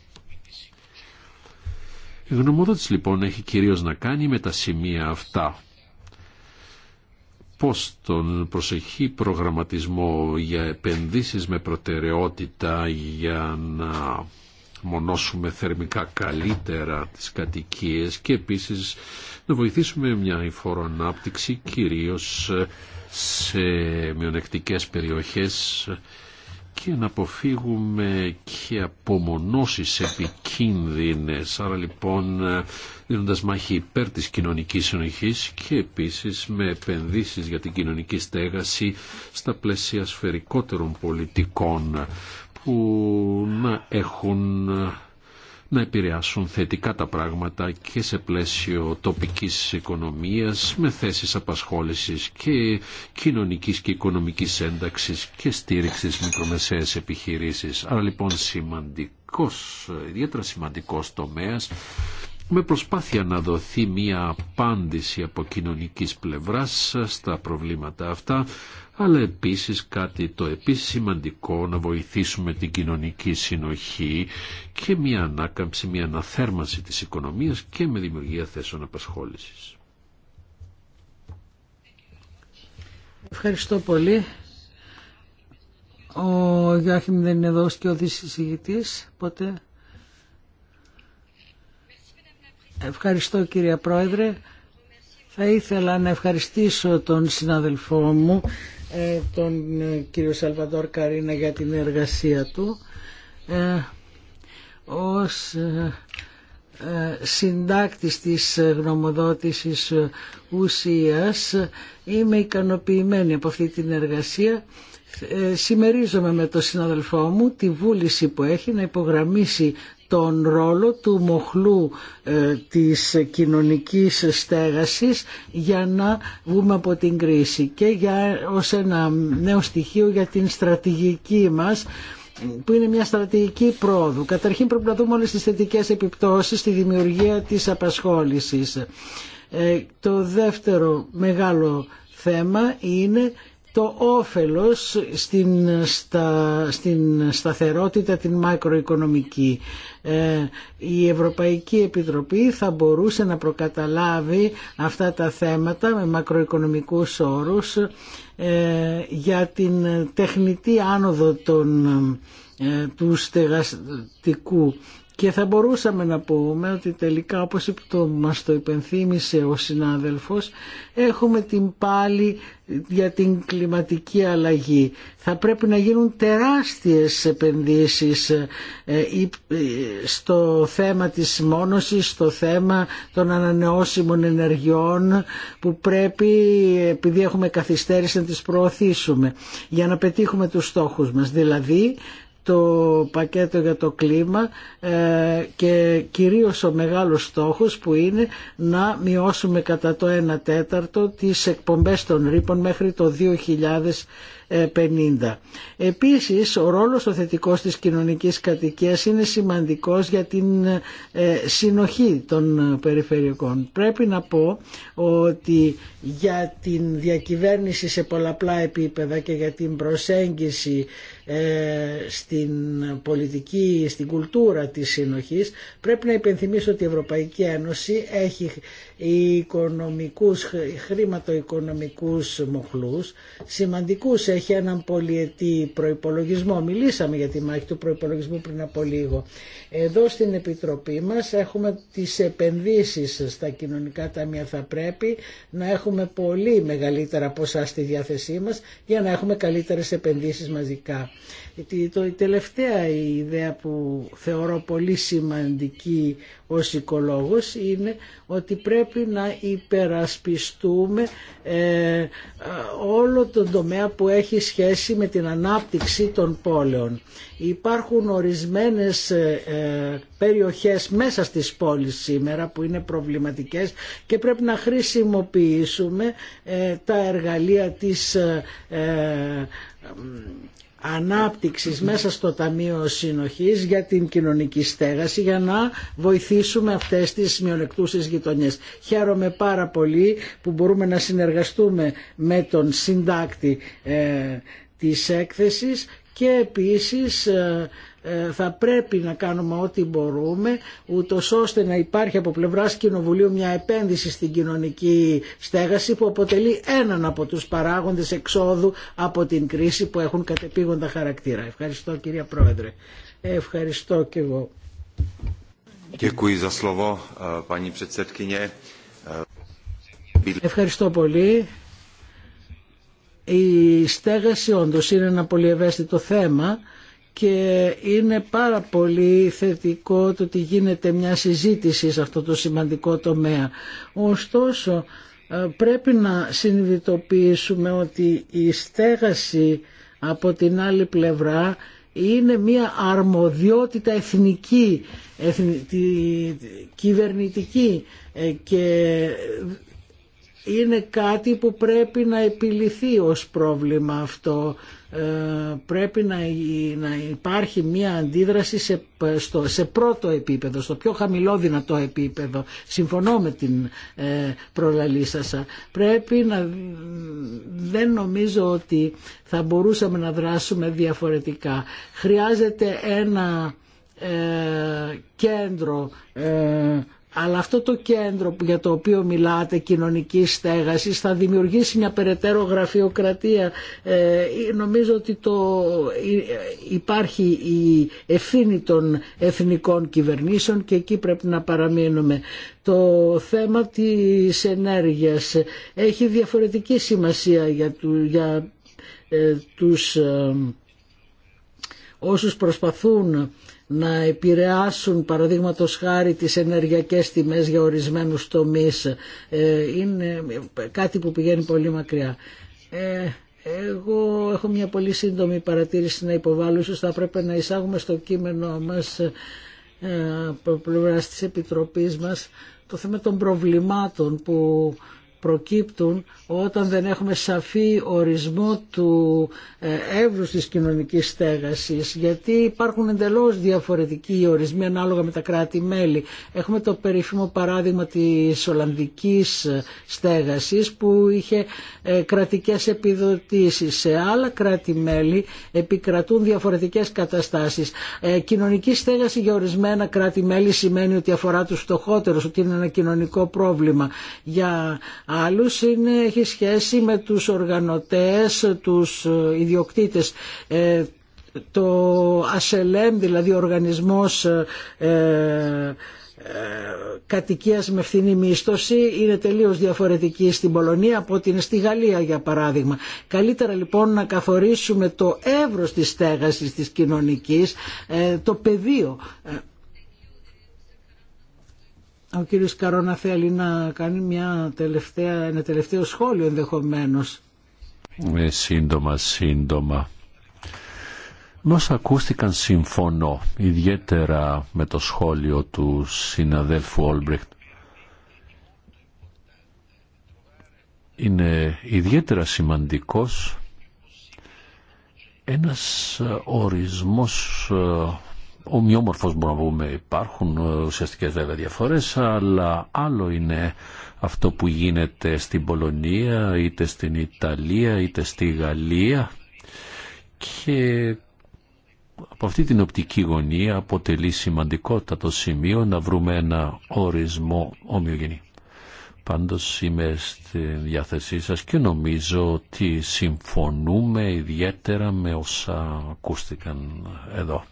Η γνωμοδότηση λοιπόν έχει κυρίως να κάνει με τα σημεία αυτά πώς τον προσεχή προγραμματισμό για επενδύσεις με προτεραιότητα για να μονώσουμε θερμικά καλύτερα τις κατοικίες και επίσης να βοηθήσουμε μια ανάπτυξη κυρίως σε μειονεκτικές περιοχές και να αποφύγουμε και απομονώσεις επικίνδυνες. Άρα λοιπόν δίνοντας μάχη υπέρ της κοινωνικής συνοχής και επίσης με επενδύσεις για την κοινωνική στέγαση στα πλαίσια σφαιρικότερων πολιτικών που να έχουν να επηρεάσουν θετικά τα πράγματα και σε πλαίσιο τοπικής οικονομίας με θέσεις απασχόλησης και κοινωνικής και οικονομικής ένταξης και στήριξης μικρομεσαίες επιχειρήσεις. Άρα λοιπόν σημαντικός, ιδιαίτερα σημαντικός τομέας με προσπάθεια να δοθεί μία απάντηση από κοινωνικής πλευράς στα προβλήματα αυτά αλλά επίσης κάτι το επίσης σημαντικό να βοηθήσουμε την κοινωνική συνοχή και μια ανάκαμψη, μια αναθέρμανση της οικονομίας και με δημιουργία θέσεων απασχόλησης. Ευχαριστώ πολύ. Ο Γιώχημ δεν είναι εδώ και ο δισηγητής, οπότε... Ευχαριστώ κύριε Πρόεδρε. Θα ήθελα να ευχαριστήσω τον συναδελφό μου ε, τον ε, κύριο Σαλβαδόρ Καρίνα για την εργασία του ε, ως συντάκτης της γνωμοδότησης ουσίας είμαι ικανοποιημένη από αυτή την εργασία συμμερίζομαι με τον συναδελφό μου τη βούληση που έχει να υπογραμμίσει τον ρόλο του μοχλού ε, της κοινωνικής στέγασης για να βγούμε από την κρίση και για, ως ένα νέο στοιχείο για την στρατηγική μας που είναι μια στρατηγική πρόοδου. Καταρχήν πρέπει να δούμε όλες τις θετικές επιπτώσεις στη δημιουργία της απασχόλησης. Ε, το δεύτερο μεγάλο θέμα είναι το όφελος στην, σταθερότητα την μακροοικονομική. Ε, η Ευρωπαϊκή Επιτροπή θα μπορούσε να προκαταλάβει αυτά τα θέματα με μακροοικονομικούς όρους ε, για την τεχνητή άνοδο των, ε, του στεγαστικού και θα μπορούσαμε να πούμε ότι τελικά όπως το, μας το υπενθύμησε ο συνάδελφος έχουμε την πάλι για την κλιματική αλλαγή. Θα πρέπει να γίνουν τεράστιες επενδύσεις ε, ε, στο θέμα της μόνωσης, στο θέμα των ανανεώσιμων ενεργειών που πρέπει επειδή έχουμε καθυστέρηση να τις προωθήσουμε για να πετύχουμε τους στόχους μας. Δηλαδή το πακέτο για το κλίμα ε, και κυρίως ο μεγάλος στόχος που είναι να μειώσουμε κατά το 1 τέταρτο τις εκπομπές των ρήπων μέχρι το 2000. 50. Ε, Επίσης, ο ρόλος ο θετικός της κοινωνικής κατοικίας είναι σημαντικός για την ε, συνοχή των περιφερειακών. Πρέπει να πω ότι για την διακυβέρνηση σε πολλαπλά επίπεδα και για την προσέγγιση ε, στην πολιτική, στην κουλτούρα της συνοχής πρέπει να υπενθυμίσω ότι η Ευρωπαϊκή Ένωση έχει οι οικονομικούς, χρηματοοικονομικούς μοχλούς σημαντικούς έχει έναν πολιετή προϋπολογισμό μιλήσαμε για τη μάχη του προϋπολογισμού πριν από λίγο εδώ στην Επιτροπή μας έχουμε τις επενδύσεις στα κοινωνικά ταμεία θα πρέπει να έχουμε πολύ μεγαλύτερα ποσά στη διάθεσή μας για να έχουμε καλύτερες επενδύσεις μαζικά η τελευταία ιδέα που θεωρώ πολύ σημαντική ως οικολόγος είναι ότι πρέπει πρέπει να υπερασπιστούμε ε, όλο τον τομέα που έχει σχέση με την ανάπτυξη των πόλεων. Υπάρχουν ορισμένες ε, ε, περιοχές μέσα στις πόλεις σήμερα που είναι προβληματικές και πρέπει να χρησιμοποιήσουμε τα εργαλεία της ανάπτυξης μέσα στο Ταμείο Συνοχής για την κοινωνική στέγαση για να βοηθήσουμε αυτές τις μειονεκτούσες γειτονιές. Χαίρομαι πάρα πολύ που μπορούμε να συνεργαστούμε με τον συντάκτη ε, της έκθεσης και επίσης ε, ε, θα πρέπει να κάνουμε ό,τι μπορούμε ούτω ώστε να υπάρχει από πλευράς Κοινοβουλίου μια επένδυση στην κοινωνική στέγαση που αποτελεί έναν από τους παράγοντες εξόδου από την κρίση που έχουν κατεπήγοντα χαρακτήρα. Ευχαριστώ κυρία Πρόεδρε. Ευχαριστώ και εγώ. Ευχαριστώ πολύ. Η στέγαση όντω είναι ένα πολύ ευαίσθητο θέμα και είναι πάρα πολύ θετικό το ότι γίνεται μια συζήτηση σε αυτό το σημαντικό τομέα. Ωστόσο ε, πρέπει να συνειδητοποιήσουμε ότι η στέγαση από την άλλη πλευρά είναι μια αρμοδιότητα εθνική, εθνική κυβερνητική ε, και είναι κάτι που πρέπει να επιληθεί ως πρόβλημα αυτό. Ε, πρέπει να, να υπάρχει μια αντίδραση σε, στο, σε πρώτο επίπεδο, στο πιο χαμηλό δυνατό επίπεδο. Συμφωνώ με την ε, προλαλή Πρέπει να... Δεν νομίζω ότι θα μπορούσαμε να δράσουμε διαφορετικά. Χρειάζεται ένα ε, κέντρο... Ε, αλλά αυτό το κέντρο για το οποίο μιλάτε, κοινωνική στέγαση, θα δημιουργήσει μια περαιτέρω γραφειοκρατία. Ε, νομίζω ότι το, ε, υπάρχει η ευθύνη των εθνικών κυβερνήσεων και εκεί πρέπει να παραμείνουμε. Το θέμα της ενέργειας έχει διαφορετική σημασία για, του, για ε, τους ε, όσους προσπαθούν να επηρεάσουν παραδείγματο χάρη τις ενεργειακές τιμές για ορισμένους τομείς. Ε, είναι κάτι που πηγαίνει πολύ μακριά. Ε, εγώ έχω μια πολύ σύντομη παρατήρηση να υποβάλω. Ίσως θα πρέπει να εισάγουμε στο κείμενο μας ε, από πλευράς της Επιτροπής μας το θέμα των προβλημάτων που προκύπτουν όταν δεν έχουμε σαφή ορισμό του ε, εύρους της κοινωνικής στέγασης γιατί υπάρχουν εντελώς διαφορετικοί ορισμοί ανάλογα με τα κράτη-μέλη. Έχουμε το περίφημο παράδειγμα της Ολλανδικής στέγασης που είχε ε, κρατικές επιδοτήσεις. Σε άλλα κράτη-μέλη επικρατούν διαφορετικές καταστάσεις. Ε, κοινωνική στέγαση για ορισμένα κράτη-μέλη σημαίνει ότι αφορά τους φτωχότερους, ότι είναι ένα κοινωνικό πρόβλημα. Άλλους είναι, έχει σχέση με τους οργανωτές, τους ε, ιδιοκτήτες. Ε, το ΑΣΕΛΕΜ, δηλαδή ο Οργανισμός ε, ε, κατοικίας με φθηνή μίσθωση είναι τελείως διαφορετική στην Πολωνία από ότι είναι στη Γαλλία για παράδειγμα. Καλύτερα λοιπόν να καθορίσουμε το εύρος της στέγασης της κοινωνικής, το πεδίο ο κύριος Καρόνα θέλει να κάνει μια τελευταία, ένα τελευταίο σχόλιο ενδεχομένως. Ε, σύντομα, σύντομα. Με όσα ακούστηκαν συμφωνώ, ιδιαίτερα με το σχόλιο του συναδέλφου Όλμπρεχτ. Είναι ιδιαίτερα σημαντικός ένας ορισμός ε, ομοιόμορφος μπορούμε να πούμε. Υπάρχουν ε, ουσιαστικές βέβαια διαφορές, αλλά άλλο είναι αυτό που γίνεται στην Πολωνία, είτε στην Ιταλία, είτε στη Γαλλία και από αυτή την οπτική γωνία αποτελεί σημαντικότατο σημείο να βρούμε ένα ορισμό ομοιογενή. Πάντως είμαι στη διάθεσή σας και νομίζω ότι συμφωνούμε ιδιαίτερα με όσα ακούστηκαν εδώ.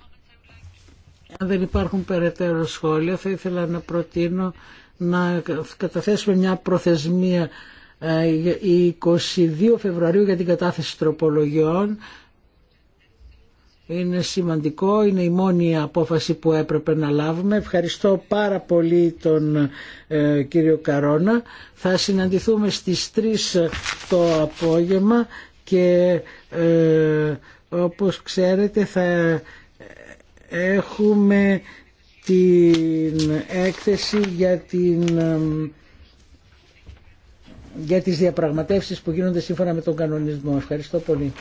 Αν δεν υπάρχουν περαιτέρω σχόλια θα ήθελα να προτείνω να καταθέσουμε μια προθεσμία 22 ε, Φεβρουαρίου για την κατάθεση τροπολογιών. Είναι σημαντικό, είναι η μόνη απόφαση που έπρεπε να λάβουμε. Ευχαριστώ πάρα πολύ τον ε, κύριο Καρόνα. Θα συναντηθούμε στις 3 ε, το απόγευμα και όπως ξέρετε θα Έχουμε την έκθεση για, την, για τις διαπραγματεύσεις που γίνονται σύμφωνα με τον κανονισμό. Ευχαριστώ πολύ.